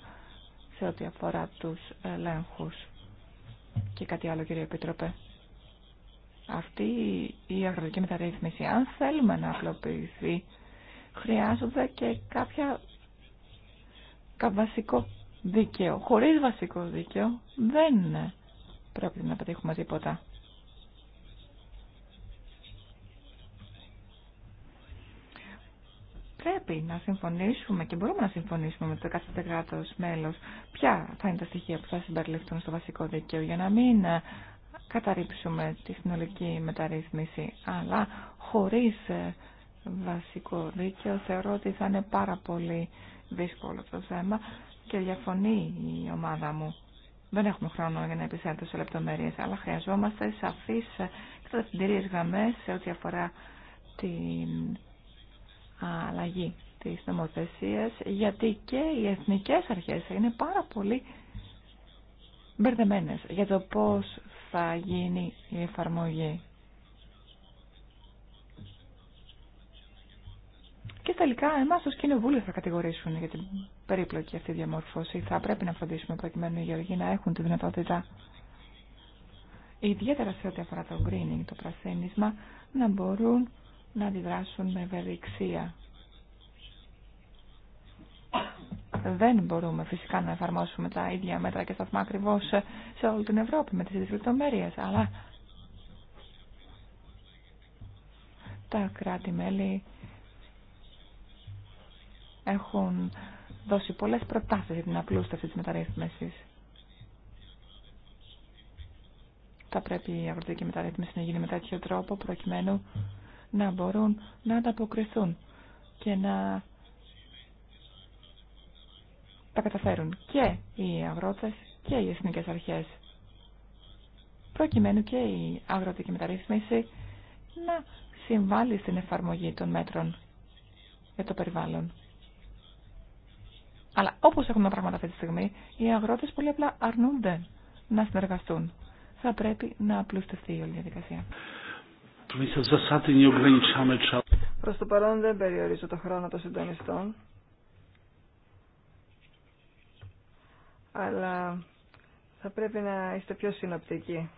B: σε ό,τι αφορά τους ελέγχους. Και κάτι άλλο κύριε Επίτροπε. Αυτή η αγροτική μεταρρύθμιση, αν θέλουμε να απλοποιηθεί χρειάζονται και κάποια βασικό δίκαιο. Χωρίς βασικό δίκαιο δεν πρέπει να πετύχουμε τίποτα. Πρέπει να συμφωνήσουμε και μπορούμε να συμφωνήσουμε με το κάθε κράτο μέλο ποια θα είναι τα στοιχεία που θα συμπεριληφθούν στο βασικό δίκαιο για να μην καταρρύψουμε τη συνολική μεταρρύθμιση, αλλά χωρίς ε, βασικό δίκαιο. Θεωρώ ότι θα είναι πάρα πολύ δύσκολο το θέμα και διαφωνεί η ομάδα μου. Δεν έχουμε χρόνο για να επισέλθω σε λεπτομέρειε, αλλά χρειαζόμαστε σαφεί κατευθυντήριε γραμμέ σε ό,τι αφορά την αλλαγή τη νομοθεσία, γιατί και οι εθνικέ αρχέ είναι πάρα πολύ μπερδεμένε για το πώ θα γίνει η εφαρμογή. Και τελικά εμά ω κοινοβούλιο θα κατηγορήσουν για την περίπλοκη αυτή διαμόρφωση. Θα πρέπει να φροντίσουμε προκειμένου οι γεωργοί να έχουν τη δυνατότητα, ιδιαίτερα σε ό,τι αφορά το greening, το πρασίνισμα, να μπορούν να αντιδράσουν με ευελιξία. Δεν μπορούμε φυσικά να εφαρμόσουμε τα ίδια μέτρα και σταθμά ακριβώ σε όλη την Ευρώπη με τι ίδιε λεπτομέρειε, αλλά τα κράτη-μέλη έχουν δώσει πολλές προτάσεις για την απλούσταση της μεταρρύθμισης. Θα πρέπει η αγροτική μεταρρύθμιση να γίνει με τέτοιο τρόπο προκειμένου να μπορούν να ανταποκριθούν και να τα καταφέρουν και οι αγρότες και οι εθνικές αρχές προκειμένου και η αγροτική μεταρρύθμιση να συμβάλλει στην εφαρμογή των μέτρων για το περιβάλλον. Αλλά όπως έχουμε πράγματα αυτή τη στιγμή, οι αγρότε πολύ απλά αρνούνται να συνεργαστούν. Θα πρέπει να απλουστευτεί η όλη διαδικασία.
A: Προ το παρόν δεν περιορίζω το χρόνο των συντονιστών. Αλλά θα πρέπει να είστε πιο συνοπτικοί.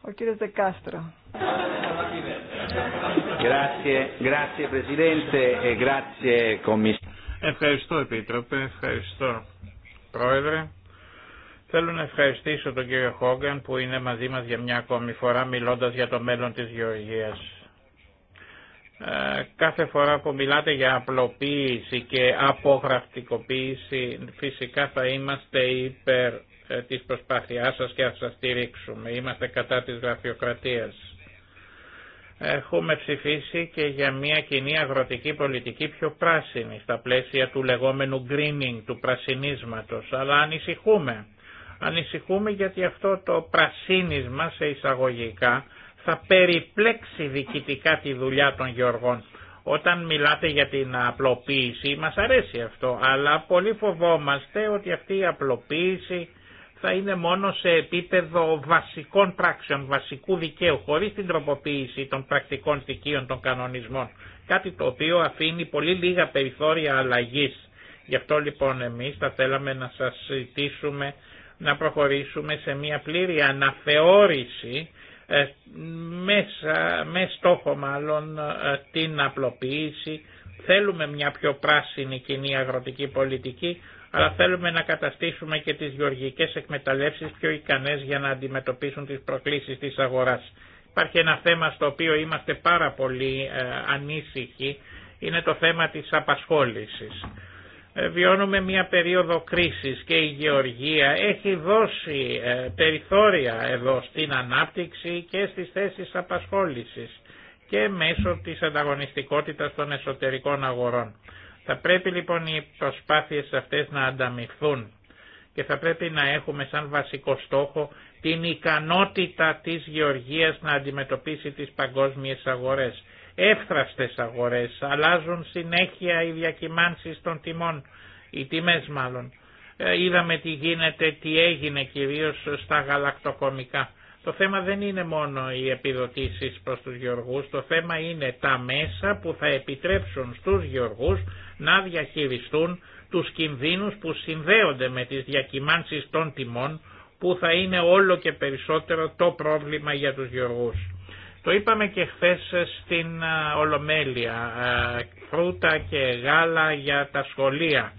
A: Ο κύριος Δεκάστρο.
D: Grazie, grazie Presidente e grazie Ευχαριστώ Επίτροπε, ευχαριστώ Πρόεδρε. Θέλω να ευχαριστήσω τον κύριο Χόγκαν που είναι μαζί μας για μια ακόμη φορά μιλώντας για το μέλλον της γεωργίας. Ε, κάθε φορά που μιλάτε για απλοποίηση και απογραφτικοποίηση φυσικά θα είμαστε υπέρ ε, της προσπάθειάς σας και θα σας στηρίξουμε. Είμαστε κατά της γραφειοκρατίας έχουμε ψηφίσει και για μια κοινή αγροτική πολιτική πιο πράσινη στα πλαίσια του λεγόμενου greening, του πρασινίσματος. Αλλά ανησυχούμε. Ανησυχούμε γιατί αυτό το πρασίνισμα σε εισαγωγικά θα περιπλέξει διοικητικά τη δουλειά των γεωργών. Όταν μιλάτε για την απλοποίηση, μας αρέσει αυτό, αλλά πολύ φοβόμαστε ότι αυτή η απλοποίηση θα είναι μόνο σε επίπεδο βασικών πράξεων, βασικού δικαίου, χωρίς την τροποποίηση των πρακτικών στοιχείων των κανονισμών. Κάτι το οποίο αφήνει πολύ λίγα περιθώρια αλλαγής. Γι' αυτό λοιπόν εμείς θα θέλαμε να σας ζητήσουμε να προχωρήσουμε σε μια πλήρη αναθεώρηση ε, μέσα, με στόχο μάλλον ε, την απλοποίηση. Θέλουμε μια πιο πράσινη κοινή αγροτική πολιτική αλλά θέλουμε να καταστήσουμε και τις γεωργικές εκμεταλλεύσεις πιο ικανές για να αντιμετωπίσουν τις προκλήσεις της αγοράς. Υπάρχει ένα θέμα στο οποίο είμαστε πάρα πολύ ε, ανήσυχοι, είναι το θέμα της απασχόλησης. Ε, βιώνουμε μια περίοδο κρίσης και η γεωργία έχει δώσει ε, περιθώρια εδώ στην ανάπτυξη και στις θέσεις απασχόλησης και μέσω της ανταγωνιστικότητας των εσωτερικών αγορών. Θα πρέπει λοιπόν οι προσπάθειες αυτές να ανταμυφθούν και θα πρέπει να έχουμε σαν βασικό στόχο την ικανότητα της γεωργίας να αντιμετωπίσει τις παγκόσμιες αγορές. Εύθραστες αγορές, αλλάζουν συνέχεια οι διακυμάνσεις των τιμών, οι τιμές μάλλον. Ε, είδαμε τι γίνεται, τι έγινε κυρίως στα γαλακτοκομικά. Το θέμα δεν είναι μόνο οι επιδοτήσεις προς τους γεωργούς, το θέμα είναι τα μέσα που θα επιτρέψουν στους γεωργούς να διαχειριστούν τους κινδύνους που συνδέονται με τις διακυμάνσεις των τιμών που θα είναι όλο και περισσότερο το πρόβλημα για τους γεωργούς. Το είπαμε και χθε στην Ολομέλεια, φρούτα και γάλα για τα σχολεία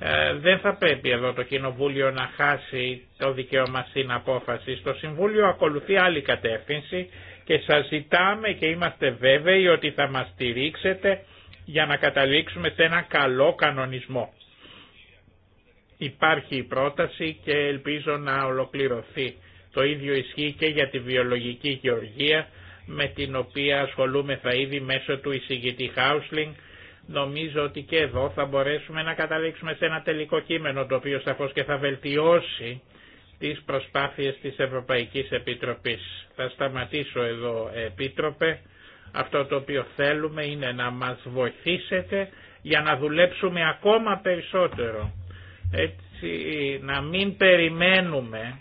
D: ε, δεν θα πρέπει εδώ το Κοινοβούλιο να χάσει το δικαίωμα στην απόφαση. Στο Συμβούλιο ακολουθεί άλλη κατεύθυνση και σας ζητάμε και είμαστε βέβαιοι ότι θα μας στηρίξετε για να καταλήξουμε σε ένα καλό κανονισμό. Υπάρχει η πρόταση και ελπίζω να ολοκληρωθεί. Το ίδιο ισχύει και για τη βιολογική γεωργία με την οποία ασχολούμεθα ήδη μέσω του εισηγητή Χάουσλινγκ Νομίζω ότι και εδώ θα μπορέσουμε να καταλήξουμε σε ένα τελικό κείμενο το οποίο σαφώς και θα βελτιώσει τις προσπάθειες της Ευρωπαϊκής Επιτροπής. Θα σταματήσω εδώ Επίτροπε. Αυτό το οποίο θέλουμε είναι να μας βοηθήσετε για να δουλέψουμε ακόμα περισσότερο. Έτσι να μην περιμένουμε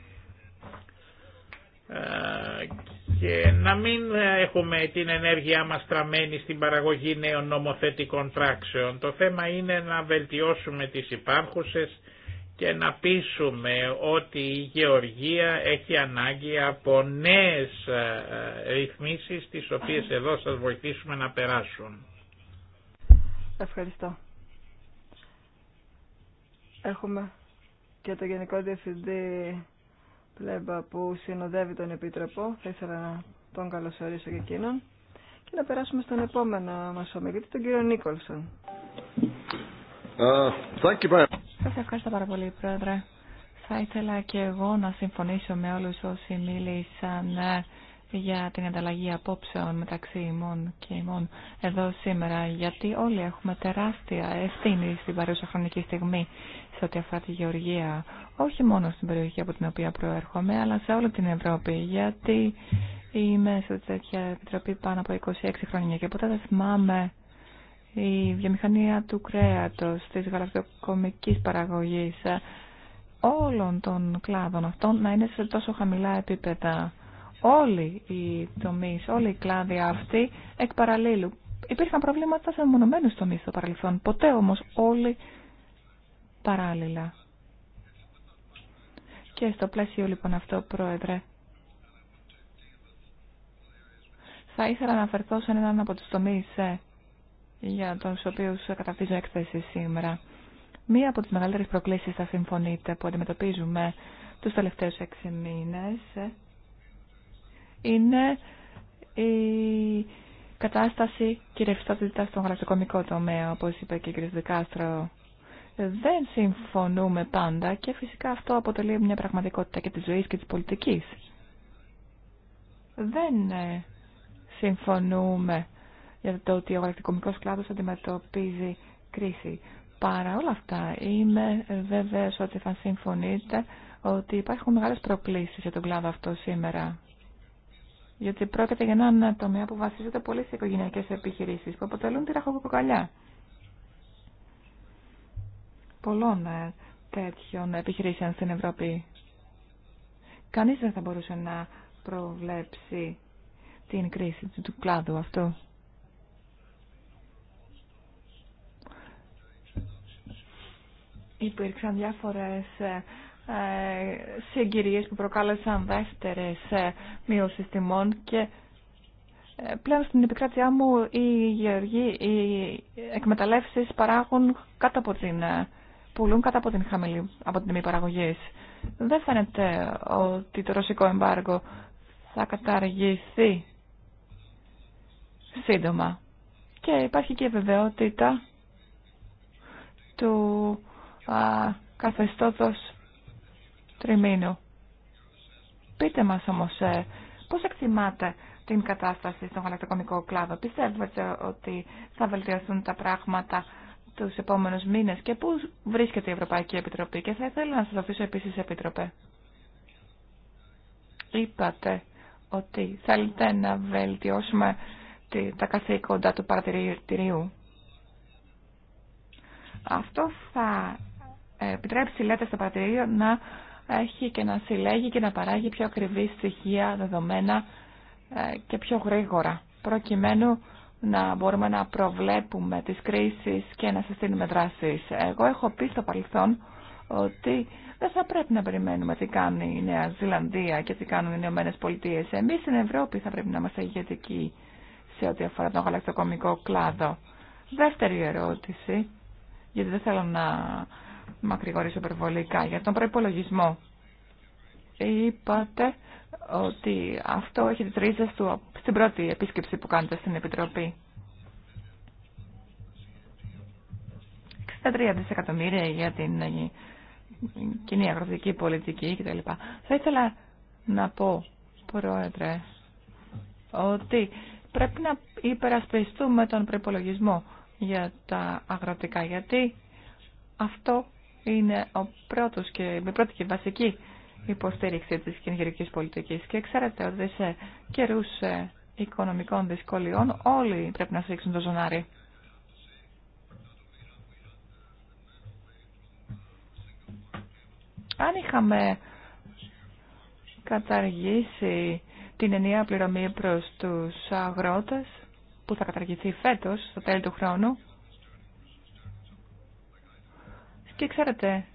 D: ε, και να μην ε, έχουμε την ενέργειά μας τραμμένη στην παραγωγή νέων νομοθετικών πράξεων. Το θέμα είναι να βελτιώσουμε τις υπάρχουσες και να πείσουμε ότι η γεωργία έχει ανάγκη από νέες ε, ε, ρυθμίσεις τις οποίες εδώ σας βοηθήσουμε να περάσουν.
A: Ευχαριστώ. Έχουμε και το Γενικό Διευθυντή πλέμπα που συνοδεύει τον Επίτροπο. Θα ήθελα να τον καλωσορίσω και εκείνον. Και να περάσουμε στον επόμενο μας ομιλητή, τον κύριο Νίκολσον.
C: Uh,
A: Σας ευχαριστώ πάρα πολύ, Πρόεδρε.
B: Θα ήθελα και εγώ να συμφωνήσω με όλους όσοι μίλησαν ε, για την ανταλλαγή απόψεων μεταξύ ημών και ημών εδώ σήμερα, γιατί όλοι έχουμε τεράστια ευθύνη στην παρούσα χρονική στιγμή ό,τι αφορά τη γεωργία, όχι μόνο στην περιοχή από την οποία προέρχομαι, αλλά σε όλη την Ευρώπη, γιατί είμαι σε τέτοια επιτροπή πάνω από 26 χρόνια και ποτέ δεν θυμάμαι η βιομηχανία του κρέατος, της γαλακτοκομικής παραγωγής, όλων των κλάδων αυτών να είναι σε τόσο χαμηλά επίπεδα. Όλοι οι τομείς, όλοι οι κλάδοι αυτοί εκ παραλίλου. Υπήρχαν προβλήματα σε μονομένους τομείς στο παρελθόν, ποτέ όμως όλοι παράλληλα. Και στο πλαίσιο λοιπόν αυτό, Πρόεδρε, θα ήθελα να αναφερθώ σε έναν από τους τομείς ε, για τους οποίους καταρτίζω έκθεση σήμερα. Μία από τις μεγαλύτερες προκλήσεις, θα συμφωνείτε, που αντιμετωπίζουμε τους τελευταίους έξι μήνες ε, είναι η κατάσταση και στον γραφειοκομικό τομέα, όπως είπε και η κ. Δικάστρο δεν συμφωνούμε πάντα και φυσικά αυτό αποτελεί μια πραγματικότητα και της ζωής και της πολιτικής. Δεν ε, συμφωνούμε για το ότι ο γαλακτικομικός κλάδος αντιμετωπίζει κρίση. Παρά όλα αυτά, είμαι βέβαιος ότι θα συμφωνείτε ότι υπάρχουν μεγάλες προκλήσεις για τον κλάδο αυτό σήμερα. Γιατί πρόκειται για έναν τομέα που βασίζεται πολύ σε οικογενειακές επιχειρήσεις που αποτελούν τη ραχοκοκαλιά πολλών ε, τέτοιων επιχειρήσεων στην Ευρώπη. Κανείς δεν θα μπορούσε να προβλέψει την κρίση του κλάδου αυτού. Υπήρξαν διάφορες ε, ε, συγκυρίες που προκάλεσαν δεύτερες μείωσης τιμών και πλέον στην επικράτειά μου οι γεωργοί, οι εκμεταλλεύσεις παράγουν κάτω από την πουλούν κατά από την χαμηλή, από την τιμή παραγωγή. Δεν φαίνεται ότι το ρωσικό εμπάργο θα καταργηθεί σύντομα. Και υπάρχει και η βεβαιότητα του α, καθεστώτος τριμήνου. Πείτε μας όμως ε, πώς εκτιμάτε την κατάσταση στον γαλακτοκομικό κλάδο. Πιστεύετε ότι θα βελτιωθούν τα πράγματα τους επόμενους μήνες και πού βρίσκεται η Ευρωπαϊκή Επιτροπή. Και θα ήθελα να σας αφήσω επίσης, Επίτροπε. Είπατε ότι θέλετε να βελτιώσουμε τα καθήκοντα του παρατηρητηρίου. Αυτό θα επιτρέψει, λέτε, στο παρατηρητήριο να έχει και να συλλέγει και να παράγει πιο ακριβή στοιχεία, δεδομένα ε, και πιο γρήγορα, προκειμένου να μπορούμε να προβλέπουμε τις κρίσεις και να συστήνουμε δράσεις. Εγώ έχω πει στο παρελθόν ότι δεν θα πρέπει να περιμένουμε τι κάνει η Νέα Ζηλανδία και τι κάνουν οι Ηνωμένε Πολιτείε. Εμεί στην Ευρώπη θα πρέπει να είμαστε ηγετικοί σε ό,τι αφορά τον γαλακτοκομικό κλάδο. Δεύτερη ερώτηση, γιατί δεν θέλω να μακρηγορήσω υπερβολικά, για τον προπολογισμό. Είπατε ότι αυτό έχει τις ρίζες του στην πρώτη επίσκεψη που κάνετε στην Επιτροπή. 63 δισεκατομμύρια για την ε, κοινή αγροτική πολιτική κτλ. Θα ήθελα να πω, Πρόεδρε, ότι πρέπει να υπερασπιστούμε τον προπολογισμό για τα αγροτικά, γιατί αυτό είναι ο πρώτος και η πρώτη και βασική υποστήριξη της κοινωνικής πολιτικής. Και ξέρετε ότι σε καιρούς ε, οικονομικών δυσκολιών όλοι πρέπει να στηρίξουν το ζωνάρι. Αν είχαμε καταργήσει την ενιαία πληρωμή προς τους αγρότες, που θα καταργηθεί φέτος, στο τέλος του χρόνου, και ξέρετε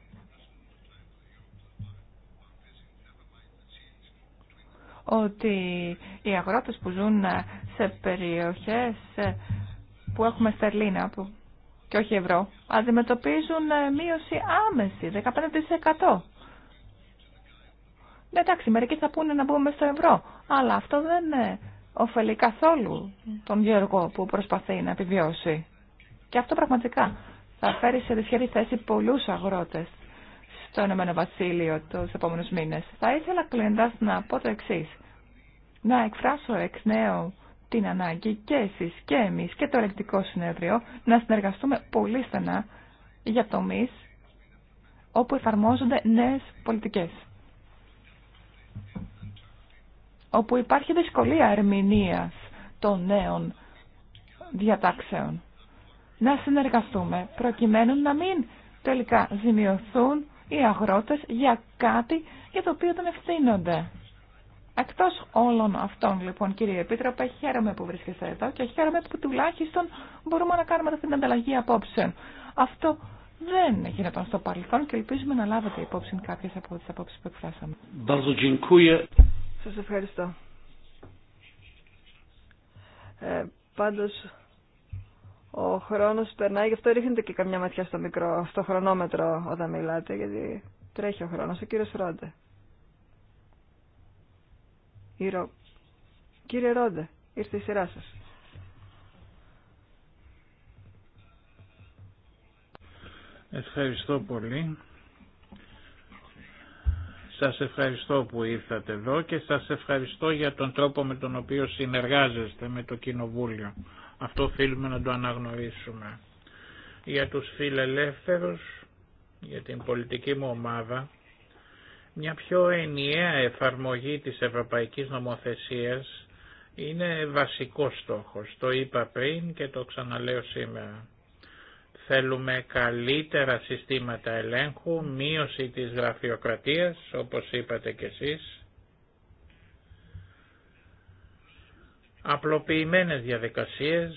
B: ότι οι αγρότες που ζουν σε περιοχές που έχουμε στερλίνα που και όχι ευρώ, αντιμετωπίζουν μείωση άμεση, 15%. Ναι, εντάξει, μερικοί θα πούνε να μπούμε στο ευρώ, αλλά αυτό δεν ωφελεί καθόλου τον Γιώργο που προσπαθεί να επιβιώσει. Και αυτό πραγματικά θα φέρει σε δυσχερή θέση πολλούς αγρότες στο Ηνωμένο Βασίλειο του επόμενου μήνε. Θα ήθελα κλείνοντα να πω το εξή. Να εκφράσω εκ νέου την ανάγκη και εσεί και εμεί και το ελεκτικό συνέδριο να συνεργαστούμε πολύ στενά για τομεί όπου εφαρμόζονται νέε πολιτικέ. Όπου υπάρχει δυσκολία ερμηνεία των νέων διατάξεων. Να συνεργαστούμε προκειμένου να μην τελικά ζημιωθούν οι αγρότες για κάτι για το οποίο τον ευθύνονται. Εκτός όλων αυτών, λοιπόν, κύριε Επίτροπε, χαίρομαι που βρίσκεστε εδώ και χαίρομαι που τουλάχιστον μπορούμε να κάνουμε αυτή την ανταλλαγή απόψεων. Αυτό δεν γινόταν στο παρελθόν και ελπίζουμε να λάβετε υπόψη κάποιες από τις
A: απόψεις που εκφράσαμε. Σας ευχαριστώ. Ε, πάντως, ο χρόνο περνάει, γι' αυτό ρίχνετε και καμιά ματιά στο, μικρό, στο χρονόμετρο όταν μιλάτε, γιατί τρέχει ο χρόνο. Ο κύριο Ρόντε. Ρο... Κύριε Ρόντε, ήρθε η σειρά σας.
D: Ευχαριστώ πολύ. Σας ευχαριστώ που ήρθατε εδώ και σας ευχαριστώ για τον τρόπο με τον οποίο συνεργάζεστε με το Κοινοβούλιο. Αυτό οφείλουμε να το αναγνωρίσουμε. Για τους φιλελεύθερους, για την πολιτική μου ομάδα, μια πιο ενιαία εφαρμογή της ευρωπαϊκής νομοθεσίας είναι βασικό στόχος. Το είπα πριν και το ξαναλέω σήμερα. Θέλουμε καλύτερα συστήματα ελέγχου, μείωση της γραφειοκρατίας, όπως είπατε κι εσείς, απλοποιημένες διαδικασίες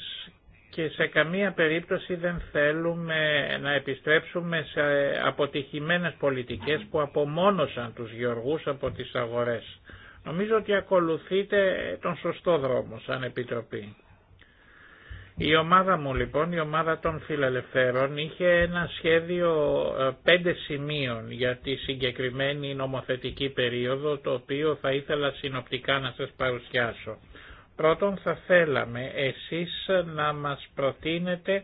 D: και σε καμία περίπτωση δεν θέλουμε να επιστρέψουμε σε αποτυχημένες πολιτικές που απομόνωσαν τους γεωργούς από τις αγορές. Νομίζω ότι ακολουθείτε τον σωστό δρόμο σαν Επιτροπή. Η ομάδα μου λοιπόν, η ομάδα των φιλελευθέρων, είχε ένα σχέδιο ε, πέντε σημείων για τη συγκεκριμένη νομοθετική περίοδο, το οποίο θα ήθελα συνοπτικά να σας παρουσιάσω. Πρώτον θα θέλαμε εσείς να μας προτείνετε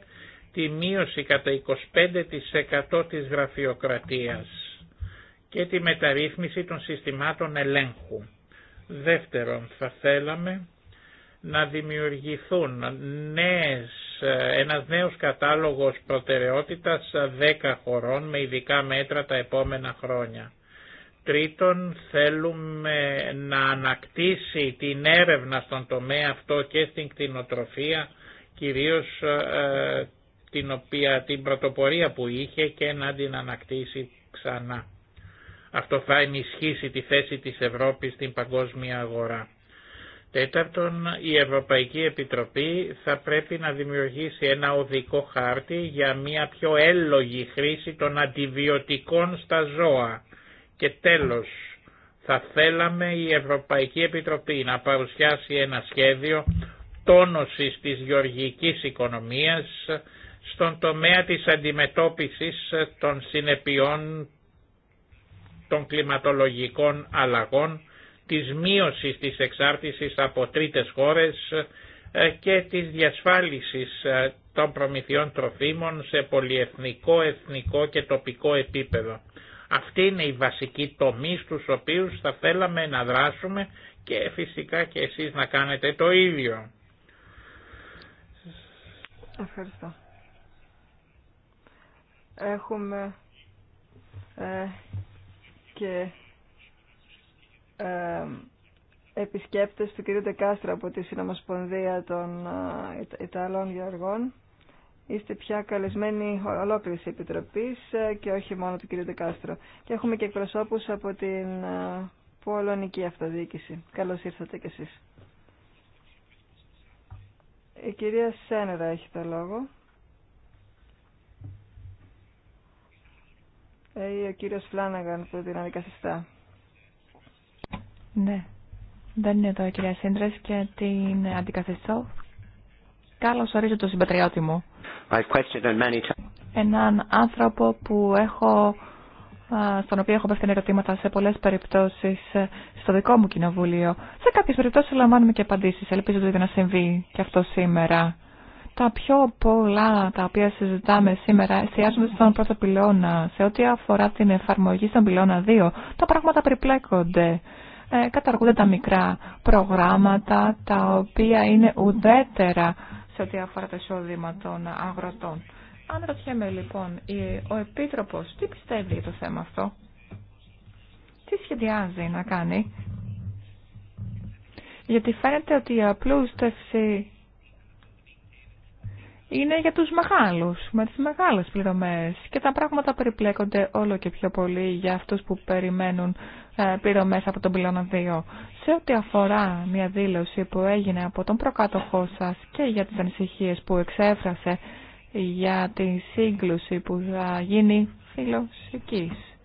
D: τη μείωση κατά 25% της γραφειοκρατίας και τη μεταρρύθμιση των συστημάτων ελέγχου. Δεύτερον, θα θέλαμε να δημιουργηθούν νέες, ένας νέος κατάλογος προτεραιότητας 10 χωρών με ειδικά μέτρα τα επόμενα χρόνια. Τρίτον, θέλουμε να ανακτήσει την έρευνα στον τομέα αυτό και στην κτηνοτροφία, κυρίως ε, την, οποία, την πρωτοπορία που είχε και να την ανακτήσει ξανά. Αυτό θα ενισχύσει τη θέση της Ευρώπης στην παγκόσμια αγορά. Τέταρτον, η Ευρωπαϊκή Επιτροπή θα πρέπει να δημιουργήσει ένα οδικό χάρτη για μια πιο έλογη χρήση των αντιβιωτικών στα ζώα και τέλος, θα θέλαμε η Ευρωπαϊκή Επιτροπή να παρουσιάσει ένα σχέδιο τόνωσης της γεωργικής οικονομίας στον τομέα της αντιμετώπισης των συνεπειών των κλιματολογικών αλλαγών, της μείωσης της εξάρτησης από τρίτες χώρες ε, και της διασφάλισης ε, των προμηθειών τροφίμων σε πολυεθνικό, εθνικό και τοπικό επίπεδο. Αυτή είναι η βασική τομή στους οποίους θα θέλαμε να δράσουμε και φυσικά και εσείς να κάνετε το ίδιο.
A: Ευχαριστώ. Έχουμε ε, και ε, επισκέπτες του κ. Τεκάστρα από τη Συνομοσπονδία των ε, Ιταλών Γεωργών είστε πια καλεσμένοι ολόκληρη επιτροπή ε, και όχι μόνο του κ. Δεκάστρο. Και έχουμε και εκπροσώπους από την ε, Πολωνική Αυτοδιοίκηση. Καλώ ήρθατε κι εσεί. Η κυρία Σένερα έχει το λόγο. Ε, ή ο κύριος Φλάναγαν που την αντικαθιστά.
B: Ναι, δεν είναι εδώ η κυρία Σύντρες και την αντικαθιστώ Καλώς ορίζω τον συμπατριώτη μου. Έναν άνθρωπο που έχω, στον οποίο έχω πέφτει ερωτήματα σε πολλές περιπτώσεις ε, στο δικό μου κοινοβούλιο. Σε κάποιες περιπτώσεις λαμβάνουμε και απαντήσεις. Ελπίζω ότι δηλαδή δεν συμβεί και αυτό σήμερα. Τα πιο πολλά τα οποία συζητάμε σήμερα εστιάζονται στον πρώτο πυλώνα. Σε ό,τι αφορά την εφαρμογή στον πυλώνα 2, τα πράγματα περιπλέκονται ε, καταργούνται τα μικρά προγράμματα τα οποία είναι ουδέτερα σε ό,τι αφορά το εισόδημα των αγροτών. Αν ρωτιέμαι λοιπόν ο Επίτροπος τι πιστεύει για το θέμα αυτό, τι σχεδιάζει να κάνει, γιατί φαίνεται ότι η απλούστευση είναι για τους μεγάλους, με τις μεγάλες πληρωμές και τα πράγματα περιπλέκονται όλο και πιο πολύ για αυτούς που περιμένουν ε, πληρωμές από τον πυλώνα 2. Σε ό,τι αφορά μια δήλωση που έγινε από τον προκάτοχό σας και για τις ανησυχίες που εξέφρασε για τη σύγκλωση που θα γίνει φιλοσικής.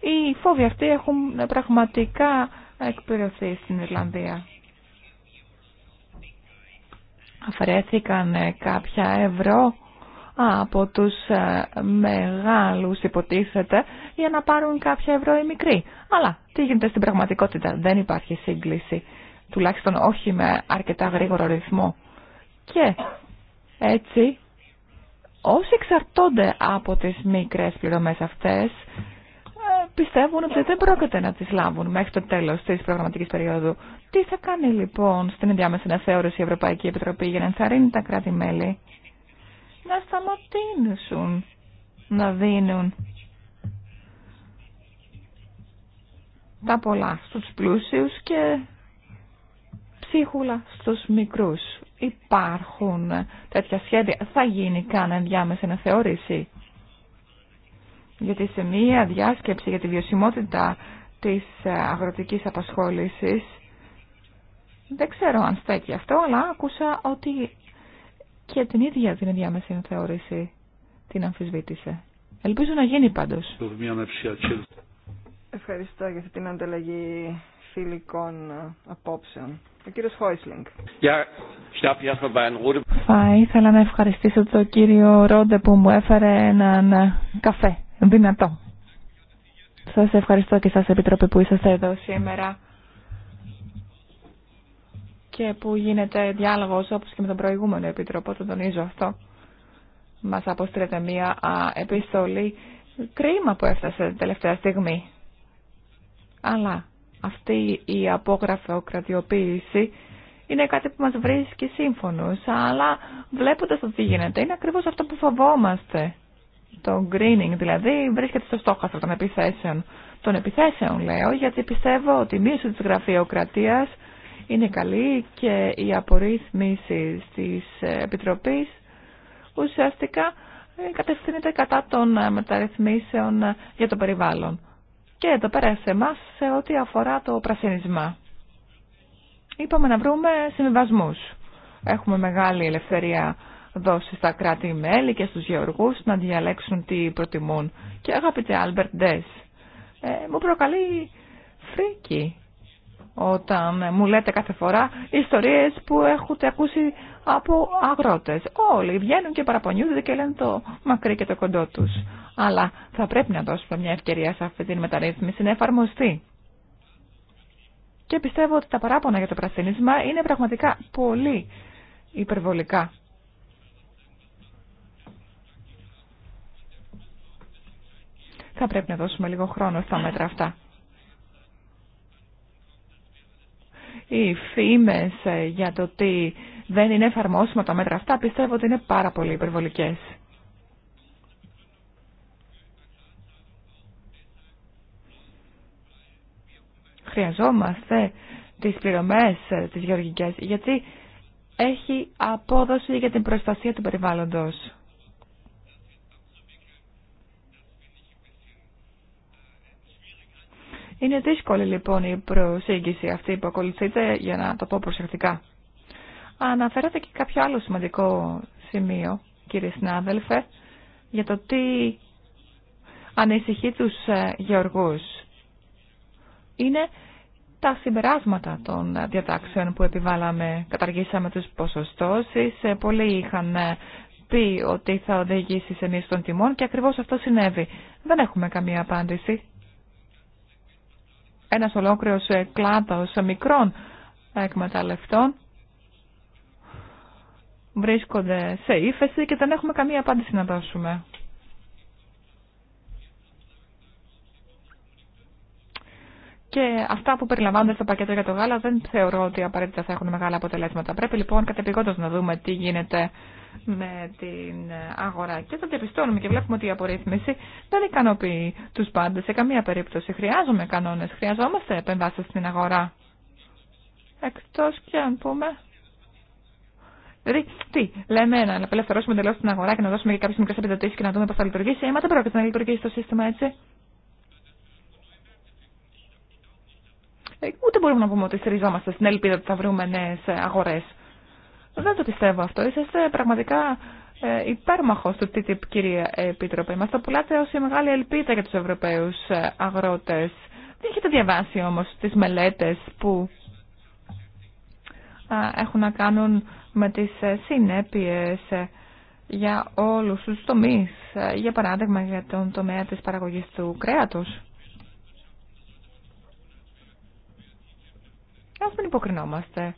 B: Οι φόβοι αυτοί έχουν πραγματικά εκπληρωθεί στην Ιρλανδία αφαιρέθηκαν ε, κάποια ευρώ από τους ε, μεγάλους υποτίθεται για να πάρουν κάποια ευρώ οι μικροί. Αλλά τι γίνεται στην πραγματικότητα. Δεν υπάρχει σύγκληση. Τουλάχιστον όχι με αρκετά γρήγορο ρυθμό. Και έτσι όσοι εξαρτώνται από τις μικρές πληρωμές αυτές πιστεύουν ότι δεν πρόκειται να τις λάβουν μέχρι το τέλος της προγραμματικής περίοδου. Τι θα κάνει λοιπόν στην ενδιάμεση αναθεώρηση η Ευρωπαϊκή Επιτροπή για να ενθαρρύνει τα κράτη-μέλη να σταματήσουν να δίνουν τα πολλά στους πλούσιους και ψίχουλα στους μικρούς. Υπάρχουν τέτοια σχέδια. Θα γίνει καν ενδιάμεση αναθεώρηση γιατί σε μία διάσκεψη για τη βιωσιμότητα της ε, αγροτικής απασχόλησης δεν ξέρω αν στέκει αυτό, αλλά άκουσα ότι και την ίδια την ενδιάμεση θεώρηση την αμφισβήτησε. Ελπίζω
A: να γίνει πάντως. Ευχαριστώ για αυτή την ανταλλαγή φιλικών ε, απόψεων. Ο Χόισλινγκ.
B: Θα ήθελα να ευχαριστήσω τον κύριο Ρόντε που μου έφερε έναν ε, καφέ δυνατό. Σας ευχαριστώ και σας επιτρόπη που είσαστε εδώ σήμερα και που γίνεται διάλογος όπως και με τον προηγούμενο επιτρόπο, τον τονίζω αυτό. Μας αποστρέφεται μία επιστολή. Κρίμα που έφτασε τελευταία στιγμή. Αλλά αυτή η απόγραφη κρατιοποίηση είναι κάτι που μας βρίσκει σύμφωνος, αλλά βλέποντας το τι γίνεται, είναι ακριβώς αυτό που φοβόμαστε το greening δηλαδή βρίσκεται στο στόχαστρο των επιθέσεων. Των επιθέσεων λέω γιατί πιστεύω ότι η μείωση της γραφειοκρατίας είναι καλή και η απορρίθμιση της Επιτροπής ουσιαστικά κατευθύνεται κατά των μεταρρυθμίσεων για το περιβάλλον. Και εδώ πέρα σε εμά σε ό,τι αφορά το πρασινισμά. Είπαμε να βρούμε συμβιβασμούς. Έχουμε μεγάλη ελευθερία δώσει στα κράτη-μέλη και στους γεωργούς να διαλέξουν τι προτιμούν. Και αγαπητέ Άλμπερτ Ντες, ε, μου προκαλεί φρίκι όταν μου λέτε κάθε φορά ιστορίες που έχετε ακούσει από αγρότες. Όλοι βγαίνουν και παραπονιούνται και λένε το μακρύ και το κοντό τους. Αλλά θα πρέπει να δώσουμε μια ευκαιρία σε αυτή την μεταρρύθμιση να εφαρμοστεί. Και πιστεύω ότι τα παράπονα για το πρασίνισμα είναι πραγματικά πολύ υπερβολικά. θα πρέπει να δώσουμε λίγο χρόνο στα μέτρα αυτά. Οι φήμες ε, για το ότι δεν είναι εφαρμόσιμα τα μέτρα αυτά πιστεύω ότι είναι πάρα πολύ υπερβολικές. Χρειαζόμαστε τις πληρωμές ε, τις γεωργικές γιατί έχει απόδοση για την προστασία του περιβάλλοντος. Είναι δύσκολη λοιπόν η προσέγγιση αυτή που ακολουθείτε, για να το πω προσεκτικά. Αναφέρατε και κάποιο άλλο σημαντικό σημείο, κύριε συνάδελφε, για το τι ανησυχεί τους ε, γεωργούς. Είναι τα συμπεράσματα των διατάξεων που επιβάλαμε, καταργήσαμε τους ποσοστώσεις, ε, πολλοί είχαν ε, πει ότι θα οδηγήσει σε των τιμών και ακριβώς αυτό συνέβη. Δεν έχουμε καμία απάντηση ένας ολόκληρος ε, κλάδος μικρών εκμεταλλευτών βρίσκονται σε ύφεση και δεν έχουμε καμία απάντηση να δώσουμε. και αυτά που περιλαμβάνονται στο πακέτο για το γάλα δεν θεωρώ ότι απαραίτητα θα έχουν μεγάλα αποτελέσματα. Πρέπει λοιπόν κατεπηγόντω να δούμε τι γίνεται με την αγορά. Και θα διαπιστώνουμε και βλέπουμε ότι η απορρίθμιση δεν ικανοποιεί του πάντε σε καμία περίπτωση. Χρειάζομαι κανόνε, χρειαζόμαστε επεμβάσει στην αγορά. Εκτό και αν πούμε. Δηλαδή, τι, λέμε να απελευθερώσουμε εντελώ την αγορά και να δώσουμε και κάποιε μικρέ επιδοτήσει και να δούμε πώ θα λειτουργήσει. Ε, μα δεν πρόκειται να λειτουργήσει το σύστημα έτσι. Ε, ούτε μπορούμε να πούμε ότι στηριζόμαστε στην ελπίδα ότι θα βρούμε νέε αγορέ. Δεν το πιστεύω αυτό. Είσαστε πραγματικά ε, υπέρμαχο του TTIP, κύριε Επίτροπε. Μα το πουλάτε ω η μεγάλη ελπίδα για του ευρωπαίους ε, αγρότε. Δεν έχετε διαβάσει όμω τι μελέτε που έχουν να κάνουν με τι συνέπειε για όλους τους τομείς, για παράδειγμα για τον τομέα της παραγωγής του κρέατος. Α μην υποκρινόμαστε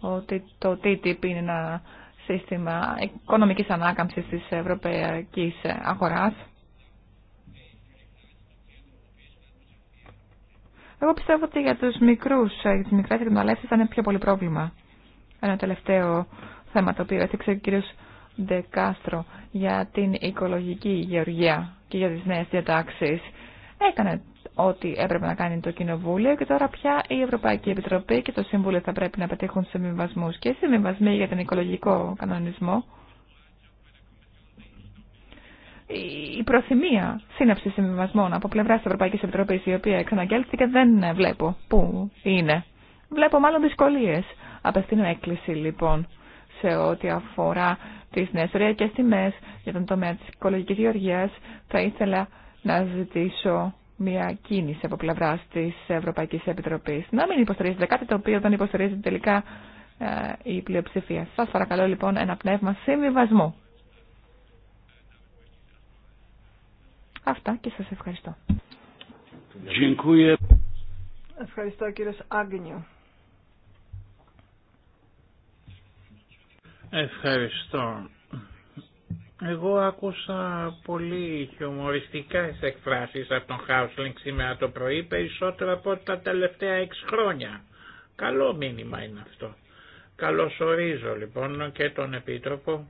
B: ότι το TTIP είναι ένα σύστημα οικονομικής ανάκαμψης της ευρωπαϊκής αγοράς. Εγώ πιστεύω ότι για τους μικρούς, για τις μικρές εκμεταλλεύσεις θα είναι πιο πολύ πρόβλημα. Ένα τελευταίο θέμα το οποίο έθιξε ο κύριος Ντεκάστρο για την οικολογική γεωργία και για τις νέες διατάξεις. Έκανε ό,τι έπρεπε να κάνει το Κοινοβούλιο και τώρα πια η Ευρωπαϊκή Επιτροπή και το Σύμβουλο θα πρέπει να πετύχουν συμβιβασμού και συμβιβασμοί για τον οικολογικό κανονισμό. Η προθυμία σύναψη συμβιβασμών από πλευρά τη Ευρωπαϊκή Επιτροπή, η οποία εξαναγγέλθηκε, δεν βλέπω πού είναι. Βλέπω μάλλον δυσκολίε. Απευθύνω έκκληση λοιπόν σε ό,τι αφορά τι ωριακέ τιμέ για τον τομέα τη οικολογική γεωργία. Θα ήθελα να ζητήσω μια κίνηση από πλευρά τη Ευρωπαϊκή Επιτροπή. Να μην υποστηρίζετε κάτι το οποίο δεν υποστηρίζει τελικά ε, η πλειοψηφία. Σα παρακαλώ λοιπόν ένα πνεύμα συμβιβασμού.
A: Αυτά και σας ευχαριστώ. Ευχαριστώ κύριος
D: Άγγινιου. Ευχαριστώ. Εγώ άκουσα πολύ χιουμοριστικά εκφράσεις από τον Χάουσλινγκ σήμερα το πρωί, περισσότερο από τα τελευταία έξι χρόνια. Καλό μήνυμα είναι αυτό. Καλωσορίζω λοιπόν και τον Επίτροπο.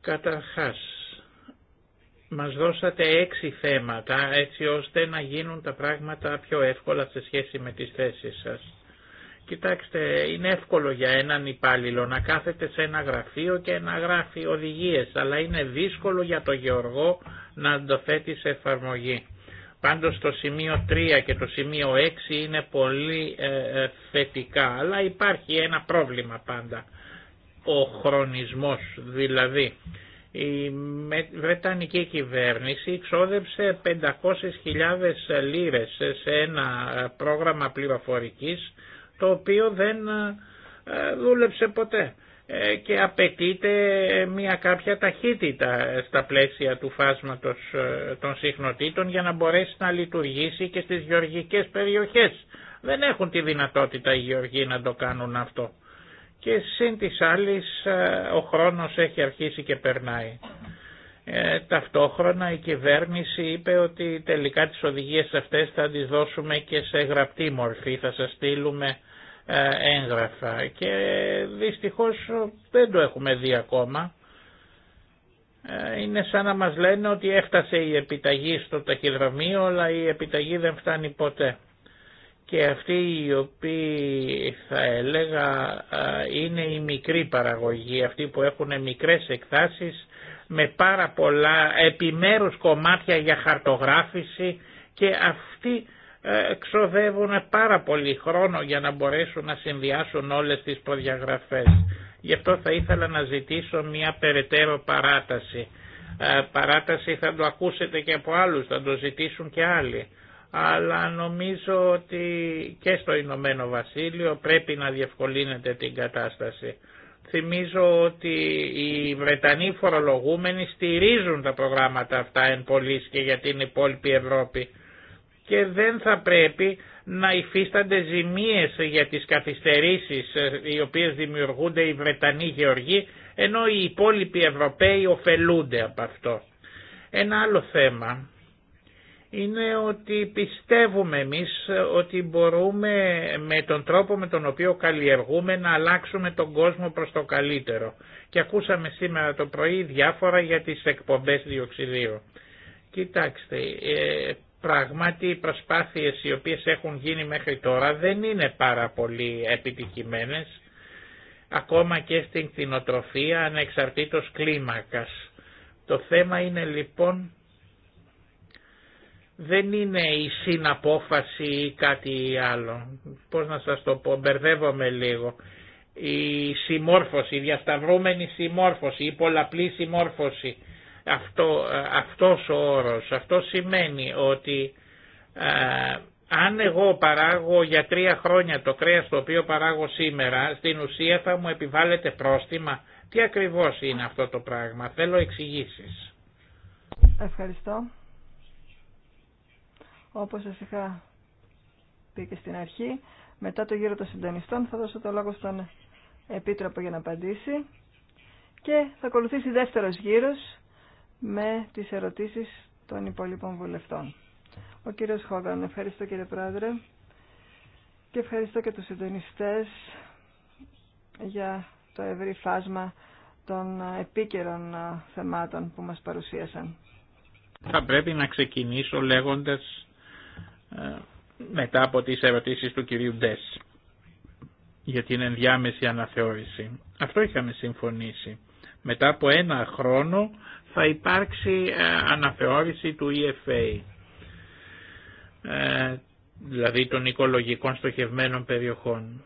D: Καταρχάς, μας δώσατε έξι θέματα έτσι ώστε να γίνουν τα πράγματα πιο εύκολα σε σχέση με τις θέσεις σας. Κοιτάξτε, είναι εύκολο για έναν υπάλληλο να κάθεται σε ένα γραφείο και να γράφει οδηγίες, αλλά είναι δύσκολο για το γεωργό να το θέτει σε εφαρμογή. Πάντως το σημείο 3 και το σημείο 6 είναι πολύ ε, ε, θετικά, αλλά υπάρχει ένα πρόβλημα πάντα. Ο χρονισμός δηλαδή. Η Βρετανική κυβέρνηση εξόδεψε 500.000 λίρες σε ένα ε, πρόγραμμα πληροφορικής το οποίο δεν ε, ε, δούλεψε ποτέ ε, και απαιτείται μια κάποια ταχύτητα στα πλαίσια του φάσματος των συχνοτήτων για να μπορέσει να λειτουργήσει και στις γεωργικές περιοχές. Δεν έχουν τη δυνατότητα οι γεωργοί να το κάνουν αυτό. Και σύν της άλλης ο χρόνος έχει αρχίσει και περνάει. Ε, ταυτόχρονα η κυβέρνηση είπε ότι τελικά τις οδηγίες αυτές θα τις δώσουμε και σε γραπτή μορφή, θα σας στείλουμε ε, έγγραφα και δυστυχώς ε, δεν το έχουμε δει ακόμα. Ε, είναι σαν να μας λένε ότι έφτασε η επιταγή στο ταχυδρομείο αλλά η επιταγή δεν φτάνει ποτέ. Και αυτή οι οποίοι θα έλεγα είναι η μικρή παραγωγή, αυτοί που έχουν μικρές εκτάσεις με πάρα πολλά επιμέρους κομμάτια για χαρτογράφηση και αυτοί ε, ξοδεύουν πάρα πολύ χρόνο για να μπορέσουν να συνδυάσουν όλες τις προδιαγραφές. Γι' αυτό θα ήθελα να ζητήσω μια περαιτέρω παράταση. Ε, παράταση θα το ακούσετε και από άλλους, θα το ζητήσουν και άλλοι. Αλλά νομίζω ότι και στο Ηνωμένο Βασίλειο πρέπει να διευκολύνεται την κατάσταση. Θυμίζω ότι οι Βρετανοί φορολογούμενοι στηρίζουν τα προγράμματα αυτά εν πωλής και για την υπόλοιπη Ευρώπη και δεν θα πρέπει να υφίστανται ζημίες για τις καθυστερήσεις ε, οι οποίες δημιουργούνται οι Βρετανοί γεωργοί ενώ οι υπόλοιποι Ευρωπαίοι ωφελούνται από αυτό. Ένα άλλο θέμα είναι ότι πιστεύουμε εμείς ότι μπορούμε με τον τρόπο με τον οποίο καλλιεργούμε να αλλάξουμε τον κόσμο προς το καλύτερο. Και ακούσαμε σήμερα το πρωί διάφορα για τις εκπομπές διοξιδίου. Κοιτάξτε, ε, πράγματι οι προσπάθειες οι οποίες έχουν γίνει μέχρι τώρα δεν είναι πάρα πολύ επιτυχημένες, ακόμα και στην κτηνοτροφία ανεξαρτήτως κλίμακας. Το θέμα είναι λοιπόν δεν είναι η συναπόφαση ή κάτι άλλο. Πώς να σας το πω, μπερδεύομαι λίγο. Η συμμόρφωση, η διασταυρούμενη συμμόρφωση, η πολλαπλή συμμόρφωση. Αυτό, αυτός ο όρος, αυτό σημαίνει ότι ε, αν εγώ παράγω για τρία χρόνια το κρέας το οποίο παράγω σήμερα, στην ουσία θα μου επιβάλλεται πρόστιμα. Τι ακριβώς είναι αυτό το πράγμα, θέλω εξηγήσεις.
A: Ευχαριστώ. Όπως σας είχα πει και στην αρχή, μετά το γύρο των συντονιστών θα δώσω το λόγο στον Επίτροπο για να απαντήσει και θα ακολουθήσει δεύτερος γύρος με τις ερωτήσεις των υπόλοιπων βουλευτών. Ο κύριος Χόγκαν, ευχαριστώ κύριε Πρόεδρε και ευχαριστώ και τους συντονιστές για το ευρύ φάσμα των επίκαιρων θεμάτων που μας παρουσίασαν.
D: Θα πρέπει να ξεκινήσω λέγοντας ε, μετά από τις ερωτήσεις του κυρίου Ντές για την ενδιάμεση αναθεώρηση. Αυτό είχαμε συμφωνήσει. Μετά από ένα χρόνο θα υπάρξει ε, αναθεώρηση του EFA, ε, δηλαδή των οικολογικών στοχευμένων περιοχών.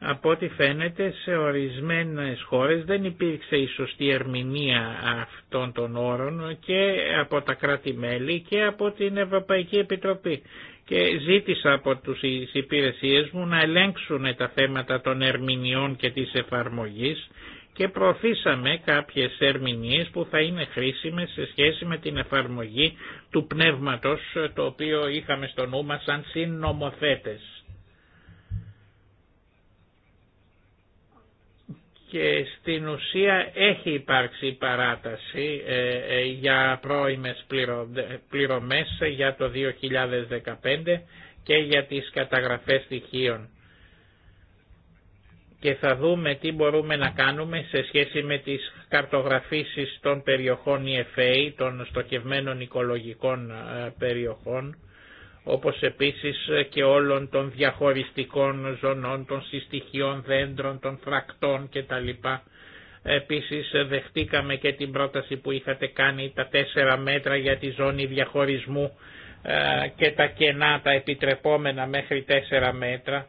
D: Από ό,τι φαίνεται σε ορισμένες χώρες δεν υπήρξε η σωστή ερμηνεία αυτών των όρων και από τα κράτη-μέλη και από την Ευρωπαϊκή Επιτροπή. Και ζήτησα από τους υπηρεσίες μου να ελέγξουν τα θέματα των ερμηνειών και της εφαρμογής και προωθήσαμε κάποιες ερμηνείες που θα είναι χρήσιμες σε σχέση με την εφαρμογή του πνεύματος το οποίο είχαμε στο νου μας σαν συνομοθέτες. και στην ουσία έχει υπάρξει παράταση ε, ε, για πρώιμες πληρωμές για το 2015 και για τις καταγραφές στοιχείων. Και θα δούμε τι μπορούμε να κάνουμε σε σχέση με τις καρτογραφήσεις των περιοχών EFA, των στοχευμένων οικολογικών ε, περιοχών, όπως επίσης και όλων των διαχωριστικών ζωνών, των συστοιχειών δέντρων, των φρακτών κτλ. Επίσης δεχτήκαμε και την πρόταση που είχατε κάνει τα τέσσερα μέτρα για τη ζώνη διαχωρισμού ε, και τα κενά, τα επιτρεπόμενα μέχρι τέσσερα μέτρα,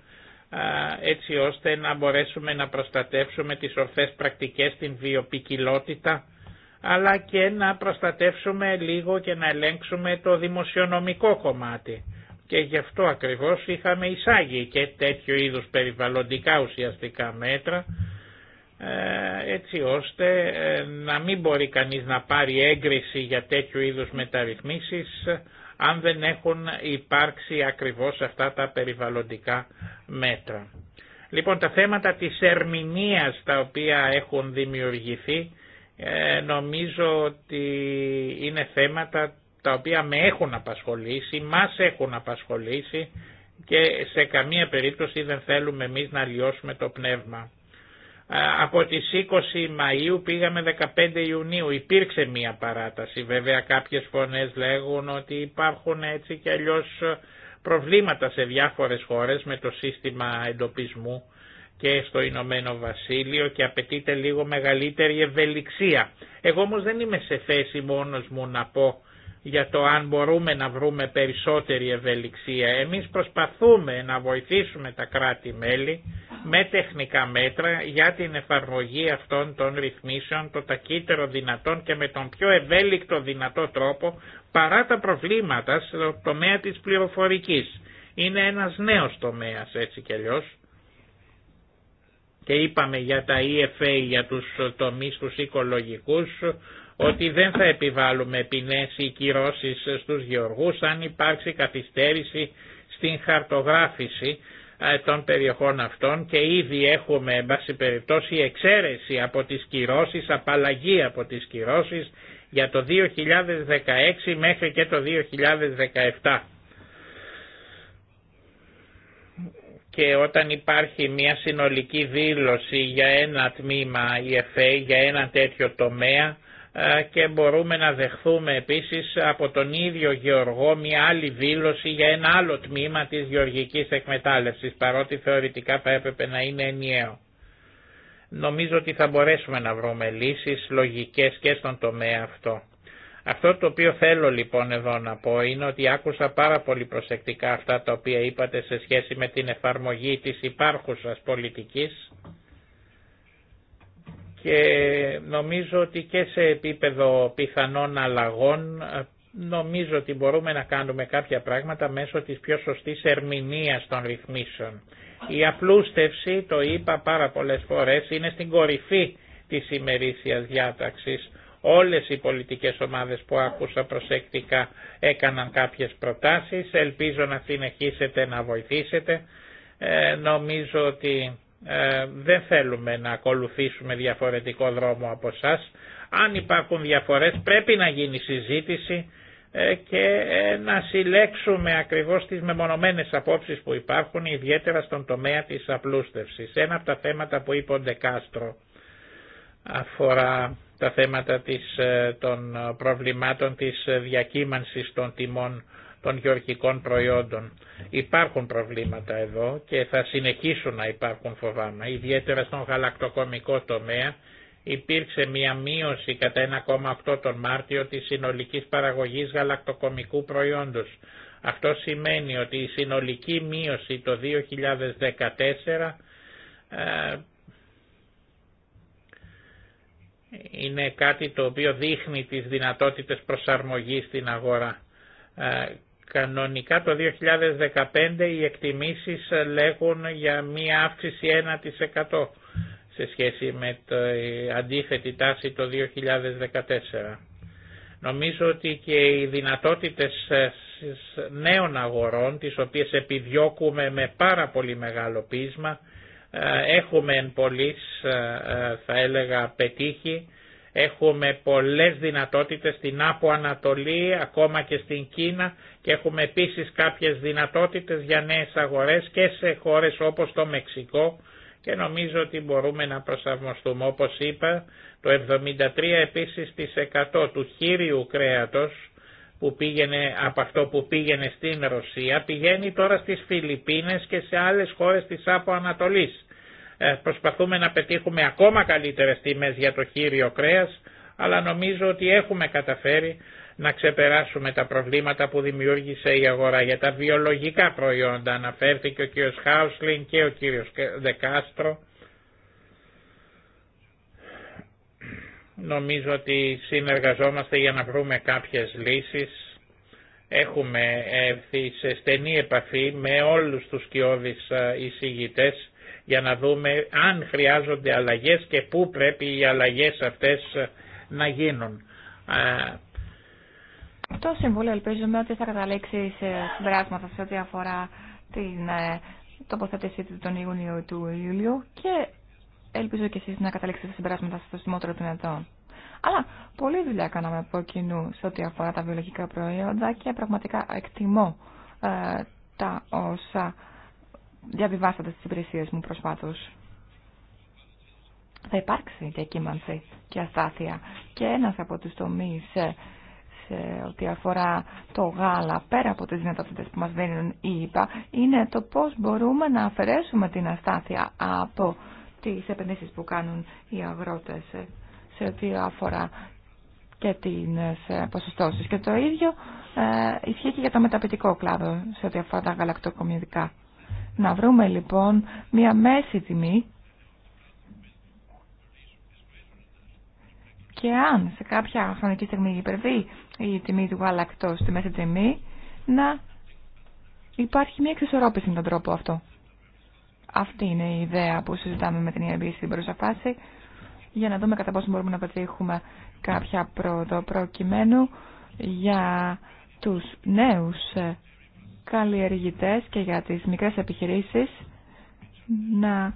D: ε, έτσι ώστε να μπορέσουμε να προστατεύσουμε τις ορθές πρακτικές, την βιοπικιλότητα αλλά και να προστατεύσουμε λίγο και να ελέγξουμε το δημοσιονομικό κομμάτι. Και γι' αυτό ακριβώς είχαμε εισάγει και τέτοιο είδους περιβαλλοντικά ουσιαστικά μέτρα, ε, έτσι ώστε ε, να μην μπορεί κανείς να πάρει έγκριση για τέτοιου είδους μεταρρυθμίσεις ε, αν δεν έχουν υπάρξει ακριβώς αυτά τα περιβαλλοντικά μέτρα. Λοιπόν τα θέματα της ερμηνείας τα οποία έχουν δημιουργηθεί ε, νομίζω ότι είναι θέματα τα οποία με έχουν απασχολήσει, μας έχουν απασχολήσει και σε καμία περίπτωση δεν θέλουμε εμείς να λιώσουμε το πνεύμα. Από τις 20 Μαΐου πήγαμε 15 Ιουνίου. Υπήρξε μία παράταση. Βέβαια κάποιες φωνές λέγουν ότι υπάρχουν έτσι και αλλιώς προβλήματα σε διάφορες χώρες με το σύστημα εντοπισμού και στο Ηνωμένο Βασίλειο και απαιτείται λίγο μεγαλύτερη ευελιξία. Εγώ όμως δεν είμαι σε θέση μόνος μου να πω για το αν μπορούμε να βρούμε περισσότερη ευελιξία. Εμείς προσπαθούμε να βοηθήσουμε τα κράτη-μέλη με τεχνικά μέτρα για την εφαρμογή αυτών των ρυθμίσεων το τακύτερο δυνατόν και με τον πιο ευέλικτο δυνατό τρόπο παρά τα προβλήματα στο τομέα της πληροφορικής. Είναι ένας νέος τομέας έτσι κι αλλιώς και είπαμε για τα EFA, για τους τομείς τους οικολογικούς, ότι δεν θα επιβάλλουμε ποινές ή κυρώσεις στους γεωργούς αν υπάρξει καθυστέρηση στην χαρτογράφηση ε, των περιοχών αυτών και ήδη έχουμε εν πάση περιπτώσει εξαίρεση από τις κυρώσεις, απαλλαγή από τις κυρώσεις για το 2016 μέχρι και το 2017. και όταν υπάρχει μια συνολική δήλωση για ένα τμήμα EFA, για ένα τέτοιο τομέα και μπορούμε να δεχθούμε επίσης από τον ίδιο Γεωργό μια άλλη δήλωση για ένα άλλο τμήμα της γεωργικής εκμετάλλευσης παρότι θεωρητικά θα έπρεπε να είναι ενιαίο. Νομίζω ότι θα μπορέσουμε να βρούμε λύσεις λογικές και στον τομέα αυτό. Αυτό το οποίο θέλω λοιπόν εδώ να πω είναι ότι άκουσα πάρα πολύ προσεκτικά αυτά τα οποία είπατε σε σχέση με την εφαρμογή της υπάρχουσας πολιτικής και νομίζω ότι και σε επίπεδο πιθανών αλλαγών νομίζω ότι μπορούμε να κάνουμε κάποια πράγματα μέσω της πιο σωστής ερμηνείας των ρυθμίσεων. Η απλούστευση, το είπα πάρα πολλές φορές, είναι στην κορυφή της ημερήσιας διάταξης Όλες οι πολιτικές ομάδες που άκουσα προσεκτικά έκαναν κάποιες προτάσεις. Ελπίζω να συνεχίσετε να βοηθήσετε. Ε, νομίζω ότι ε, δεν θέλουμε να ακολουθήσουμε διαφορετικό δρόμο από εσά. Αν υπάρχουν διαφορές πρέπει να γίνει συζήτηση ε, και να συλλέξουμε ακριβώς τις μεμονωμένες απόψεις που υπάρχουν ιδιαίτερα στον τομέα της απλούστευσης. Ένα από τα θέματα που είπε ο Ντεκάστρο αφορά τα θέματα της, ε, των ε, προβλημάτων της ε, διακύμανσης των τιμών των γεωργικών προϊόντων. Υπάρχουν προβλήματα εδώ και θα συνεχίσουν να υπάρχουν φοβάμαι, ιδιαίτερα στον γαλακτοκομικό τομέα. Υπήρξε μία μείωση κατά 1,8 τον Μάρτιο της συνολικής παραγωγής γαλακτοκομικού προϊόντος. Αυτό σημαίνει ότι η συνολική μείωση το 2014 είναι κάτι το οποίο δείχνει τις δυνατότητες προσαρμογής στην αγορά. Ε, κανονικά το 2015 οι εκτιμήσεις ε, λέγουν για μία αύξηση 1% σε σχέση με την ε, αντίθετη τάση το 2014. Νομίζω ότι και οι δυνατότητες νέων αγορών, τις οποίες επιδιώκουμε με πάρα πολύ μεγάλο πείσμα, ε, έχουμε εν ε, θα έλεγα, πετύχει. Έχουμε πολλές δυνατότητες στην Άπο Ανατολή, ακόμα και στην Κίνα και έχουμε επίσης κάποιες δυνατότητες για νέες αγορές και σε χώρες όπως το Μεξικό και νομίζω ότι μπορούμε να προσαρμοστούμε. Όπως είπα, το 73 επίσης της του χείριου κρέατος που πήγαινε, από αυτό που πήγαινε στην Ρωσία πηγαίνει τώρα στις Φιλιππίνες και σε άλλες χώρες της Άπο Ανατολής. Ε, προσπαθούμε να πετύχουμε ακόμα καλύτερες τιμές για το χείριο κρέας, αλλά νομίζω ότι έχουμε καταφέρει να ξεπεράσουμε τα προβλήματα που δημιούργησε η αγορά για τα βιολογικά προϊόντα. Αναφέρθηκε ο κύριος Χάουσλιν και ο κύριος Δεκάστρο. Νομίζω ότι συνεργαζόμαστε για να βρούμε κάποιες λύσεις. Έχουμε έρθει σε στενή επαφή με όλους τους κοιόδης ε, εισηγητές για να δούμε αν χρειάζονται αλλαγές και πού πρέπει οι αλλαγές αυτές να γίνουν. Ε,
B: Το Συμβούλιο ελπίζουμε ότι θα καταλήξει σε συμπεράσματα σε ό,τι αφορά την ε, τοποθέτησή του τον Ιούνιο του Ιουλίου και ελπίζω και εσείς να καταλήξετε σε συμπεράσματα στο των ετών. Αλλά πολλή δουλειά κάναμε από κοινού σε ό,τι αφορά τα βιολογικά προϊόντα και πραγματικά εκτιμώ ε, τα όσα διαβιβάσατε στις υπηρεσίες μου προσπάθως Θα υπάρξει διακύμανση και αστάθεια. Και ένας από τους τομείς σε ό,τι αφορά το γάλα, πέρα από τις δυνατότητες που μας δίνουν οι ΙΠΑ, είναι το πώς μπορούμε να αφαιρέσουμε την αστάθεια από τις επενδύσεις που κάνουν οι αγρότες σε ό,τι αφορά και την ε, ποσοστώσεις. Και το ίδιο ε, ισχύει και για το μεταπητικό κλάδο σε ό,τι αφορά τα γαλακτοκομιδικά. Να βρούμε λοιπόν μια μέση τιμή και αν σε κάποια χρονική στιγμή υπερβεί η τιμή του γαλακτός στη μέση τιμή, να υπάρχει μια εξισορρόπηση με τον τρόπο αυτό. Αυτή είναι η ιδέα που συζητάμε με την ΕΕ στην πρώτη για να δούμε κατά πόσο μπορούμε να πετύχουμε κάποια πρόοδο προκειμένου για τους νέους ε, Καλλιεργητέ και για τις μικρές επιχειρήσεις να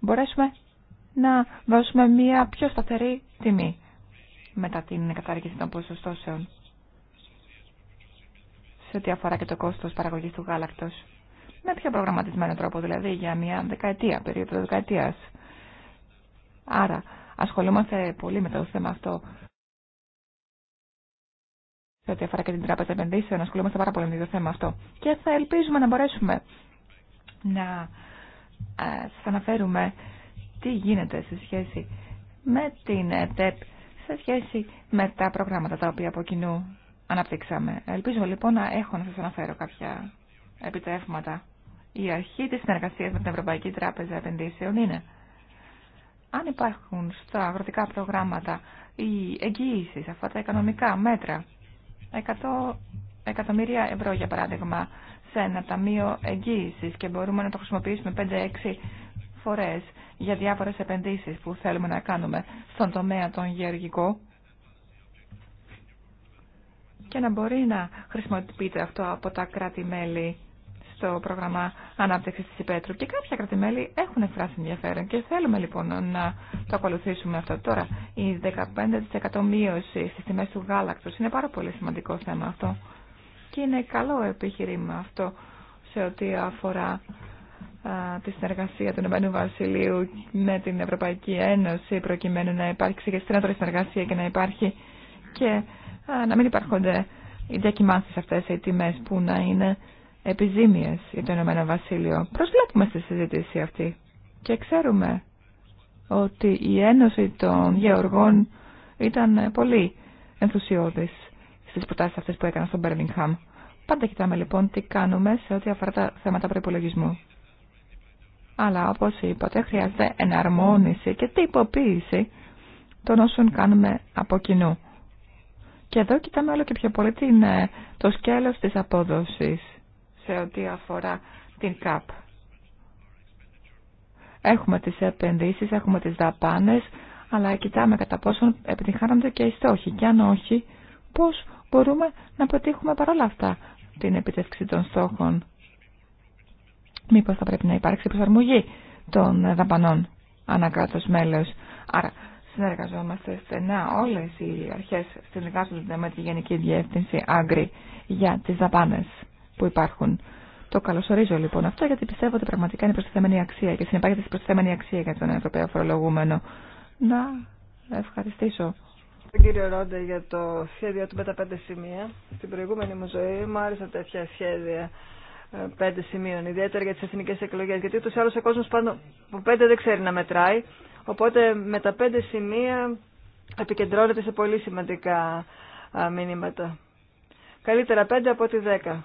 B: μπορέσουμε να δώσουμε μία πιο σταθερή τιμή μετά την κατάργηση των ποσοστώσεων σε ό,τι αφορά και το κόστος παραγωγής του γάλακτος. Με πιο προγραμματισμένο τρόπο δηλαδή για μια δεκαετία, περίοδο δεκαετίας. Άρα ασχολούμαστε πολύ με το θέμα αυτό σε ό,τι αφορά και την Τράπεζα Επενδύσεων. Ασχολούμαστε πάρα πολύ με το θέμα αυτό. Και θα ελπίζουμε να μπορέσουμε να ε, σα αναφέρουμε τι γίνεται σε σχέση με την ΕΤΕΠ, σε σχέση με τα προγράμματα τα οποία από κοινού αναπτύξαμε. Ελπίζω λοιπόν να έχω να σας αναφέρω κάποια επιτεύγματα. Η αρχή της συνεργασίας με την Ευρωπαϊκή Τράπεζα Επενδύσεων είναι αν υπάρχουν στα αγροτικά προγράμματα οι εγγύησει, αυτά τα οικονομικά μέτρα 100 εκατομμύρια ευρώ για παράδειγμα σε ένα ταμείο εγγύησης και μπορούμε να το χρησιμοποιήσουμε 5-6 φορές για διάφορες επενδύσεις που θέλουμε να κάνουμε στον τομέα των γεωργικών και να μπορεί να χρησιμοποιείται αυτό από τα κράτη-μέλη στο πρόγραμμα ανάπτυξη τη υπέτρου και κάποια κρατημέλη έχουν εκφράσει ενδιαφέρον και θέλουμε λοιπόν να το ακολουθήσουμε αυτό. Τώρα, η 15% μείωση στι τιμέ του γάλακτο είναι πάρα πολύ σημαντικό θέμα αυτό και είναι καλό επιχειρήμα αυτό σε ό,τι αφορά τη συνεργασία του Ηνωμένου Βασιλείου με την Ευρωπαϊκή Ένωση προκειμένου να υπάρξει και στενάτερη συνεργασία και να υπάρχει και να μην υπάρχονται οι διακοιμάνσεις αυτές οι τιμές που να είναι επιζήμιες για το Ηνωμένο Βασίλειο. Προσβλέπουμε στη συζήτηση αυτή και ξέρουμε ότι η Ένωση των Γεωργών ήταν πολύ ενθουσιώδης στις προτάσεις αυτές που έκανα στον Μπέρμιγχαμ. Πάντα κοιτάμε λοιπόν τι κάνουμε σε ό,τι αφορά τα θέματα προπολογισμού. Αλλά όπως είπατε χρειάζεται εναρμόνιση και τυποποίηση των όσων κάνουμε από κοινού. Και εδώ κοιτάμε όλο και πιο πολύ την, ε, το σκέλος της απόδοσης σε ό,τι αφορά την ΚΑΠ. Έχουμε τις επενδύσεις, έχουμε τις δαπάνες, αλλά κοιτάμε κατά πόσον επιτυχάνονται και οι στόχοι. Και αν όχι, πώς μπορούμε να πετύχουμε παρόλα αυτά την επιτεύξη των στόχων. Μήπως θα πρέπει να υπάρξει προσαρμογή των δαπανών ανακράτως μέλος. Άρα συνεργαζόμαστε στενά όλες οι αρχές συνεργάζονται δηλαδή με τη Γενική Διεύθυνση Άγκρη για τις δαπάνες που υπάρχουν. Το καλωσορίζω λοιπόν αυτό γιατί πιστεύω ότι πραγματικά είναι προστιθέμενη αξία και συνεπάγεται στην προστιθέμενη αξία για τον Ευρωπαίο φορολογούμενο. Να ευχαριστήσω.
A: Τον κύριο Ρόντε για το σχέδιο του με τα πέντε σημεία. Στην προηγούμενη μου ζωή μου άρεσαν τέτοια σχέδια ε, πέντε σημείων, ιδιαίτερα για τι εθνικέ εκλογέ. Γιατί ούτω ή άλλω ο κόσμο πάνω από πέντε δεν ξέρει να μετράει. Οπότε με τα πέντε σημεία επικεντρώνεται σε πολύ σημαντικά μηνύματα. Καλύτερα πέντε από ότι δέκα.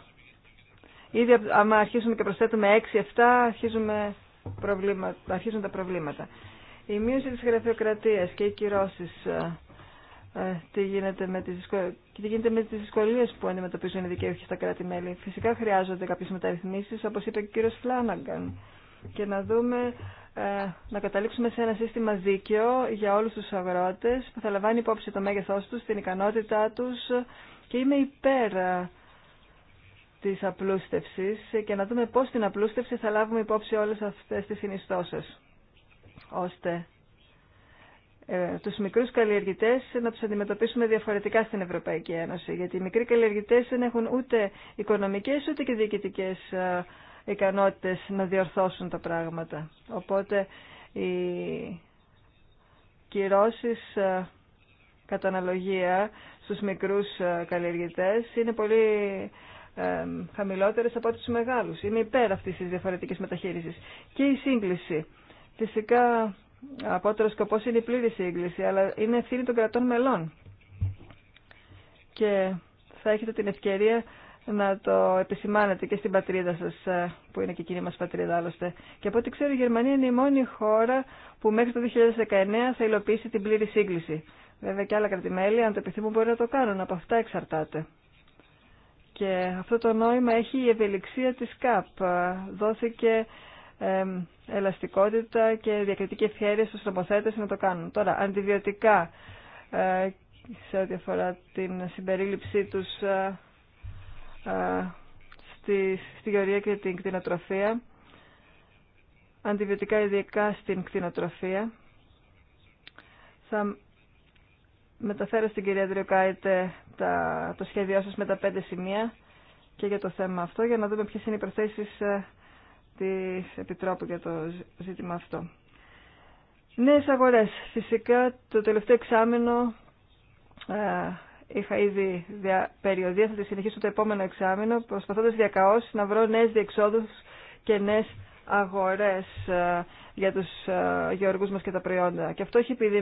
A: Ήδη άμα αρχίσουμε και προσθέτουμε 6-7, αρχίζουν τα προβλήματα. Η μείωση της γραφειοκρατίας και οι κυρώσεις, ε, ε, τι γίνεται με τις, τι γίνεται με τις δυσκολίες που αντιμετωπίζουν οι δικαίωχοι στα κράτη-μέλη. Φυσικά χρειάζονται κάποιες μεταρρυθμίσεις, όπως είπε και ο κύριος Φλάναγκαν, και να δούμε ε, να καταλήξουμε σε ένα σύστημα δίκαιο για όλους τους αγρότες που θα λαμβάνει υπόψη το μέγεθός τους, την ικανότητά τους και είμαι υπέρα της απλούστευσης και να δούμε πώς την απλούστευση θα λάβουμε υπόψη όλες αυτές τις συνιστώσεις, ώστε ε, τους μικρούς καλλιεργητές να τους αντιμετωπίσουμε διαφορετικά στην Ευρωπαϊκή Ένωση, γιατί οι μικροί καλλιεργητές δεν έχουν ούτε οικονομικές ούτε και διοικητικές ε, ικανότητες να διορθώσουν τα πράγματα. Οπότε οι κυρώσεις ε, κατά αναλογία στους μικρούς ε, καλλιεργητές είναι πολύ ε, χαμηλότερες από τους μεγάλους. Είναι υπέρ αυτής της διαφορετικής μεταχείρισης. Και η σύγκληση. Φυσικά, απότερο σκοπός είναι η πλήρη σύγκληση, αλλά είναι ευθύνη των κρατών μελών. Και θα έχετε την ευκαιρία να το επισημάνετε και στην πατρίδα σας, ε, που είναι και εκείνη μας πατρίδα άλλωστε. Και από ό,τι ξέρω η Γερμανία είναι η μόνη χώρα που μέχρι το 2019 θα υλοποιήσει την πλήρη σύγκληση. Βέβαια και άλλα κρατημέλη, αν το επιθυμούν, μπορεί να το κάνουν. Από αυτά εξαρτάται. Και αυτό το νόημα έχει η ευελιξία της ΚΑΠ. Δόθηκε ελαστικότητα και διακριτική ευχαίρεια στους νομοθέτες να το κάνουν. Τώρα, αντιβιωτικά ε, σε ό,τι αφορά την συμπερίληψή τους ε, ε, στη, στη γεωρία και την κτηνοτροφία. Αντιβιωτικά ειδικά στην κτηνοτροφία. Θα μεταφέρω στην κυρία Δριοκάητε τα, το σχέδιό σας με τα πέντε σημεία και για το θέμα αυτό, για να δούμε ποιες είναι οι προθέσεις ε, της Επιτρόπου για το ζήτημα αυτό. Νέες αγορές. Φυσικά το τελευταίο εξάμεινο ε, είχα ήδη δια, περιοδία, θα τη συνεχίσω το επόμενο εξάμεινο, προσπαθώντας διακαώς να βρω νέες διεξόδους και νέες αγορές ε, για τους γεωργούς μας και τα προϊόντα. Και αυτό έχει επειδή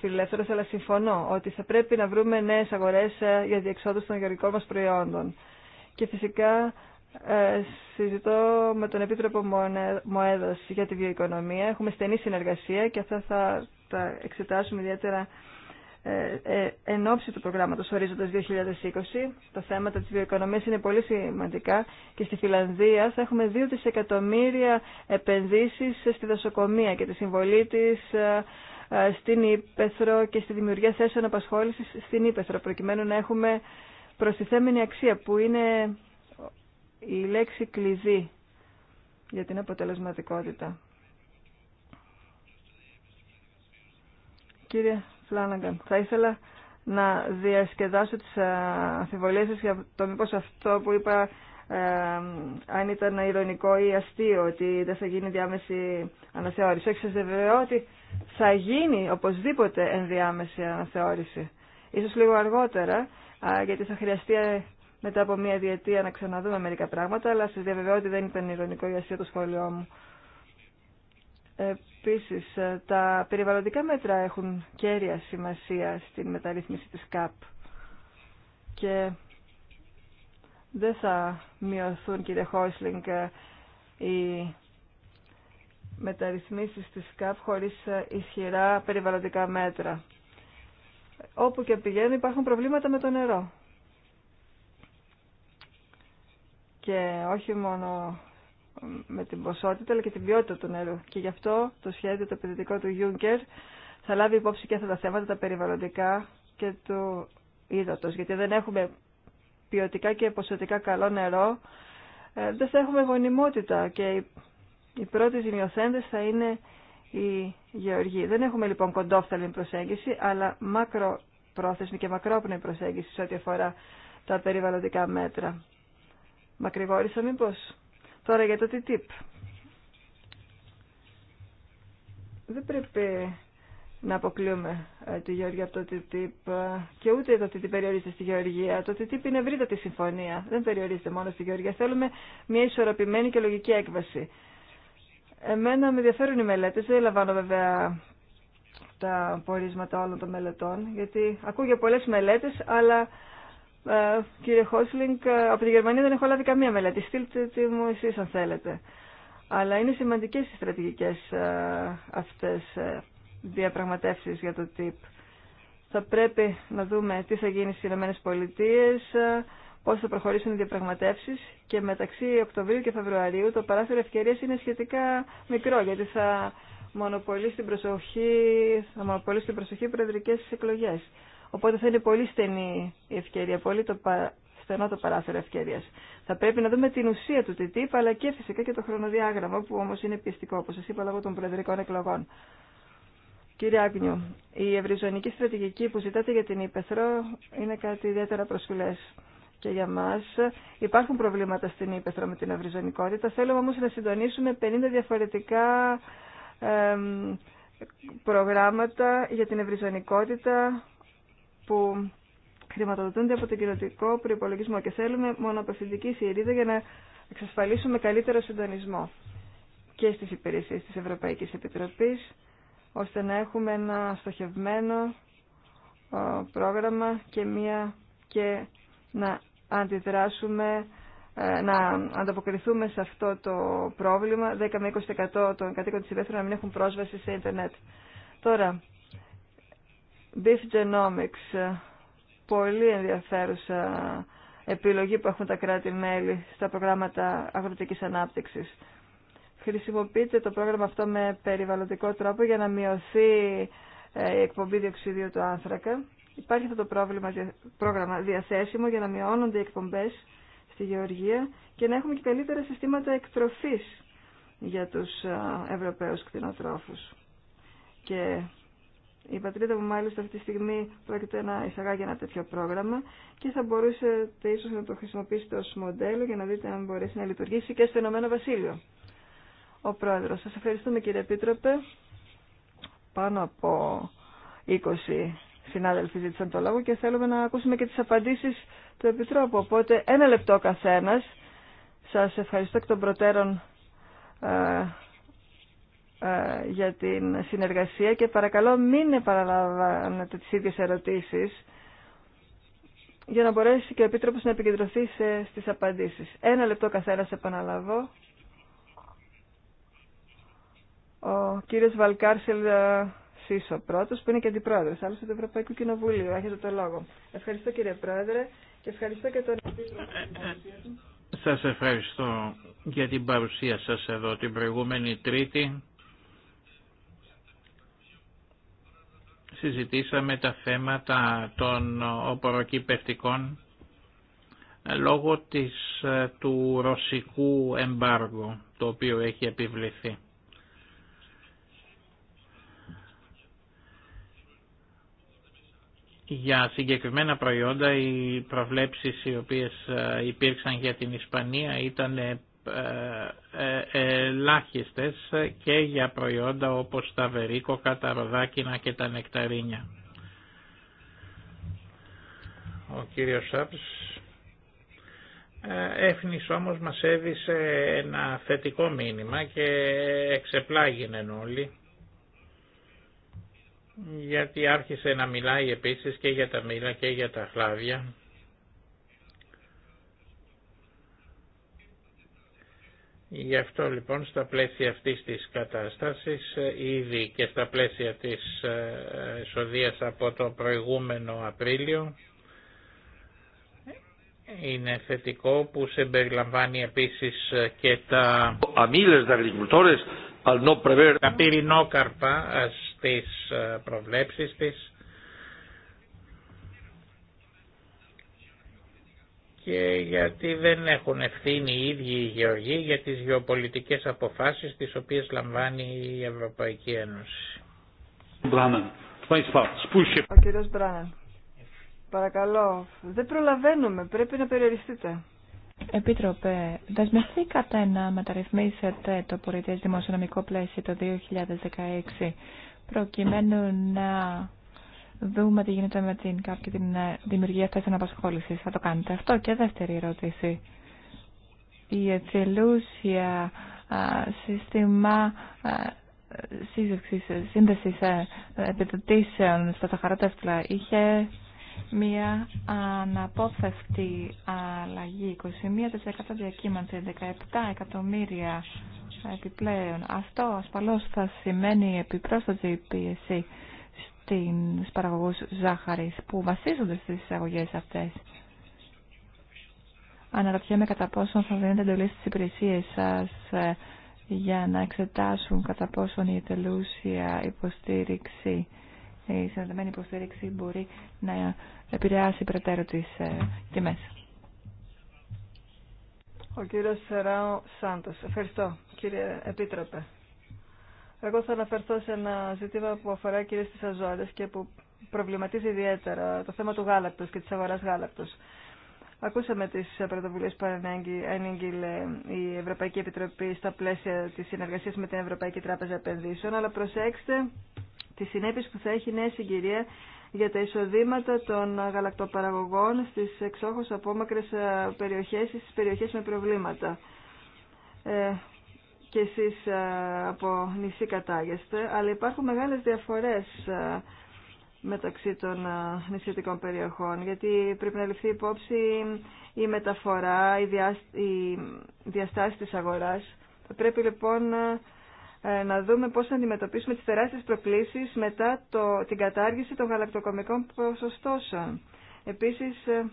A: φιλελεύθερος, αλλά συμφωνώ ότι θα πρέπει να βρούμε νέες αγορές ε, για διεξόδους των γεωργικών μας προϊόντων. Και φυσικά ε, συζητώ με τον Επίτροπο Μοέδος για τη βιοοικονομία. Έχουμε στενή συνεργασία και αυτά θα τα εξετάσουμε ιδιαίτερα ε, εν ώψη του προγράμματος Ορίζοντας 2020. Τα θέματα της βιοοικονομίας είναι πολύ σημαντικά και στη Φιλανδία θα έχουμε 2 δισεκατομμύρια επενδύσεις στη δασοκομεία και τη συμβολή της ε, στην Ήπεθρο και στη δημιουργία θέσεων απασχόληση στην Ήπεθρο, προκειμένου να έχουμε προστιθέμενη αξία που είναι η λέξη κλειδί για την αποτελεσματικότητα. Κύριε Φλάνναγκαν, θα ήθελα να διασκεδάσω τις ε, αμφιβολίες σας για το μήπως αυτό που είπα ε, αν ήταν ηρωνικό ή αστείο ότι δεν θα γίνει διάμεση αναθεώρηση. Έχετε βεβαιώ ότι θα γίνει οπωσδήποτε ενδιάμεση αναθεώρηση. Ίσως λίγο αργότερα, γιατί θα χρειαστεί ε, μετά από μια διετία να ξαναδούμε μερικά πράγματα, αλλά σας διαβεβαιώ ότι δεν ήταν ηρωνικό για ασία το σχόλιο μου. Επίσης, ε, τα περιβαλλοντικά μέτρα έχουν κέρια σημασία στην μεταρρύθμιση της ΚΑΠ και δεν θα μειωθούν, κύριε Χόισλινγκ, ε, οι μεταρρυθμίσεις της ΚΑΠ χωρίς ε, ισχυρά περιβαλλοντικά μέτρα. Όπου και πηγαίνουν υπάρχουν προβλήματα με το νερό. Και όχι μόνο με την ποσότητα αλλά και την ποιότητα του νερού. Και γι' αυτό το σχέδιο το επιδετικό του Juncker θα λάβει υπόψη και αυτά τα θέματα, τα περιβαλλοντικά και του ύδατος. Γιατί δεν έχουμε ποιοτικά και ποσοτικά καλό νερό, ε, δεν θα έχουμε γονιμότητα και οι πρώτοι ζημιοθέντες θα είναι οι γεωργοί. Δεν έχουμε λοιπόν κοντόφθαλμη προσέγγιση, αλλά μακροπρόθεσμη και μακρόπνοη προσέγγιση σε ό,τι αφορά τα περιβαλλοντικά μέτρα. Μακρηγόρησα μήπω. Τώρα για το TTIP. Δεν πρέπει να αποκλείουμε ε, τη Γεωργία από το TTIP ε, και ούτε το TTIP περιορίζεται στη Γεωργία. Το TTIP είναι ευρύτατη συμφωνία. Δεν περιορίζεται μόνο στη Γεωργία. Θέλουμε μια ισορροπημένη και λογική έκβαση. Εμένα με ενδιαφέρουν οι μελέτε, δεν λαμβάνω βέβαια τα πορίσματα όλων των μελετών, γιατί ακούω για πολλές μελέτες, αλλά ε, κύριε Χόσλινγκ, ε, από τη Γερμανία δεν έχω λάβει καμία μελέτη. Στείλτε τη μου εσείς αν θέλετε. Αλλά είναι σημαντικέ οι στρατηγικές ε, αυτές ε, διαπραγματεύσεις για το TIP. Θα πρέπει να δούμε τι θα γίνει στι ΗΠΑ πώς θα προχωρήσουν οι διαπραγματεύσεις και μεταξύ Οκτωβρίου και Φεβρουαρίου το παράθυρο ευκαιρία είναι σχετικά μικρό γιατί θα μονοπολίσει την προσοχή, θα μονοπολίσει την προσοχή προεδρικές εκλογές. Οπότε θα είναι πολύ στενή η ευκαιρία, πολύ το στενό το παράθυρο ευκαιρία. Θα πρέπει να δούμε την ουσία του TTIP, αλλά και φυσικά και το χρονοδιάγραμμα, που όμω είναι πιεστικό, όπω σα είπα, λόγω των προεδρικών εκλογών. Κύριε Άγνιου, η ευρυζωνική στρατηγική που ζητάτε για την Ήπεθρο είναι κάτι ιδιαίτερα προσφυλέ και για μας. Υπάρχουν προβλήματα στην Ήπεθρο με την ευρυζωνικότητα. Θέλουμε όμως να συντονίσουμε 50 διαφορετικά προγράμματα για την ευρυζωνικότητα που χρηματοδοτούνται από τον κοινοτικό προϋπολογισμό και θέλουμε μονοπευθυντική σειρίδα για να εξασφαλίσουμε καλύτερο συντονισμό και στις υπηρεσίες της Ευρωπαϊκής Επιτροπής ώστε να έχουμε ένα στοχευμένο ε, πρόγραμμα και μία και να αντιδράσουμε, ε, να ανταποκριθούμε σε αυτό το πρόβλημα. 10 με 20% των κατοίκων της υπαίθρου να μην έχουν πρόσβαση σε ίντερνετ. Τώρα, Beef Genomics, ε, πολύ ενδιαφέρουσα επιλογή που έχουν τα κράτη-μέλη στα προγράμματα αγροτικής ανάπτυξης. Χρησιμοποιείται το πρόγραμμα αυτό με περιβαλλοντικό τρόπο για να μειωθεί ε, η εκπομπή διοξιδίου του άνθρακα υπάρχει αυτό το πρόβλημα, πρόγραμμα διαθέσιμο για να μειώνονται οι εκπομπέ στη γεωργία και να έχουμε και καλύτερα συστήματα εκτροφή για του Ευρωπαίου κτηνοτρόφους. Και η πατρίδα μου μάλιστα αυτή τη στιγμή πρόκειται να εισαγάγει ένα τέτοιο πρόγραμμα και θα μπορούσατε ίσως να το χρησιμοποιήσετε ως μοντέλο για να δείτε αν μπορέσει να λειτουργήσει και στο Ηνωμένο Βασίλειο. Ο Πρόεδρος, σας ευχαριστούμε κύριε Επίτροπε. Πάνω από 20 συνάδελφοι ζήτησαν το λόγο και θέλουμε να ακούσουμε και τις απαντήσεις του Επιτρόπου. Οπότε ένα λεπτό καθένας. Σας ευχαριστώ εκ των προτέρων ε, ε, για την συνεργασία και παρακαλώ μην επαναλαμβάνετε τις ίδιες ερωτήσεις για να μπορέσει και ο Επίτροπος να επικεντρωθεί σε, στις απαντήσεις. Ένα λεπτό καθένας επαναλαβώ. Ο κύριος Βαλκάρσελ ε, ο πρώτος, που είναι και αντιπρόεδρο, άλλωστε του Ευρωπαϊκού Κοινοβουλίου. Έχετε το λόγο. Ευχαριστώ κύριε Πρόεδρε και ευχαριστώ και τον
D: Σα ευχαριστώ για την παρουσία σας εδώ την προηγούμενη Τρίτη. Συζητήσαμε τα θέματα των οποροκυπευτικών λόγω της, ε, του ρωσικού εμπάργου το οποίο έχει επιβληθεί. Για συγκεκριμένα προϊόντα οι προβλέψεις οι οποίες ε, υπήρξαν για την Ισπανία ήταν ε, ε, ελάχιστες και για προϊόντα όπως τα βερίκοκα, τα ροδάκινα και τα νεκταρίνια. Ο κύριος Σάπς Έφνης όμως μας έδισε ένα θετικό μήνυμα και εξεπλάγινε όλοι γιατί άρχισε να μιλάει επίσης και για τα μήλα και για τα χλάβια. Γι' αυτό λοιπόν στα πλαίσια αυτής της κατάστασης ε, ήδη και στα πλαίσια της ε, εισοδείας από το προηγούμενο Απρίλιο είναι θετικό που σε περιλαμβάνει επίσης ε, και τα αμύλες τα πυρηνόκαρπα τις ε, προβλέψεις της και γιατί δεν έχουν ευθύνη οι ίδιοι οι γεωργοί για τις γεωπολιτικές αποφάσεις τις οποίες λαμβάνει η Ευρωπαϊκή Ένωση.
A: Ο κύριος Μπράναν, παρακαλώ, δεν προλαβαίνουμε, πρέπει να περιοριστείτε.
B: Επίτροπε, δεσμευθήκατε να μεταρρυθμίσετε το πολιτικό δημοσιονομικό πλαίσιο το 2016 προκειμένου να δούμε τι γίνεται με την ΚΑΠ και την ε, δημιουργία θέσεων απασχόλησης. Θα το κάνετε αυτό και δεύτερη ερώτηση. Η ετσιλούσια σύστημα σύζευξης, σύνδεσης ε, επιδοτήσεων στα Σαχαρότευλα είχε μια αναπόφευκτη αλλαγή. 21% διακύμανση, 17 εκατομμύρια επιπλέον. Αυτό ασφαλώ θα σημαίνει επιπρόσθετη πίεση στην παραγωγού ζάχαρης που βασίζονται στις εισαγωγέ αυτές. Αναρωτιέμαι κατά πόσον θα δίνετε εντολή στις υπηρεσίες σας ε, για να εξετάσουν κατά πόσον η τελούσια υποστήριξη, η συνδεδεμένη υποστήριξη μπορεί να επηρεάσει περαιτέρω τις ε, τιμές.
A: Ο κύριος Σεράου Σάντος. Ευχαριστώ κύριε Επίτροπε. Εγώ θα αναφερθώ σε ένα ζήτημα που αφορά κυρίως τις αζώνες και που προβληματίζει ιδιαίτερα το θέμα του γάλακτος και της αγοράς γάλακτος. Ακούσαμε τις πρωτοβουλίες που ανήγγειλε η Ευρωπαϊκή Επιτροπή στα πλαίσια της συνεργασίας με την Ευρωπαϊκή Τράπεζα Επενδύσεων, αλλά προσέξτε τη συνέπειες που θα έχει η νέα συγκυρία για τα εισοδήματα των γαλακτοπαραγωγών στις εξόχως απόμακρες ε, περιοχές ή στις περιοχές με προβλήματα. Ε, και εσείς ε, από νησί κατάγεστε, αλλά υπάρχουν μεγάλες διαφορές ε, μεταξύ των νησιωτικών περιοχών, γιατί πρέπει να ληφθεί υπόψη η μεταφορά, η, διά, η διαστάση της αγοράς. πρέπει λοιπόν ε, να δούμε πώς θα αντιμετωπίσουμε τις τεράστιες προκλήσεις μετά το, την κατάργηση των γαλακτοκομικών ποσοστώσεων. Επίσης, ε,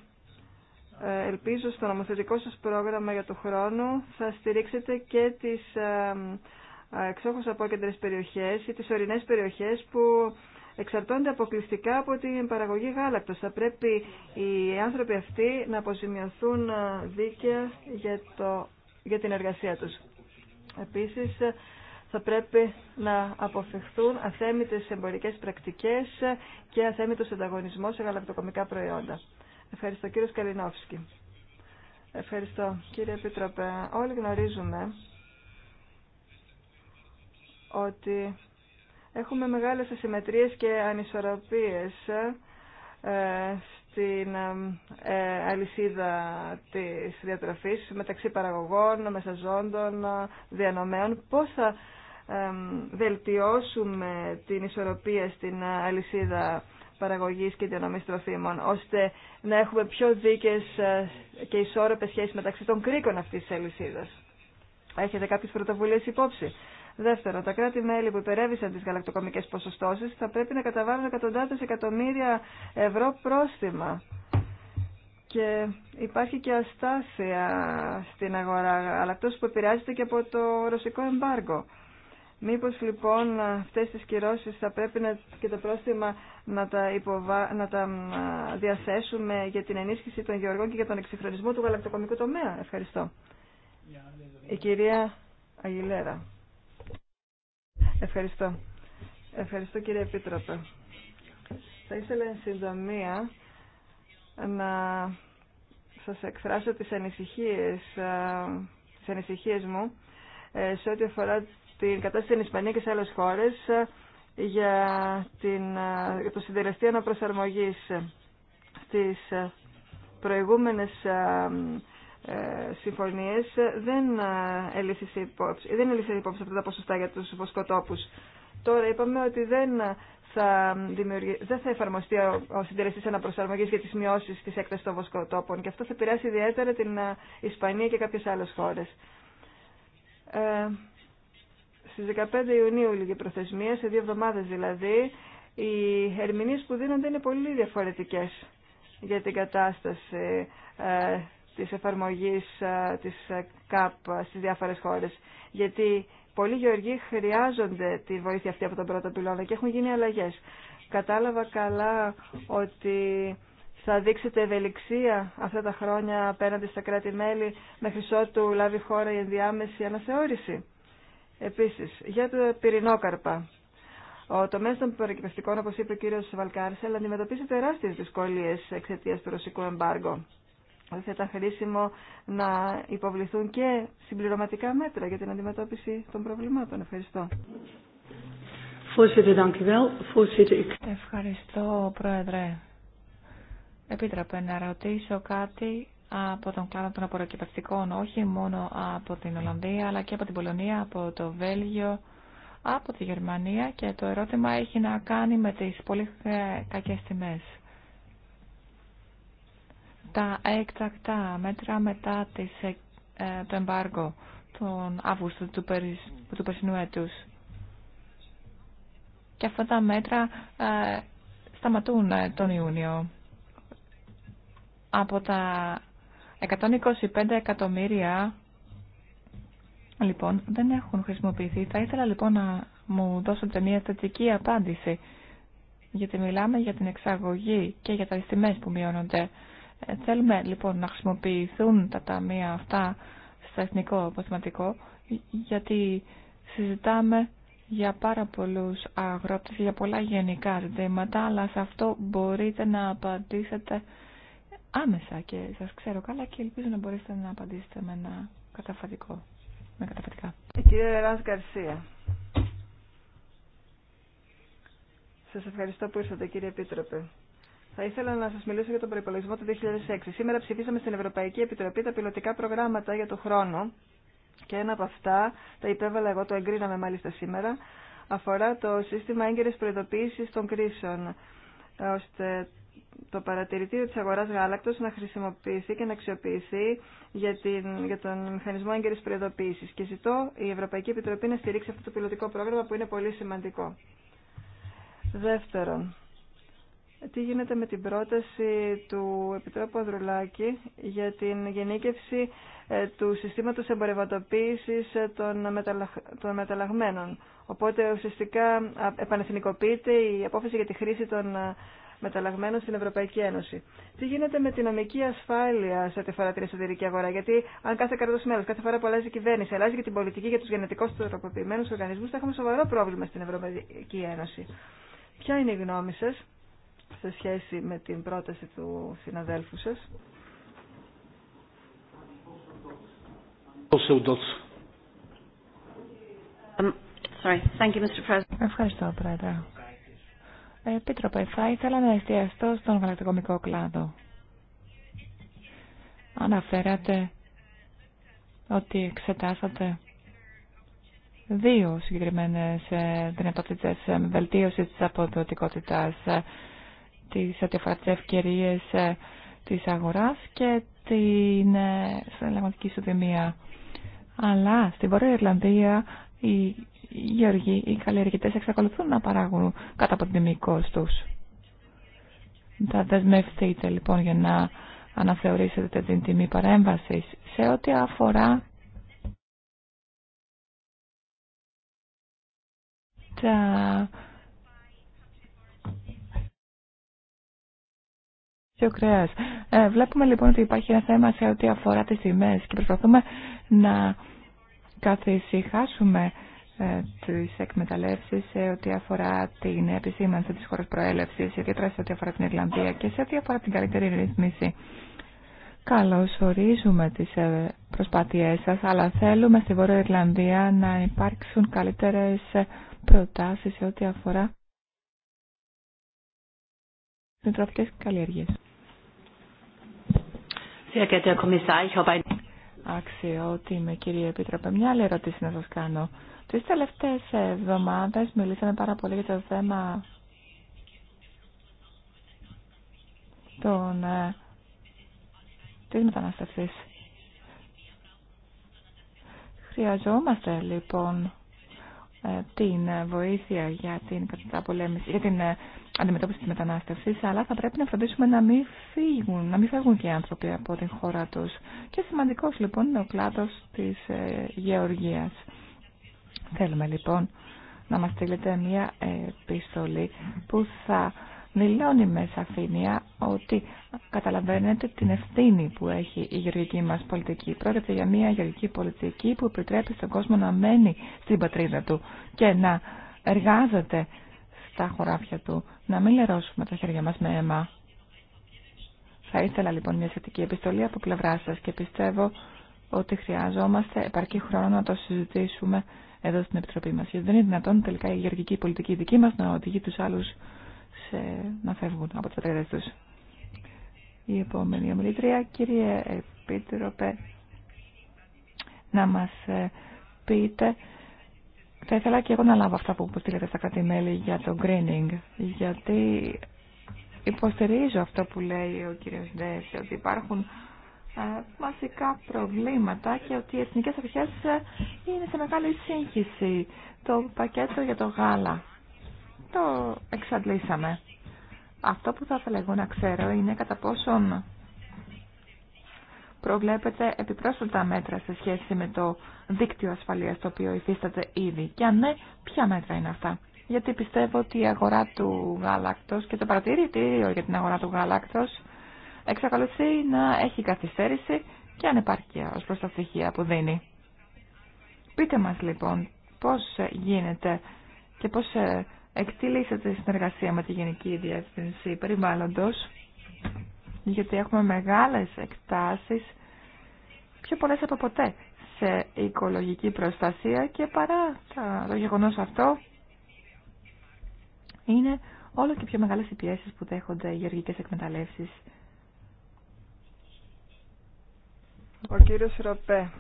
A: ε, ελπίζω στο νομοθετικό σας πρόγραμμα για το χρόνο θα στηρίξετε και τις εξόχως απόκεντρες περιοχές ή τις ορεινές περιοχές που εξαρτώνται αποκλειστικά από την παραγωγή γάλακτος. Θα πρέπει οι άνθρωποι αυτοί να αποζημιωθούν δίκαια για, το, για την εργασία τους. Επίσης, θα πρέπει να αποφευχθούν αθέμητες εμπορικές πρακτικές και αθέμητος ανταγωνισμός σε γαλακτοκομικά προϊόντα. Ευχαριστώ κύριο Καλινόφσκι. Ευχαριστώ κύριε Επίτροπε. Όλοι γνωρίζουμε ότι έχουμε μεγάλες ασυμμετρίες και ανισορροπίες ε, στην ε, αλυσίδα της διατροφής μεταξύ παραγωγών, μεσαζόντων, διανομέων. Πώς θα βελτιώσουμε την ισορροπία στην αλυσίδα παραγωγής και διανομής τροφίμων, ώστε να έχουμε πιο δίκες ε, και ισόρροπες σχέσεις μεταξύ των κρίκων αυτής της αλυσίδας. Έχετε κάποιες πρωτοβουλίες υπόψη. Δεύτερον, τα κράτη-μέλη που υπερέβησαν τις γαλακτοκομικές ποσοστώσεις θα πρέπει να καταβάλουν εκατοντάδες εκατομμύρια ευρώ πρόστιμα. Και υπάρχει και αστάθεια στην αγορά, αλλά αυτό που επηρεάζεται και από το ρωσικό εμπάργο. Μήπως λοιπόν αυτές τις κυρώσεις θα πρέπει να, και το πρόστιμα να τα, υποβα... να τα διαθέσουμε για την ενίσχυση των γεωργών και για τον εξυγχρονισμό του γαλακτοκομικού τομέα. Ευχαριστώ. Η κυρία Αγιλέρα. Ευχαριστώ. Ευχαριστώ κύριε Επίτροπε. Θα ήθελα εν συντομία να σας εκφράσω τις ανησυχίες, ε, τις ανησυχίες μου ε, σε ό,τι αφορά την κατάσταση στην Ισπανία και σε άλλες χώρες ε, για, την, ε, για το συντελεστή αναπροσαρμογής στις ε, προηγούμενες συμφωνίες δεν έλυσε υπόψη, δεν υπόψη αυτά τα ποσοστά για τους βοσκοτόπους. Τώρα είπαμε ότι δεν θα, δεν θα εφαρμοστεί ο συντελεστής αναπροσαρμογής για τις μειώσεις της έκτασης των βοσκοτόπων και αυτό θα επηρεάσει ιδιαίτερα την Ισπανία και κάποιες άλλες χώρες. Στις 15 Ιουνίου λίγη προθεσμία, σε δύο εβδομάδες δηλαδή, οι ερμηνείς που δίνονται είναι πολύ διαφορετικές για την κατάσταση ε, της εφαρμογής ε, της ε, ΚΑΠ στις διάφορες χώρες. Γιατί πολλοί γεωργοί χρειάζονται τη βοήθεια αυτή από τον πρώτο πυλώνα και έχουν γίνει αλλαγές. Κατάλαβα καλά ότι θα δείξετε ευελιξία αυτά τα χρόνια απέναντι στα κράτη-μέλη μέχρι ότου λάβει χώρα η ενδιάμεση αναθεώρηση. Επίσης, για το πυρηνόκαρπα. Ο τομέα των προεκπαιδευτικών, όπω είπε ο κ. Βαλκάρσελ, αντιμετωπίζει τεράστιε δυσκολίε εξαιτία του ρωσικού εμπάργου. Θα ήταν χρήσιμο να υποβληθούν και συμπληρωματικά μέτρα για την αντιμετώπιση των προβλημάτων. Ευχαριστώ. Ευχαριστώ, Πρόεδρε.
B: Επίτραπε να ρωτήσω κάτι από τον κλάδο των απορροκυπευτικών, όχι μόνο από την Ολλανδία, αλλά και από την Πολωνία, από το Βέλγιο, από τη Γερμανία και το ερώτημα έχει να κάνει με τις πολύ ε, κακές τιμές. Τα έκτακτα μέτρα μετά τις, ε, ε, το εμπάργο τον Αύγουστο του, περι, του περσινού έτους. Και αυτά τα μέτρα σταματούν τον Ιούνιο. Από τα 125 εκατομμύρια λοιπόν δεν έχουν χρησιμοποιηθεί. Θα ήθελα λοιπόν να μου δώσετε μια θετική απάντηση γιατί μιλάμε για την εξαγωγή και για τα τιμέ που μειώνονται. Ε, θέλουμε λοιπόν να χρησιμοποιηθούν τα ταμεία αυτά στο εθνικό αποθηματικό γιατί συζητάμε για πάρα πολλούς αγρότες, για πολλά γενικά ζητήματα, αλλά σε αυτό μπορείτε να απαντήσετε άμεσα και σας ξέρω καλά και ελπίζω να μπορέσετε να απαντήσετε με ένα καταφατικό. Με καταφατικά.
A: Κύριε Ράς Γκαρσία. Σας ευχαριστώ που ήρθατε κύριε Επίτροπε. Θα ήθελα να σα μιλήσω για τον προπολογισμό του 2006. Σήμερα ψηφίσαμε στην Ευρωπαϊκή Επιτροπή τα πιλωτικά προγράμματα για το χρόνο και ένα από αυτά, τα υπέβαλα εγώ, το εγκρίναμε μάλιστα σήμερα, αφορά το σύστημα έγκαιρη προειδοποίηση των κρίσεων, ώστε το παρατηρητήριο της αγοράς γάλακτος να χρησιμοποιηθεί και να αξιοποιηθεί για, την, για τον μηχανισμό έγκαιρης προειδοποίησης. Και ζητώ η Ευρωπαϊκή Επιτροπή να στηρίξει αυτό το πιλωτικό πρόγραμμα που είναι πολύ σημαντικό. Δεύτερον, τι γίνεται με την πρόταση του Επιτρόπου Ανδρουλάκη για την γενίκευση ε, του συστήματος εμπορευματοποίησης ε, των, των μεταλλαγμένων. Οπότε ουσιαστικά επανεθνικοποιείται η απόφαση για τη χρήση των ε, μεταλλαγμένο στην Ευρωπαϊκή Ένωση. Τι γίνεται με την νομική ασφάλεια σε ό,τι αφορά την εσωτερική αγορά. Γιατί αν κάθε κράτο μέλο, κάθε φορά που αλλάζει η κυβέρνηση, αλλάζει και την πολιτική για του γενετικώ τροποποιημένου οργανισμού, θα έχουμε σοβαρό πρόβλημα στην Ευρωπαϊκή Ένωση. Ποια είναι η γνώμη σα σε σχέση με την πρόταση του συναδέλφου σα.
B: Um, Ευχαριστώ, Πρόεδρε. Επίτροπε, θα ήθελα να εστιαστώ στον γαλακτοκομικό κλάδο. Αναφέρατε ότι εξετάσατε δύο συγκεκριμένες ε, δυνατότητες ε, τη της τη ε, ό,τι αφορά τις ευκαιρίες της αγοράς και την συναλλαγματική ισοδημία. Αλλά στην Βόρεια Ιρλανδία η γεωργοί, οι καλλιεργητές εξακολουθούν να παράγουν κατά από την τιμή κόστους. Θα δεσμευτείτε λοιπόν για να αναθεωρήσετε την τιμή παρέμβασης σε ό,τι αφορά
A: τα Ε, βλέπουμε λοιπόν ότι
B: υπάρχει ένα θέμα σε ό,τι αφορά τις τιμές και προσπαθούμε να καθησυχάσουμε ε, τις εκμεταλλεύσεις σε ό,τι αφορά την επισήμανση της χώρας προέλευση, ιδιαίτερα σε ό,τι αφορά την Ιρλανδία και σε ό,τι αφορά την καλύτερη ρυθμίση. Καλώς ορίζουμε τις ε, προσπάθειές σας, αλλά θέλουμε στη Βόρεια Ιρλανδία να υπάρξουν καλύτερε προτάσεις σε ό,τι αφορά τι τροφικέ καλλιέργειες. Αξιότιμη κύριε Επίτροπε, μια άλλη ερώτηση να σα κάνω. Τις τελευταίες εβδομάδες μιλήσαμε πάρα πολύ για το θέμα των, ε, της μεταναστευσής. Χρειαζόμαστε λοιπόν ε, την βοήθεια για την καταπολέμηση, για την ε, αντιμετώπιση της μετανάστευσης, αλλά θα πρέπει να φροντίσουμε να μην φύγουν, να μην φεύγουν και οι άνθρωποι από την χώρα τους. Και σημαντικός λοιπόν είναι ο κλάδος της γεωργίας. Θέλουμε λοιπόν να μας στείλετε μία επιστολή που θα δηλώνει με σαφήνεια ότι καταλαβαίνετε την ευθύνη που έχει η γεωργική μας πολιτική. Πρόκειται για μία γεωργική πολιτική που επιτρέπει στον κόσμο να μένει στην πατρίδα του και να εργάζεται στα χωράφια του, να μην λερώσουμε τα χέρια μας με αίμα. Θα ήθελα λοιπόν μια σχετική επιστολή από πλευρά σας και πιστεύω ότι χρειαζόμαστε επαρκή χρόνο να το συζητήσουμε εδώ στην Επιτροπή μας. Γιατί δεν είναι δυνατόν τελικά η γεωργική πολιτική δική μας να οδηγεί τους άλλους σε... να φεύγουν από τις πατρίδες τους. Η επόμενη ομιλήτρια, κύριε Επίτροπε, να μας ε, πείτε... Θα ήθελα και εγώ να λάβω αυτά που στείλετε στα κρατημέλη για το greening, γιατί υποστηρίζω αυτό που λέει ο κύριος Δέση, ότι υπάρχουν ε, βασικά προβλήματα και ότι οι εθνικές αρχές ε, είναι σε μεγάλη σύγχυση. Το πακέτο για το γάλα το εξαντλήσαμε. Αυτό που θα ήθελα εγώ να ξέρω είναι κατά πόσον προβλέπετε επιπρόσθετα μέτρα σε σχέση με το δίκτυο ασφαλείας το οποίο υφίσταται ήδη. Και αν ναι, ποια μέτρα είναι αυτά. Γιατί πιστεύω ότι η αγορά του γάλακτος και το παρατηρητήριο για την αγορά του γάλακτος εξακολουθεί να έχει καθυστέρηση και ανεπάρκεια ως προς τα στοιχεία που δίνει. Πείτε μας λοιπόν πώς γίνεται και πώς ε, εκτελήσετε η συνεργασία με τη Γενική Διεύθυνση Περιβάλλοντος γιατί έχουμε μεγάλες εκτάσεις πιο πολλές από ποτέ σε οικολογική προστασία και παρά το γεγονός αυτό είναι όλο και πιο μεγάλες οι πιέσεις που δέχονται οι γεωργικές εκμεταλλεύσεις
A: Ο κύριος Ροπέ.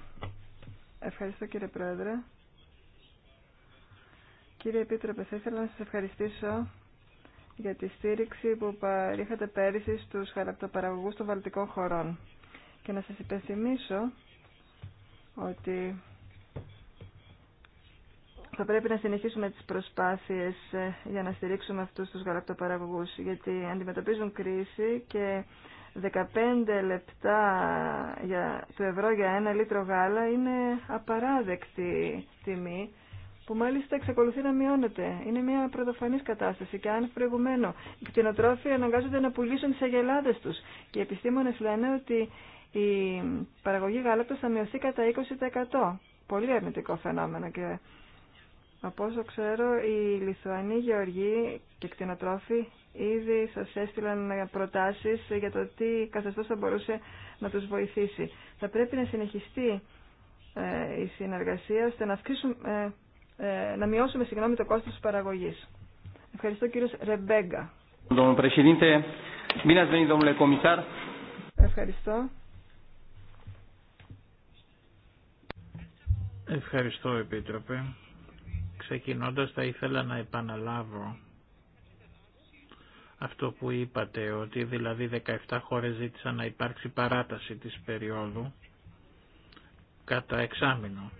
A: Ευχαριστώ κύριε Πρόεδρε. Κύριε Επίτροπε, θα ήθελα να σας ευχαριστήσω για τη στήριξη που παρήχατε πέρυσι στους χαρακτοπαραγωγούς των βαλτικών χωρών. Και να σας υπενθυμίσω ότι θα πρέπει να συνεχίσουμε τις προσπάθειες ε, για να στηρίξουμε αυτούς τους γαλακτοπαραγωγούς, γιατί αντιμετωπίζουν κρίση και 15 λεπτά για, του ευρώ για ένα λίτρο γάλα είναι απαράδεκτη τιμή που μάλιστα εξακολουθεί να μειώνεται. Είναι μια πρωτοφανή κατάσταση και αν προηγουμένω οι κτηνοτρόφοι αναγκάζονται να πουλήσουν τι αγελάδε του. οι επιστήμονε λένε ότι η παραγωγή γάλακτο θα μειωθεί κατά 20%. Πολύ αρνητικό φαινόμενο και από όσο ξέρω οι Λιθουανοί γεωργοί και κτηνοτρόφοι ήδη σας έστειλαν προτάσεις για το τι καθεστώ θα μπορούσε να τους βοηθήσει. Θα πρέπει να συνεχιστεί ε, η συνεργασία ώστε να, αυξήσουμε, ε, ε, να μειώσουμε συγγνώμη, το κόστος της παραγωγής. Ευχαριστώ κύριο Ρεμπέγκα. Ευχαριστώ.
D: Ευχαριστώ Επίτροπε. Ξεκινώντας θα ήθελα να επαναλάβω αυτό που είπατε, ότι δηλαδή 17 χώρες ζήτησαν να υπάρξει παράταση της περίοδου κατά εξάμεινο.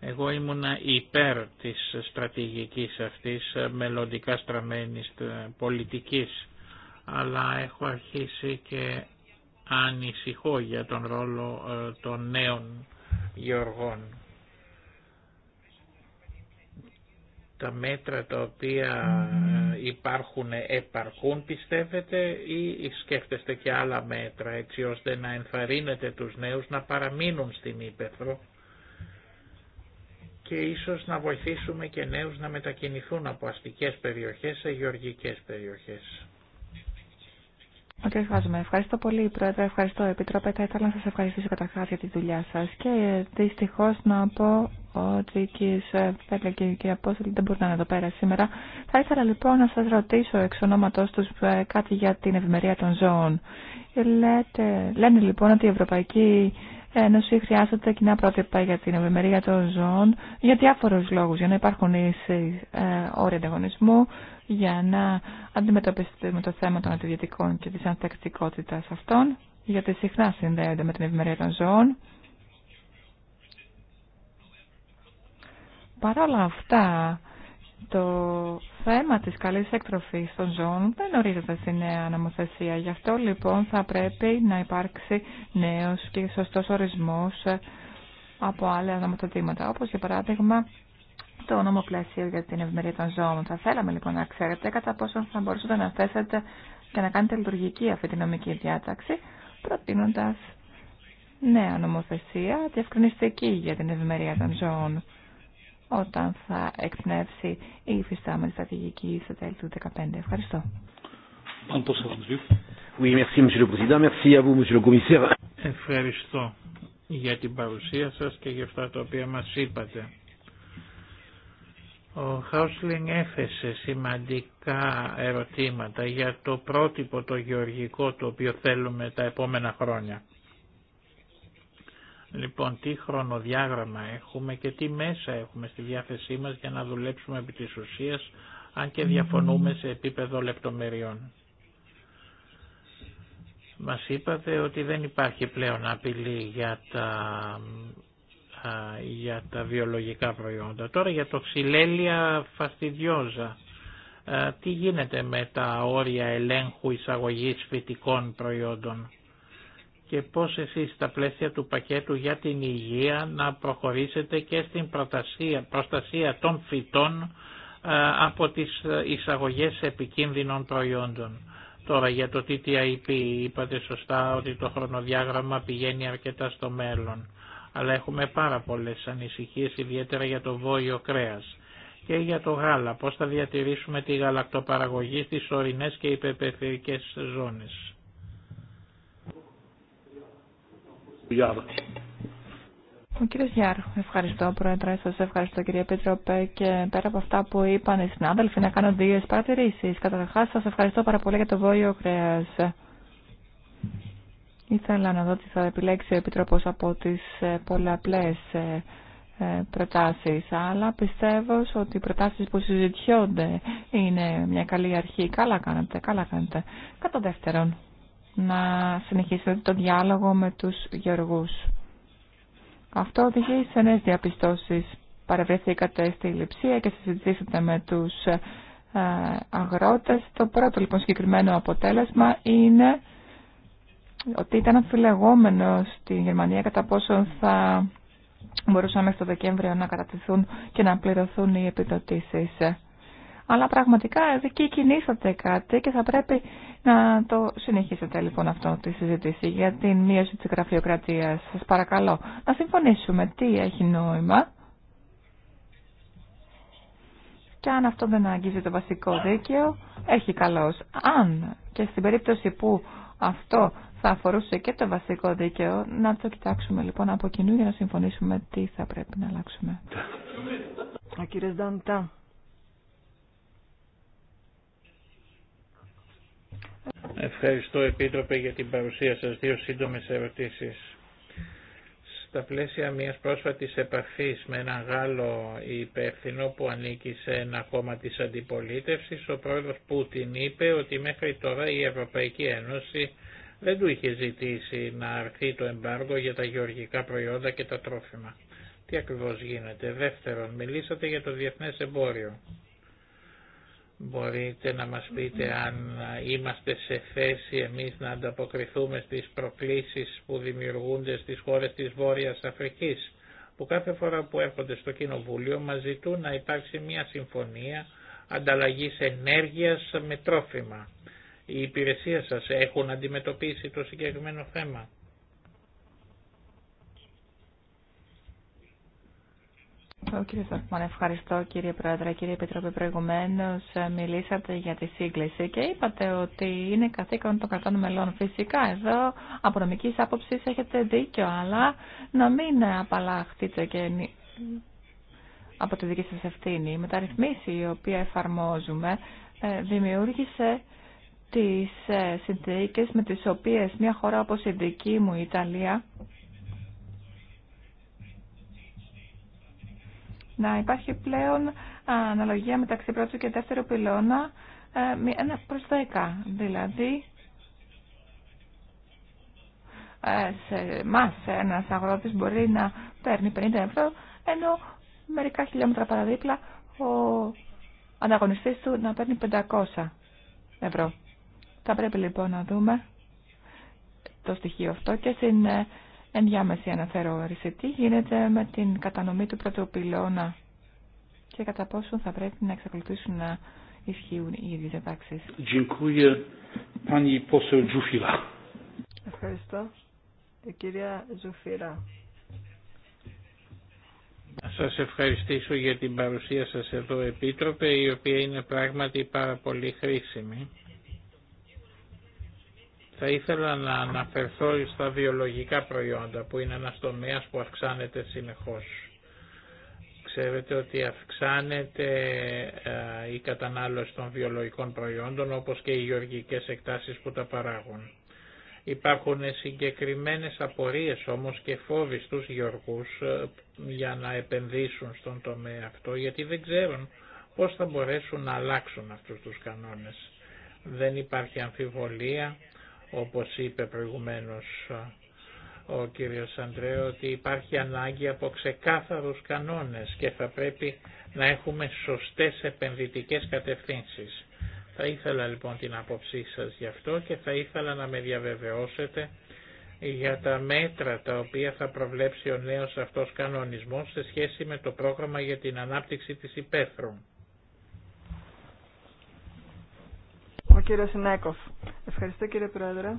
D: Εγώ ήμουνα υπέρ της στρατηγικής αυτής, μελλοντικά στραμμένης πολιτικής, αλλά έχω αρχίσει και ανησυχώ για τον ρόλο ε, των νέων γεωργών. τα μέτρα τα οποία ε, υπάρχουν επαρχούν πιστεύετε ή σκέφτεστε και άλλα μέτρα έτσι ώστε να ενθαρρύνετε τους νέους να παραμείνουν στην Ήπεθρο και ίσως να βοηθήσουμε και νέους να μετακινηθούν από αστικές περιοχές σε γεωργικές περιοχές.
B: Ο ευχαριστώ πολύ, Πρόεδρε. Ευχαριστώ, Επιτρόπε. Θα ήθελα να σα ευχαριστήσω για τη δουλειά σα και ε, δυστυχώ να πω ότι και σε και η Απόστολη δεν μπορούν να είναι εδώ πέρα σήμερα. Θα ήθελα λοιπόν να σα ρωτήσω εξ ονόματό του ε, κάτι για την ευημερία των ζώων. Λέτε, λένε λοιπόν ότι η Ευρωπαϊκή Ένωση χρειάζεται κοινά πρότυπα για την ευημερία των ζώων για διάφορου λόγου, για να υπάρχουν ίσοι όρια ε, όροι ανταγωνισμού, για να αντιμετωπίσετε με το θέμα των αντιβιωτικών και τη ανθεκτικότητα αυτών, γιατί συχνά συνδέονται με την ευημερία των ζώων. Παρ' όλα αυτά, το θέμα της καλής εκτροφής των ζώων δεν ορίζεται στη νέα νομοθεσία. Γι' αυτό λοιπόν θα πρέπει να υπάρξει νέος και σωστός ορισμός από άλλα νομοθετήματα, όπως για παράδειγμα το νόμο για την ευημερία των ζώων. Θα θέλαμε λοιπόν να ξέρετε κατά πόσο θα μπορούσατε να θέσετε και να κάνετε λειτουργική αυτή τη νομική διάταξη, προτείνοντας νέα νομοθεσία διευκρινιστική για την ευημερία των ζώων όταν θα εκπνεύσει η υφιστάμενη στρατηγική στο τέλος του 2015. Ευχαριστώ.
D: Ευχαριστώ για την παρουσία σας και για αυτά τα οποία μας είπατε. Ο Χάουσλινγκ έφεσε σημαντικά ερωτήματα για το πρότυπο το γεωργικό το οποίο θέλουμε τα επόμενα χρόνια. Λοιπόν, τι χρονοδιάγραμμα έχουμε και τι μέσα έχουμε στη διάθεσή μας για να δουλέψουμε επί της ουσίας, αν και διαφωνούμε σε επίπεδο λεπτομεριών. Μας είπατε ότι δεν υπάρχει πλέον απειλή για τα, για τα βιολογικά προϊόντα. Τώρα για το ξυλέλια φαστιδιόζα. Τι γίνεται με τα όρια ελέγχου εισαγωγής φυτικών προϊόντων και πώς εσείς στα πλαίσια του πακέτου για την υγεία να προχωρήσετε και στην προστασία, προστασία των φυτών ε, από τις εισαγωγές επικίνδυνων προϊόντων. Τώρα για το TTIP είπατε σωστά ότι το χρονοδιάγραμμα πηγαίνει αρκετά στο μέλλον. Αλλά έχουμε πάρα πολλές ανησυχίες ιδιαίτερα για το βόλιο κρέας και για το γάλα. Πώς θα διατηρήσουμε τη γαλακτοπαραγωγή στις ορεινές και υπεπεθερικές ζώνες.
B: Ο Γιάρ, ευχαριστώ Πρόεδρε, σας ευχαριστώ κύριε Πίτροπε και πέρα από αυτά που είπαν οι συνάδελφοι να κάνω δύο παρατηρήσει. Καταρχά, σας ευχαριστώ πάρα πολύ για το βόλιο κρέας. Ήθελα να δω τι θα επιλέξει ο Επιτροπός από τις ε, πολλαπλές ε, ε, προτάσεις, αλλά πιστεύω ότι οι προτάσεις που συζητιώνται είναι μια καλή αρχή. Καλά κάνετε, καλά κάνετε. Κατά δεύτερον, να συνεχίσετε το διάλογο με τους γεωργούς. Αυτό οδηγεί σε νέες διαπιστώσεις. Παρευρεθήκατε στη λειψία και συζητήσατε με τους ε, αγρότες. Το πρώτο λοιπόν συγκεκριμένο αποτέλεσμα είναι ότι ήταν αμφιλεγόμενο στη Γερμανία κατά πόσο θα μπορούσαμε στο Δεκέμβριο να κατατηθούν και να πληρωθούν οι επιδοτήσεις αλλά πραγματικά εκεί κινήσατε κάτι και θα πρέπει να το συνεχίσετε λοιπόν αυτό τη συζήτηση για την μείωση της γραφειοκρατίας. Σας παρακαλώ να συμφωνήσουμε τι έχει νόημα και αν αυτό δεν αγγίζει το βασικό δίκαιο, έχει καλώς. Αν και στην περίπτωση που αυτό θα αφορούσε και το
A: βασικό δίκαιο,
B: να το κοιτάξουμε λοιπόν από κοινού για να συμφωνήσουμε τι θα πρέπει να
D: αλλάξουμε. Ευχαριστώ Επίτροπε για την παρουσία σας. Δύο σύντομες ερωτήσεις. Στα πλαίσια μιας πρόσφατης επαφής με έναν Γάλλο υπεύθυνο που ανήκει σε ένα κόμμα της αντιπολίτευσης, ο πρόεδρος Πούτιν είπε ότι μέχρι τώρα η Ευρωπαϊκή Ένωση δεν του είχε ζητήσει να αρθεί το εμπάργο για τα γεωργικά προϊόντα και τα τρόφιμα. Τι ακριβώς γίνεται. Δεύτερον, μιλήσατε για το διεθνές εμπόριο. Μπορείτε να μας πείτε αν είμαστε σε θέση εμείς να ανταποκριθούμε στις προκλήσεις που δημιουργούνται στις χώρες της Βόρειας Αφρικής που κάθε φορά που έρχονται στο Κοινοβούλιο μας ζητούν να υπάρξει μια συμφωνία ανταλλαγής ενέργειας με τρόφιμα. Η υπηρεσία σας έχουν αντιμετωπίσει το συγκεκριμένο θέμα.
B: κύριε ευχαριστώ κύριε Πρόεδρε. Κύριε Επιτροπή, προηγουμένω ε, μιλήσατε για τη σύγκληση και είπατε ότι είναι καθήκον των κρατών μελών. Φυσικά εδώ από νομική άποψη έχετε δίκιο, αλλά να μην απαλλαχτείτε και από τη δική σα ευθύνη. Η μεταρρυθμίση η οποία εφαρμόζουμε ε, δημιούργησε τις ε, συνθήκε με τι οποίε μια χώρα όπω η δική μου η Ιταλία να υπάρχει πλέον αναλογία μεταξύ πρώτου και δεύτερου πυλώνα ε, ένα προς 10. Δηλαδή, ε, σε εμάς ένας αγρότης μπορεί να παίρνει 50 ευρώ, ενώ μερικά χιλιόμετρα παραδίπλα ο ανταγωνιστής του να παίρνει 500 ευρώ. Θα πρέπει λοιπόν να δούμε το στοιχείο αυτό και στην ε, ενδιάμεση αναθεώρηση. Τι γίνεται με την κατανομή του πρώτου και κατά πόσο θα πρέπει να εξακολουθήσουν να ισχύουν οι ίδιες διατάξεις.
A: Ευχαριστώ. κυρία Ζουφίρα.
D: Να σας ευχαριστήσω για την παρουσία σας εδώ, Επίτροπε, η οποία είναι πράγματι πάρα πολύ χρήσιμη. Θα ήθελα να αναφερθώ στα βιολογικά προϊόντα που είναι ένας τομέας που αυξάνεται συνεχώς. Ξέρετε ότι αυξάνεται ε, η κατανάλωση των βιολογικών προϊόντων όπως και οι γεωργικές εκτάσεις που τα παράγουν. Υπάρχουν συγκεκριμένες απορίες όμως και φόβοι στους γεωργούς ε, για να επενδύσουν στον τομέα αυτό γιατί δεν ξέρουν πώς θα μπορέσουν να αλλάξουν αυτούς τους κανόνες. Δεν υπάρχει αμφιβολία όπως είπε προηγουμένως ο κύριος Αντρέο ότι υπάρχει ανάγκη από ξεκάθαρους κανόνες και θα πρέπει να έχουμε σωστές επενδυτικές κατευθύνσεις. Θα ήθελα λοιπόν την άποψή σας γι' αυτό και θα ήθελα να με διαβεβαιώσετε για τα μέτρα τα οποία θα προβλέψει ο νέος αυτός κανονισμός σε σχέση με το πρόγραμμα για την ανάπτυξη της υπαίθρου.
A: κύριος Συνέκοφ. Ευχαριστώ κύριε Πρόεδρε.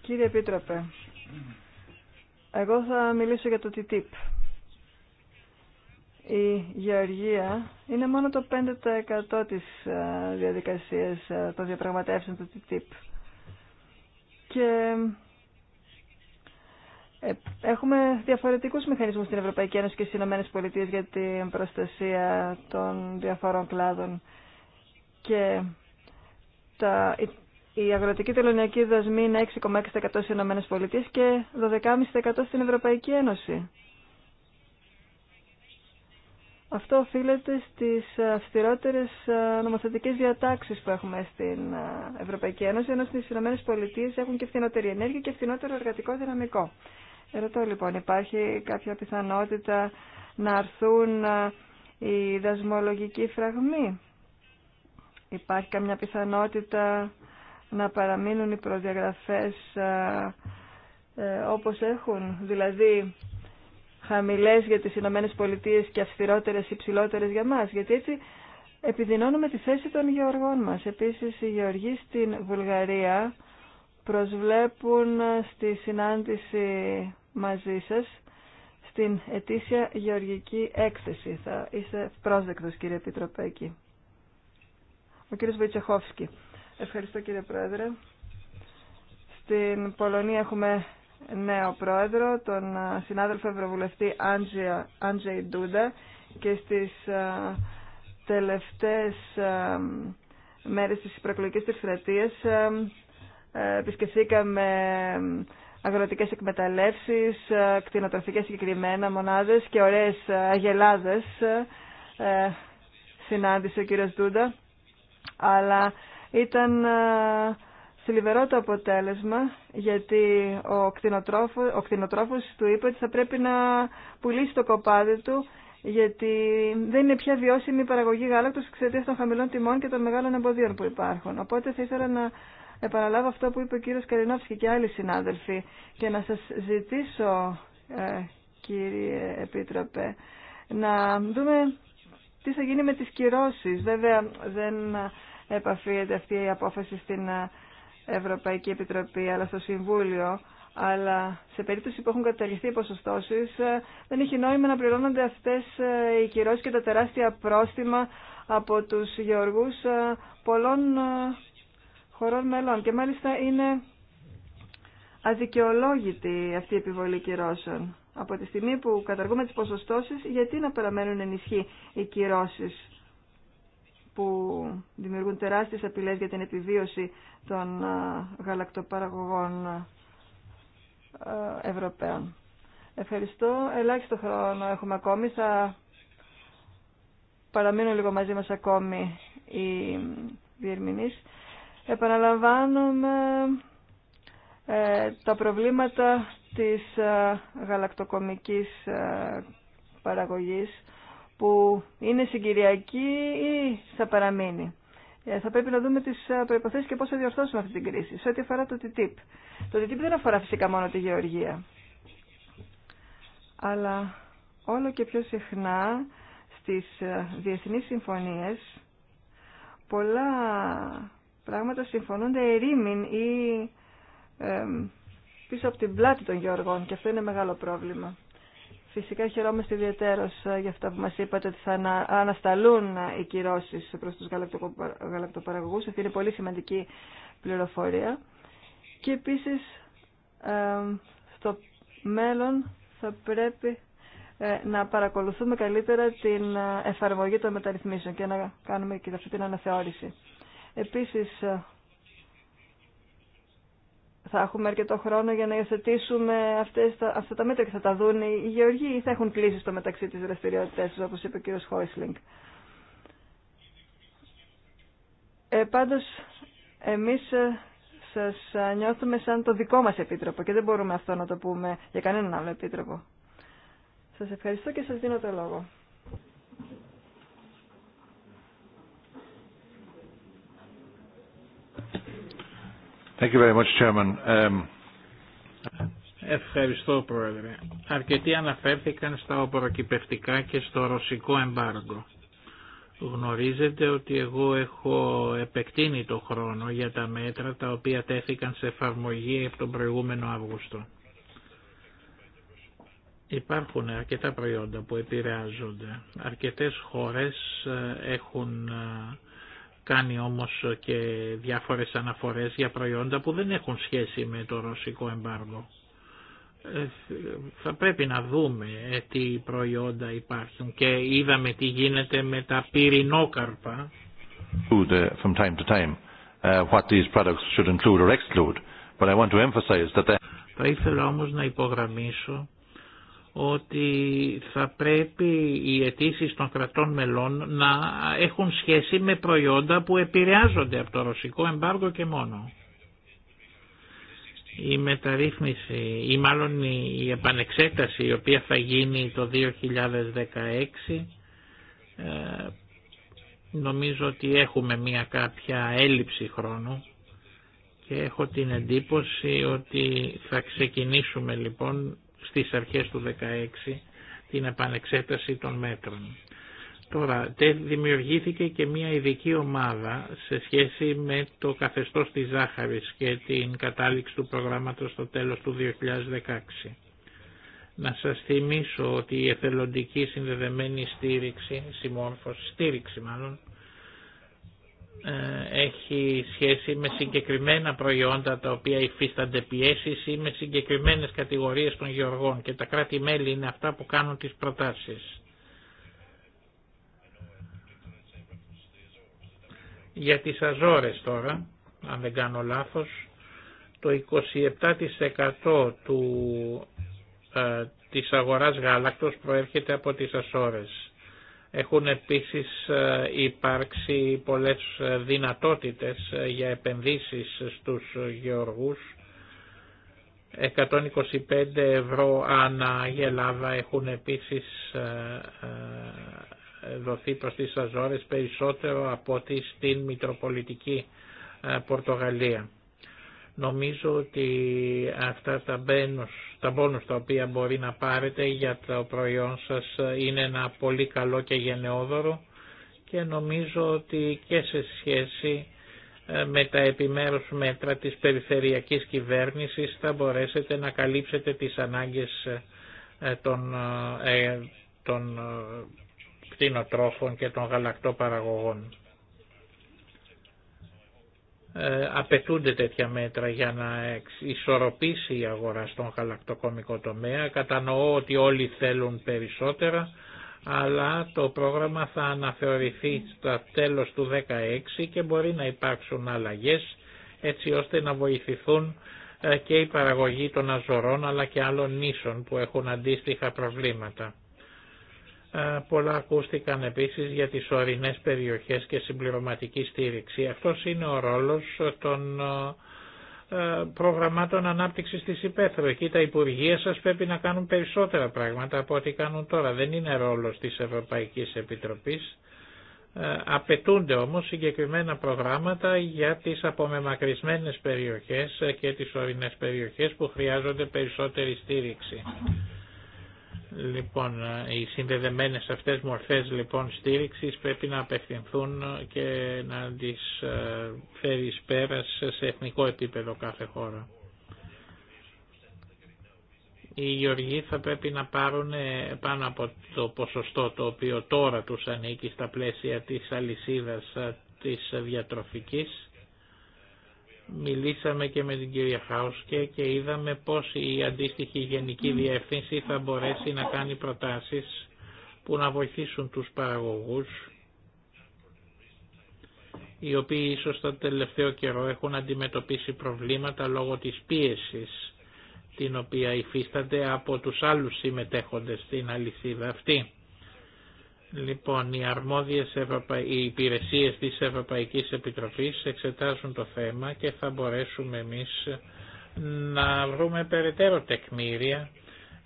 A: Κύριε Επίτροπε, εγώ θα μιλήσω για το TTIP. Η γεωργία είναι μόνο το 5% της ε, διαδικασίας ε, των διαπραγματεύσεων του TTIP. Και ε, έχουμε διαφορετικούς μηχανισμούς στην Ευρωπαϊκή Ένωση και στις Ηνωμένες Πολιτείες για την προστασία των διαφορών κλάδων. Και τα, η αγροτική τελωνιακή δασμή είναι 6,6% στις Ηνωμένες Πολιτείες και 12,5% στην Ευρωπαϊκή Ένωση. Αυτό οφείλεται στις αυστηρότερες ε, νομοθετικές διατάξεις που έχουμε στην ε, Ευρωπαϊκή Ένωση, ενώ στις Ηνωμένες Πολιτείες έχουν και φθηνότερη ενέργεια και φθηνότερο εργατικό δυναμικό. Ρωτώ λοιπόν, υπάρχει κάποια πιθανότητα να αρθούν ε, οι δασμολογικοί φραγμοί. Υπάρχει καμιά πιθανότητα να παραμείνουν οι προδιαγραφές ε, ε, όπως έχουν, δηλαδή χαμηλές για τις Ηνωμένες Πολιτείες και αυστηρότερες ή ψηλότερες για μας, γιατί έτσι επιδεινώνουμε τη θέση των γεωργών μας. Επίσης, οι γεωργοί στην Βουλγαρία προσβλέπουν στη συνάντηση μαζί σας στην ετήσια γεωργική έκθεση. Θα είστε πρόσδεκτος κύριε Επιτροπέκη. Ο κύριος Βοητσεχόφσκι. Ευχαριστώ κύριε Πρόεδρε. Στην Πολωνία έχουμε νέο πρόεδρο, τον συνάδελφο Ευρωβουλευτή Άντζεϊ Ντούντα και στις τελευταίες μέρες της προεκλογικής της ε, επισκεφθήκαμε Αγροτικέ εκμεταλλεύσει, ε, κτηνοτροφικέ συγκεκριμένα μονάδες και ωραίες ε, αγελάδες, ε, συνάντησε ο κύριος Ντούντα, αλλά ήταν θλιβερό το αποτέλεσμα γιατί ο κτηνοτρόφος, ο του είπε ότι θα πρέπει να πουλήσει το κοπάδι του γιατί δεν είναι πια βιώσιμη η παραγωγή γάλακτος εξαιτία των χαμηλών τιμών και των μεγάλων εμποδίων που υπάρχουν. Οπότε θα ήθελα να επαναλάβω αυτό που είπε ο κύριος Καρινόφσκι και άλλοι συνάδελφοι και να σας ζητήσω, ε, κύριε Επίτροπε, να δούμε τι θα γίνει με τις κυρώσεις. Βέβαια δεν επαφίεται αυτή η απόφαση στην Ευρωπαϊκή Επιτροπή αλλά στο Συμβούλιο. Αλλά σε περίπτωση που έχουν καταργηθεί οι ποσοστώσει, ε, δεν έχει νόημα να πληρώνονται αυτέ ε, οι κυρώσει και τα τεράστια πρόστιμα από του γεωργού πολλών χωρών μελών. Και μάλιστα είναι αδικαιολόγητη αυτή η επιβολή κυρώσεων. Από τη στιγμή που καταργούμε τις ποσοστώσεις, γιατί να παραμένουν ενισχύ οι κυρώσεις που δημιουργούν τεράστιες απειλές για την επιβίωση των γαλακτοπαραγωγών Ευρωπαίων. Ευχαριστώ. Ελάχιστο χρόνο έχουμε ακόμη. Θα παραμείνουν λίγο μαζί μας ακόμη οι διερμηνείς επαναλαμβάνουμε τα προβλήματα της ε, γαλακτοκομικής ε, παραγωγής που είναι συγκυριακή ή θα παραμείνει. Ε, θα πρέπει να δούμε τις προϋποθέσεις και πώς θα διορθώσουμε αυτή την κρίση. Σε ό,τι αφορά το TTIP. Το TTIP δεν αφορά φυσικά μόνο τη γεωργία. Αλλά όλο και πιο συχνά στις διεθνείς συμφωνίες πολλά πράγματα συμφωνούνται ερήμην ή πίσω από την πλάτη των γεωργών και αυτό είναι μεγάλο πρόβλημα. Φυσικά χαιρόμαστε ιδιαίτερω ε, για αυτά που μας είπατε ότι θα ανασταλούν ε, οι κυρώσει προς τους γαλακτοπαραγωγού. Αυτή είναι πολύ σημαντική πληροφορία. Και επίση στο μέλλον θα πρέπει ε, να παρακολουθούμε καλύτερα την εφαρμογή των μεταρρυθμίσεων και να κάνουμε και αυτή την αναθεώρηση. Επίσης, ε, θα έχουμε αρκετό χρόνο για να υιοθετήσουμε αυτές τα, αυτά τα μέτρα και θα τα δουν οι γεωργοί ή θα έχουν κλείσει στο μεταξύ της δραστηριότητας τους, όπως είπε ο κύριος Χόισλινγκ. Ε, πάντως, εμείς ε, σας νιώθουμε σαν το δικό μας επίτροπο και δεν μπορούμε αυτό να το πούμε για κανέναν άλλο επίτροπο. Σας ευχαριστώ και σας δίνω το λόγο.
D: Thank you very much, Chairman. Um, Ευχαριστώ Πρόεδρε. Αρκετοί αναφέρθηκαν στα οπροκυπευτικά και στο ρωσικό εμπάργκο. Γνωρίζετε ότι εγώ έχω επεκτείνει το χρόνο για τα μέτρα τα οποία τέθηκαν σε εφαρμογή από τον προηγούμενο Αύγουστο. Υπάρχουν αρκετά προϊόντα που επηρεάζονται. Αρκετές χώρες ε, έχουν ε, κάνει όμως και διάφορες αναφορές για προϊόντα που δεν έχουν σχέση με το ρωσικό εμπάργο. Ε, θα πρέπει να δούμε ε, τι προϊόντα υπάρχουν και είδαμε τι γίνεται με τα πυρηνόκαρπα. Θα ήθελα όμως να υπογραμμίσω ότι θα πρέπει οι αιτήσει των κρατών μελών να έχουν σχέση με προϊόντα που επηρεάζονται από το ρωσικό εμπάργο και μόνο. Η μεταρρύθμιση ή μάλλον η επανεξέταση η οποία θα γίνει το 2016 ε, νομίζω ότι έχουμε μια κάποια έλλειψη χρόνου και έχω την εντύπωση ότι θα ξεκινήσουμε λοιπόν στις αρχές του 2016 την επανεξέταση των μέτρων. Τώρα, δημιουργήθηκε και μια ειδική ομάδα σε σχέση με το καθεστώς της ζάχαρης και την κατάληξη του προγράμματος στο τέλος του 2016. Να σας θυμίσω ότι η εθελοντική συνδεδεμένη στήριξη, συμμόρφωση, στήριξη μάλλον, ε, έχει σχέση με συγκεκριμένα προϊόντα τα οποία υφίστανται πιέσεις ή με συγκεκριμένες κατηγορίες των γεωργών και τα κράτη-μέλη είναι αυτά που κάνουν τις προτάσεις. Για τις αζόρες τώρα, αν δεν κάνω λάθος, το 27% του, ε, της αγοράς γάλακτος προέρχεται από τις αζόρες. Έχουν επίσης ε, υπάρξει πολλές δυνατότητες ε, για επενδύσεις στους γεωργούς. 125 ευρώ ανά η Ελλάδα έχουν επίσης ε, δοθεί προς τις Αζόρες περισσότερο από ό,τι στην Μητροπολιτική Πορτογαλία. Νομίζω ότι αυτά τα μπόνους, τα μπόνους τα οποία μπορεί να πάρετε για το προϊόν σας είναι ένα πολύ καλό και γενναιόδωρο και νομίζω ότι και σε σχέση ε, με τα επιμέρους μέτρα της περιφερειακής κυβέρνησης θα μπορέσετε να καλύψετε τις ανάγκες ε, των, ε, των κτηνοτρόφων και των γαλακτόπαραγωγών. Ε, απαιτούνται τέτοια μέτρα για να ισορροπήσει η αγορά στον χαλακτοκομικό τομέα. Κατανοώ ότι όλοι θέλουν περισσότερα, αλλά το πρόγραμμα θα αναθεωρηθεί στα τέλος του 2016 και μπορεί να υπάρξουν αλλαγές έτσι ώστε να βοηθηθούν ε, και η παραγωγή των αζωρών αλλά και άλλων νήσων που έχουν αντίστοιχα προβλήματα. Ε, πολλά ακούστηκαν επίσης για τις ορεινές περιοχές και συμπληρωματική στήριξη. Αυτός είναι ο ρόλος των ε, προγραμμάτων ανάπτυξης της υπαίθρου. Εκεί τα Υπουργεία σας πρέπει να κάνουν περισσότερα πράγματα από ό,τι κάνουν τώρα. Δεν είναι ρόλος της Ευρωπαϊκής Επιτροπής. Ε, απαιτούνται όμως συγκεκριμένα προγράμματα για τις απομεμακρυσμένες περιοχές και τις ορεινές περιοχές που χρειάζονται περισσότερη στήριξη. Λοιπόν, οι συνδεδεμένες αυτές μορφές λοιπόν στήριξης πρέπει να απευθυνθούν και να τις ε, φέρει πέρα σε εθνικό επίπεδο κάθε χώρα. Οι γεωργοί θα πρέπει να πάρουν ε, πάνω από το ποσοστό το οποίο τώρα τους ανήκει στα πλαίσια της αλυσίδας ε, της διατροφικής Μιλήσαμε και με την κυρία Χάουσκε και είδαμε πώς η αντίστοιχη γενική διεύθυνση θα μπορέσει να κάνει προτάσεις που να βοηθήσουν τους παραγωγούς οι οποίοι ίσως το τελευταίο καιρό έχουν αντιμετωπίσει προβλήματα λόγω της πίεσης την οποία υφίστανται από τους άλλους συμμετέχοντες στην αλυσίδα αυτή. Λοιπόν, οι αρμόδιες Ευρωπα... οι υπηρεσίες της Ευρωπαϊκής Επιτροπής εξετάζουν το θέμα και θα μπορέσουμε εμείς να βρούμε περαιτέρω τεκμήρια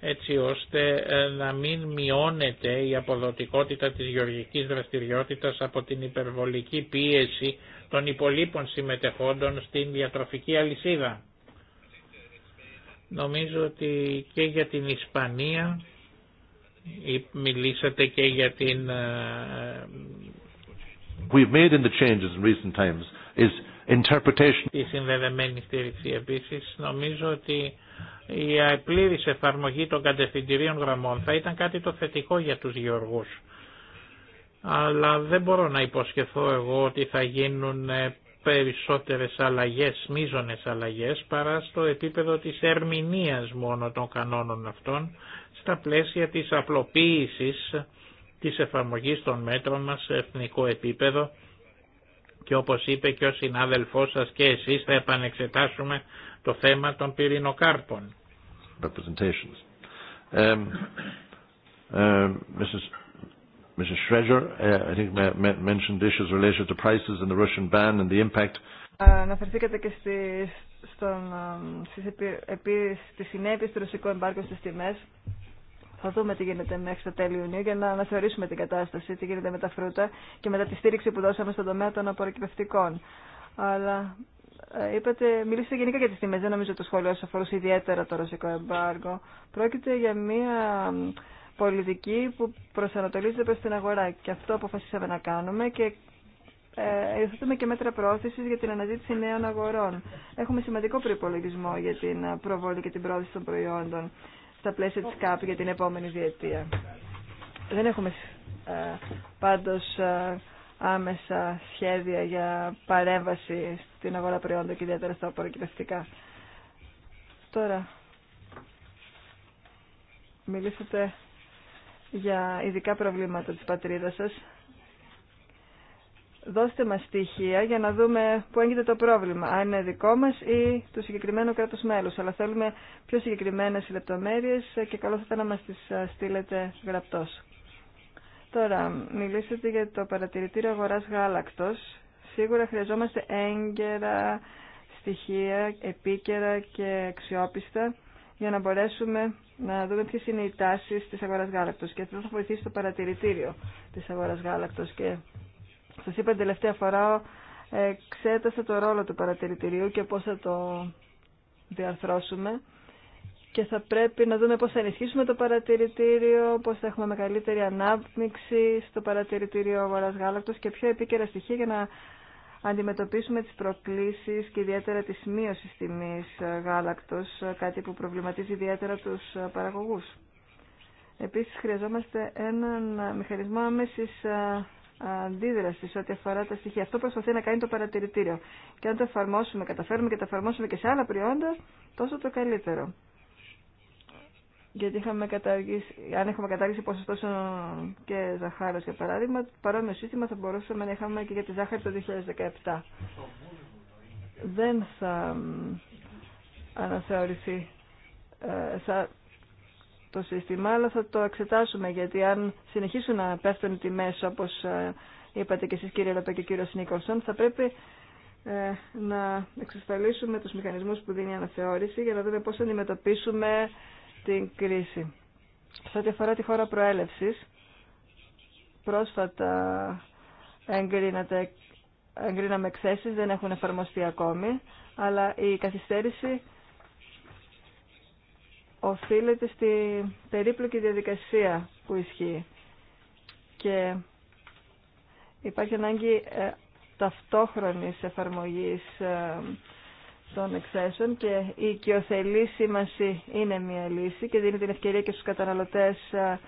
D: έτσι ώστε ε, να μην μειώνεται η αποδοτικότητα της γεωργικής δραστηριότητας από την υπερβολική πίεση των υπολείπων συμμετεχόντων στην διατροφική αλυσίδα. Νομίζω ότι και για την Ισπανία Μιλήσατε και για την... Ε, We've made in the changes in recent times is interpretation. Η συνδεδεμένη στήριξη επίσης νομίζω ότι η πλήρη εφαρμογή των κατευθυντηρίων γραμμών θα ήταν κάτι το θετικό για τους γεωργούς. Αλλά δεν μπορώ να υποσχεθώ εγώ ότι θα γίνουν ε, περισσότερες αλλαγές, μίζωνες αλλαγές, παρά στο επίπεδο της ερμηνείας μόνο των κανόνων αυτών στα πλαίσια της απλοποίησης της εφαρμογής των μέτρων μας σε εθνικό επίπεδο και όπως είπε και ο συνάδελφός σας και εσείς θα επανεξετάσουμε το θέμα των πυρηνοκάρπων.
A: Αναφερθήκατε και στις, στον, ε, συνέπειες του ρωσικού εμπάρκου στις τιμές. Θα δούμε τι γίνεται μέχρι το τέλειο Ιουνίου για να αναθεωρήσουμε την κατάσταση, τι γίνεται με τα φρούτα και μετά τη στήριξη που δώσαμε στον τομέα των απορροκυπευτικών. Αλλά ε, είπατε, μιλήσατε γενικά για τις τιμές, δεν νομίζω το σχολείο σας αφορούσε ιδιαίτερα το ρωσικό εμπάργο. Πρόκειται για μια πολιτική που προσανατολίζεται προς την αγορά και αυτό αποφασίσαμε να κάνουμε και ε, υιοθετούμε και μέτρα πρόθεση για την αναζήτηση νέων αγορών. Έχουμε σημαντικό προπολογισμό για την ε, προβολή και την πρόθεση των προϊόντων στα πλαίσια της ΚΑΠ για την επόμενη διετία. Δεν έχουμε ε, πάντως ε, άμεσα σχέδια για παρέμβαση στην αγορά προϊόντων και ιδιαίτερα στα απορροκυπευτικά. Τώρα, μιλήσατε για ειδικά προβλήματα της πατρίδας σας δώστε μας στοιχεία για να δούμε πού έγινε το πρόβλημα, αν είναι δικό μας ή του συγκεκριμένου κράτους μέλους. Αλλά θέλουμε πιο συγκεκριμένες λεπτομέρειες και καλό θα ήταν να μας τις ε, στείλετε γραπτός. Τώρα, μιλήσατε για το παρατηρητήριο αγοράς γάλακτος. Σίγουρα χρειαζόμαστε έγκαιρα στοιχεία, επίκαιρα και αξιόπιστα για να μπορέσουμε να δούμε ποιες είναι οι τάσεις της αγοράς γάλακτος. Και αυτό θα βοηθήσει το παρατηρητήριο της αγοράς γάλακτος και σας είπα την τελευταία φορά, εξέτασα το ρόλο του παρατηρητηρίου και πώς θα το διαρθρώσουμε και θα πρέπει να δούμε πώς θα ενισχύσουμε το παρατηρητήριο, πώς θα έχουμε μεγαλύτερη ανάπτυξη στο παρατηρητήριο αγοράς Γάλακτος και πιο επίκαιρα στοιχεία για να αντιμετωπίσουμε τις προκλήσεις και ιδιαίτερα τις μείωση τιμής γάλακτος, κάτι που προβληματίζει ιδιαίτερα τους παραγωγούς. Επίσης χρειαζόμαστε έναν μηχανισμό άμεσης ε, αντίδραση σε ό,τι αφορά τα στοιχεία. Αυτό προσπαθεί να κάνει το παρατηρητήριο. Και αν το εφαρμόσουμε, καταφέρουμε και το εφαρμόσουμε και σε άλλα προϊόντα, τόσο το καλύτερο. Γιατί είχαμε καταργήσει, αν έχουμε καταργήσει ποσοστό και ζαχάρο για παράδειγμα, παρόμοιο σύστημα θα μπορούσαμε να είχαμε και για τη ζάχαρη το 2017. Δεν θα αναθεωρηθεί, ε, θα το σύστημα, αλλά θα το εξετάσουμε γιατί αν συνεχίσουν να πέφτουν οι τιμές όπως ε, είπατε και εσείς κύριε Λαπέ και κύριο Νίκολσον, θα πρέπει ε, να εξασφαλίσουμε τους μηχανισμούς που δίνει η αναθεώρηση για να δούμε πώς θα αντιμετωπίσουμε την κρίση. Σε ό,τι αφορά τη χώρα προέλευσης, πρόσφατα εγκρίναμε εκθέσεις, δεν έχουν εφαρμοστεί ακόμη, αλλά η καθυστέρηση οφείλεται στη περίπλοκη διαδικασία που ισχύει και υπάρχει ανάγκη ε, ταυτόχρονης εφαρμογής ε, των εξέσεων και η οικειοθελή σήμανση είναι μια λύση και δίνει την ευκαιρία και στους καταναλωτές ε,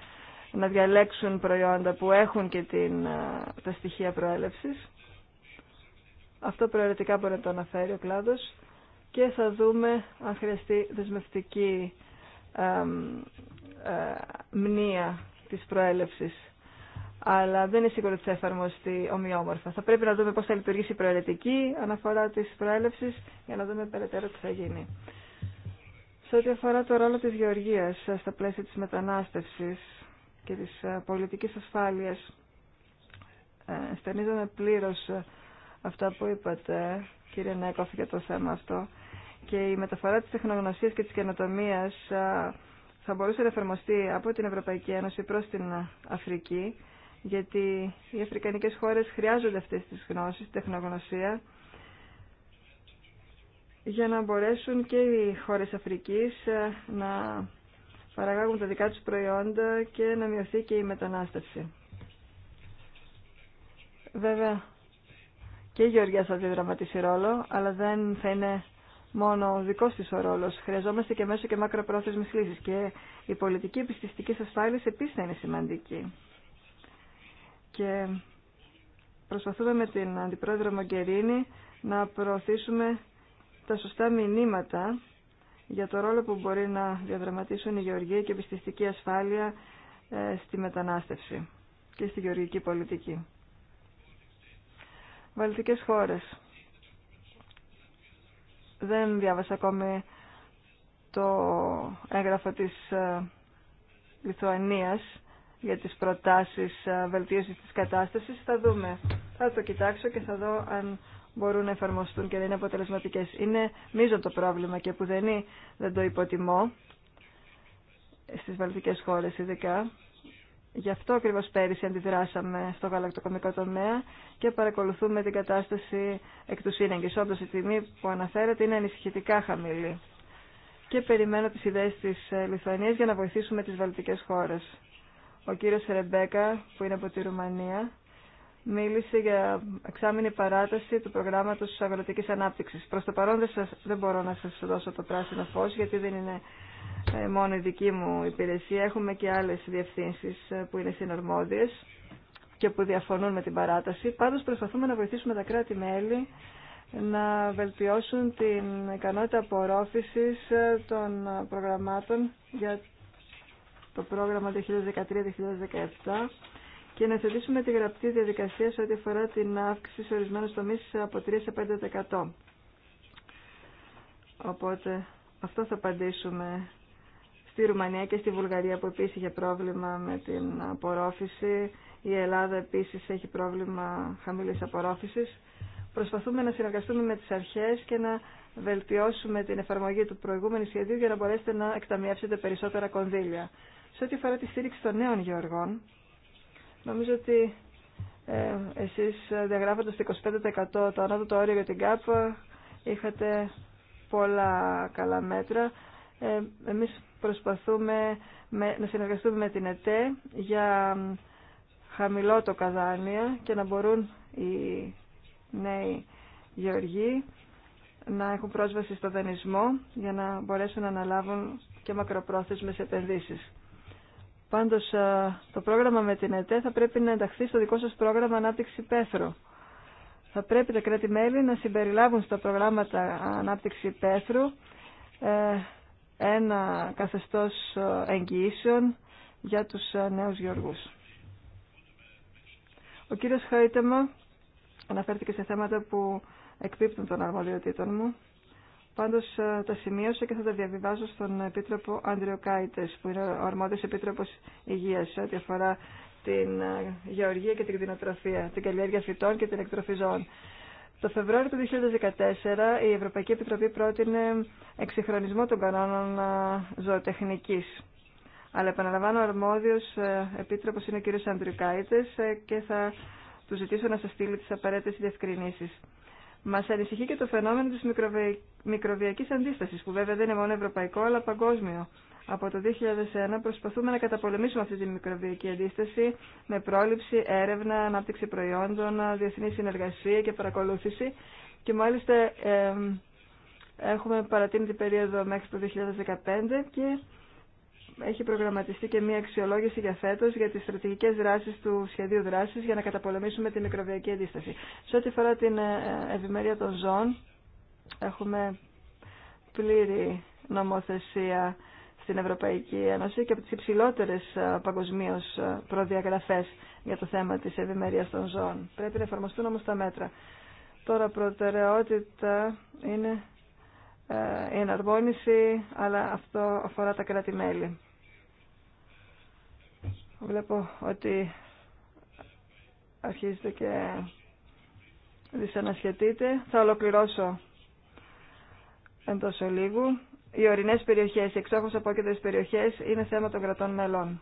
A: να διαλέξουν προϊόντα που έχουν και την, τα στοιχεία προέλευσης. Αυτό προαιρετικά μπορεί να το αναφέρει ο κλάδος και θα δούμε αν χρειαστεί δεσμευτική ε, μνήα της προέλευσης. Αλλά δεν είναι σίγουρο ότι θα εφαρμοστεί ομοιόμορφα. Θα πρέπει να δούμε πώς θα λειτουργήσει η προαιρετική αναφορά της προέλευσης για να δούμε περαιτέρω τι θα γίνει. Σε ό,τι αφορά το ρόλο της γεωργίας στα πλαίσια της μετανάστευσης και της ε, πολιτικής ασφάλειας, ε, στενίζομαι πλήρως αυτά που είπατε, κύριε Νέκοφ, για το θέμα αυτό και η μεταφορά της τεχνογνωσίας και της καινοτομίας θα μπορούσε να εφαρμοστεί από την Ευρωπαϊκή Ένωση προς την Αφρική, γιατί οι αφρικανικές χώρες χρειάζονται αυτές τις γνώσεις, τεχνογνωσία, για να μπορέσουν και οι χώρες Αφρικής να παραγάγουν τα δικά τους προϊόντα και να μειωθεί και η μετανάστευση. Βέβαια, και η Γεωργία θα διδραματίσει ρόλο, αλλά δεν θα είναι μόνο ο δικό τη ο ρόλο. Χρειαζόμαστε και μέσω και μακροπρόθεσμε λύσει. Και η πολιτική πιστιστική ασφάλεια επίση είναι σημαντική. Και προσπαθούμε με την Αντιπρόεδρο Μογκερίνη να προωθήσουμε τα σωστά μηνύματα για το ρόλο που μπορεί να διαδραματίσουν η γεωργία και η πιστιστική ασφάλεια ε, στη μετανάστευση και στη γεωργική πολιτική. Βαλτικές χώρες. Δεν διάβασα ακόμη το έγγραφο της ε, Λιθουανίας για τις προτάσεις ε, βελτίωσης της κατάστασης. Θα δούμε. Θα το κοιτάξω και θα δω αν μπορούν να εφαρμοστούν και να είναι αποτελεσματικές. Είναι μείζον το πρόβλημα και που δεν, είναι, δεν το υποτιμώ στις βαλτικές χώρες ειδικά Γι' αυτό ακριβώ πέρυσι αντιδράσαμε στο γαλακτοκομικό τομέα και παρακολουθούμε την κατάσταση εκ του σύνεγγυ. Όντω η τιμή που αναφέρεται είναι ανησυχητικά χαμηλή. Και περιμένω τι ιδέε τη ε, Λιθουανία για να βοηθήσουμε τι βαλτικέ χώρε. Ο κύριο Ρεμπέκα, που είναι από τη Ρουμανία, μίλησε για εξάμεινη παράταση του προγράμματο αγροτική ανάπτυξη. Προ το παρόν δεν, σας, δεν μπορώ να σα δώσω το πράσινο φω, γιατί δεν είναι ε, μόνο η δική μου υπηρεσία. Έχουμε και άλλες διευθύνσεις ε, που είναι συνορμόδιες και που διαφωνούν με την παράταση. Πάντως προσπαθούμε να βοηθήσουμε τα κράτη-μέλη να βελτιώσουν την ικανότητα απορρόφησης ε, των προγραμμάτων για το πρόγραμμα 2013-2017 και να θελήσουμε τη γραπτή διαδικασία σε ό,τι αφορά την αύξηση σε ορισμένου τομεί από 3 σε 5%. Οπότε αυτό θα απαντήσουμε στη Ρουμανία και στη Βουλγαρία που επίσης είχε πρόβλημα με την απορρόφηση. Η Ελλάδα επίσης έχει πρόβλημα χαμηλής απορρόφησης. Προσπαθούμε να συνεργαστούμε με τις αρχές και να βελτιώσουμε την εφαρμογή του προηγούμενου σχεδίου για να μπορέσετε να εκταμιεύσετε περισσότερα κονδύλια. Σε ό,τι αφορά τη στήριξη των νέων γεωργών, νομίζω ότι ε, εσείς ε, διαγράφοντας το 25% το ανώτατο όριο για την ΚΑΠ είχατε πολλά καλά μέτρα. Ε, εμείς προσπαθούμε να συνεργαστούμε με την ΕΤΕ για χαμηλό το καδάνια και να μπορούν οι νέοι γεωργοί να έχουν πρόσβαση στο δανεισμό για να μπορέσουν να αναλάβουν και μακροπρόθεσμες επενδύσεις. Πάντως το πρόγραμμα με την ΕΤΕ θα πρέπει να ενταχθεί στο δικό σας πρόγραμμα ανάπτυξη πέθρου. Θα πρέπει τα κράτη-μέλη να συμπεριλάβουν στα προγράμματα ανάπτυξη πέθρου ε, ένα καθεστώς ε, εγγυήσεων για τους ε, νέους γεωργούς. Ο κύριος Χαϊτεμα αναφέρθηκε σε θέματα που εκπίπτουν των αρμοδιοτήτων μου. Πάντως ε, τα σημείωσα και θα τα διαβιβάσω στον Επίτροπο Κάιτες, που είναι ο αρμόδιος Επίτροπος Υγείας, σε ό,τι αφορά την γεωργία και την κτηνοτροφία, την καλλιέργεια φυτών και την εκτροφή ζώων. Το Φεβρουάριο του 2014 η Ευρωπαϊκή Επιτροπή πρότεινε εξυγχρονισμό των κανόνων ζωοτεχνικής. Αλλά επαναλαμβάνω, ο αρμόδιος ε, επίτροπος είναι ο κ. Ε, και θα του ζητήσω να σας στείλει τις απαραίτητες διευκρινήσεις. Μα ανησυχεί και το φαινόμενο τη μικροβιακή αντίσταση, που βέβαια δεν είναι μόνο ευρωπαϊκό αλλά παγκόσμιο από το 2001 προσπαθούμε να καταπολεμήσουμε αυτή τη μικροβιακή αντίσταση με πρόληψη, έρευνα, ανάπτυξη προϊόντων, διεθνή συνεργασία και παρακολούθηση. Και μάλιστα έχουμε παρατείνει την περίοδο μέχρι το 2015 και έχει προγραμματιστεί και μία αξιολόγηση για φέτο για τι στρατηγικέ δράσει του σχεδίου δράση για να καταπολεμήσουμε τη μικροβιακή αντίσταση. Σε ό,τι αφορά την ε, ευημερία των ζώων, έχουμε πλήρη νομοθεσία στην Ευρωπαϊκή Ένωση και από τις υψηλότερες παγκοσμίω προδιαγραφές για το θέμα της ευημερίας των ζώων. Πρέπει να εφαρμοστούν όμως τα μέτρα. Τώρα προτεραιότητα είναι η εναρμόνιση, αλλά αυτό αφορά τα κράτη-μέλη. Βλέπω ότι αρχίζετε και δυσανασχετείτε. Θα ολοκληρώσω εντός ολίγου οι ορεινέ περιοχές, οι εξόχω απόκεντρε περιοχές είναι θέμα των κρατών μελών.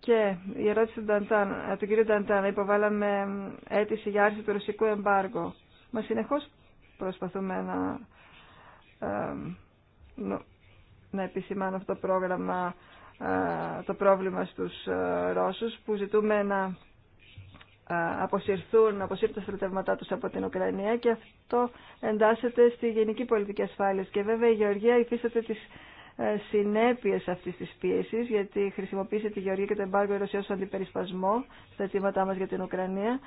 A: Και η ερώτηση του, Νταντάν, ε, του κ. Νταντάν, υποβάλαμε αίτηση για άρση του ρωσικού εμπάργου. Μα συνεχώς προσπαθούμε να, ε, να επισημάνω αυτό το πρόγραμμα ε, το πρόβλημα στους Ρώσους που ζητούμε να αποσυρθούν, αποσύρουν τα στρατεύματά τους από την Ουκρανία και αυτό εντάσσεται στη γενική πολιτική ασφάλεια. Και βέβαια η Γεωργία υφίσταται τις ε, συνέπειες αυτής της πίεσης γιατί χρησιμοποίησε τη Γεωργία και το εμπάργο Ρωσία ως αντιπερισπασμό στα αιτήματά μας για την Ουκρανία.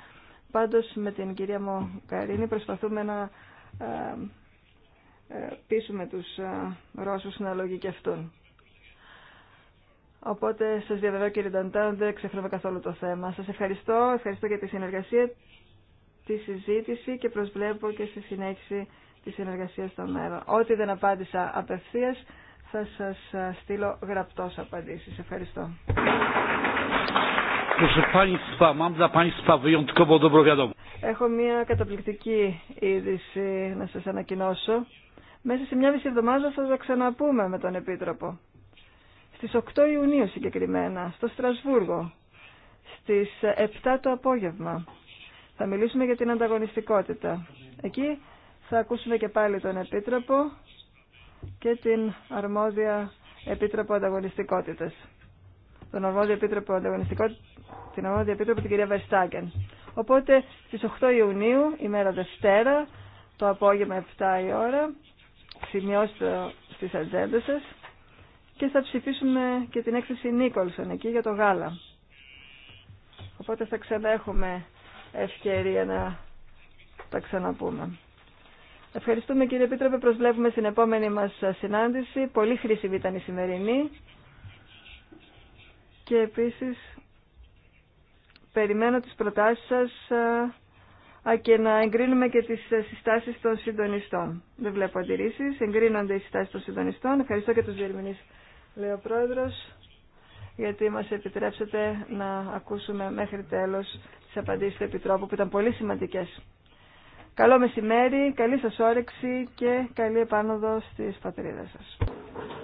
A: Πάντως με την κυρία Μοκαρίνη προσπαθούμε να ε, ε, πείσουμε τους Ρώσους να λογικευτούν. Οπότε σας διαβεβαιώ κύριε Νταντάν, δεν ξεχνάω καθόλου το θέμα. Σας ευχαριστώ, ευχαριστώ για τη συνεργασία, τη συζήτηση και προσβλέπω και στη συνέχιση τη συνεργασία στο μέλλον. Ό,τι δεν απάντησα απευθείας θα σας στείλω γραπτός απαντήσεις. Ευχαριστώ. Έχω μια καταπληκτική είδηση να σας ανακοινώσω. Μέσα σε μια μισή εβδομάδα θα τα ξαναπούμε με τον Επίτροπο στις 8 Ιουνίου συγκεκριμένα, στο Στρασβούργο, στις 7 το απόγευμα. Θα μιλήσουμε για την ανταγωνιστικότητα. Εκεί θα ακούσουμε και πάλι τον Επίτροπο και την αρμόδια Επίτροπο Ανταγωνιστικότητας. Τον αρμόδιο Επίτροπο Ανταγωνιστικότητας, την αρμόδια Επίτροπο την κυρία Βεστάγκεν. Οπότε στις 8 Ιουνίου, ημέρα Δευτέρα, το απόγευμα 7 η ώρα, σημειώστε στις ατζέντες σας και θα ψηφίσουμε και την έκθεση Νίκολσον εκεί για το γάλα. Οπότε θα ξαναέχουμε ευκαιρία να τα ξαναπούμε. Ευχαριστούμε κύριε Επίτροπε, προσβλέπουμε στην επόμενη μας συνάντηση. Πολύ χρήσιμη ήταν η σημερινή. Και επίσης περιμένω τις προτάσεις σας και να εγκρίνουμε και τις συστάσεις των συντονιστών. Δεν βλέπω αντιρρήσεις. Εγκρίνονται οι συστάσεις των συντονιστών. Ευχαριστώ και τους διερμηνείς λέει ο Πρόεδρος, γιατί μας επιτρέψετε να ακούσουμε μέχρι τέλος τις απαντήσεις του Επιτρόπου που ήταν πολύ σημαντικές. Καλό μεσημέρι, καλή σας όρεξη και καλή επάνωδο στις πατρίδες σας.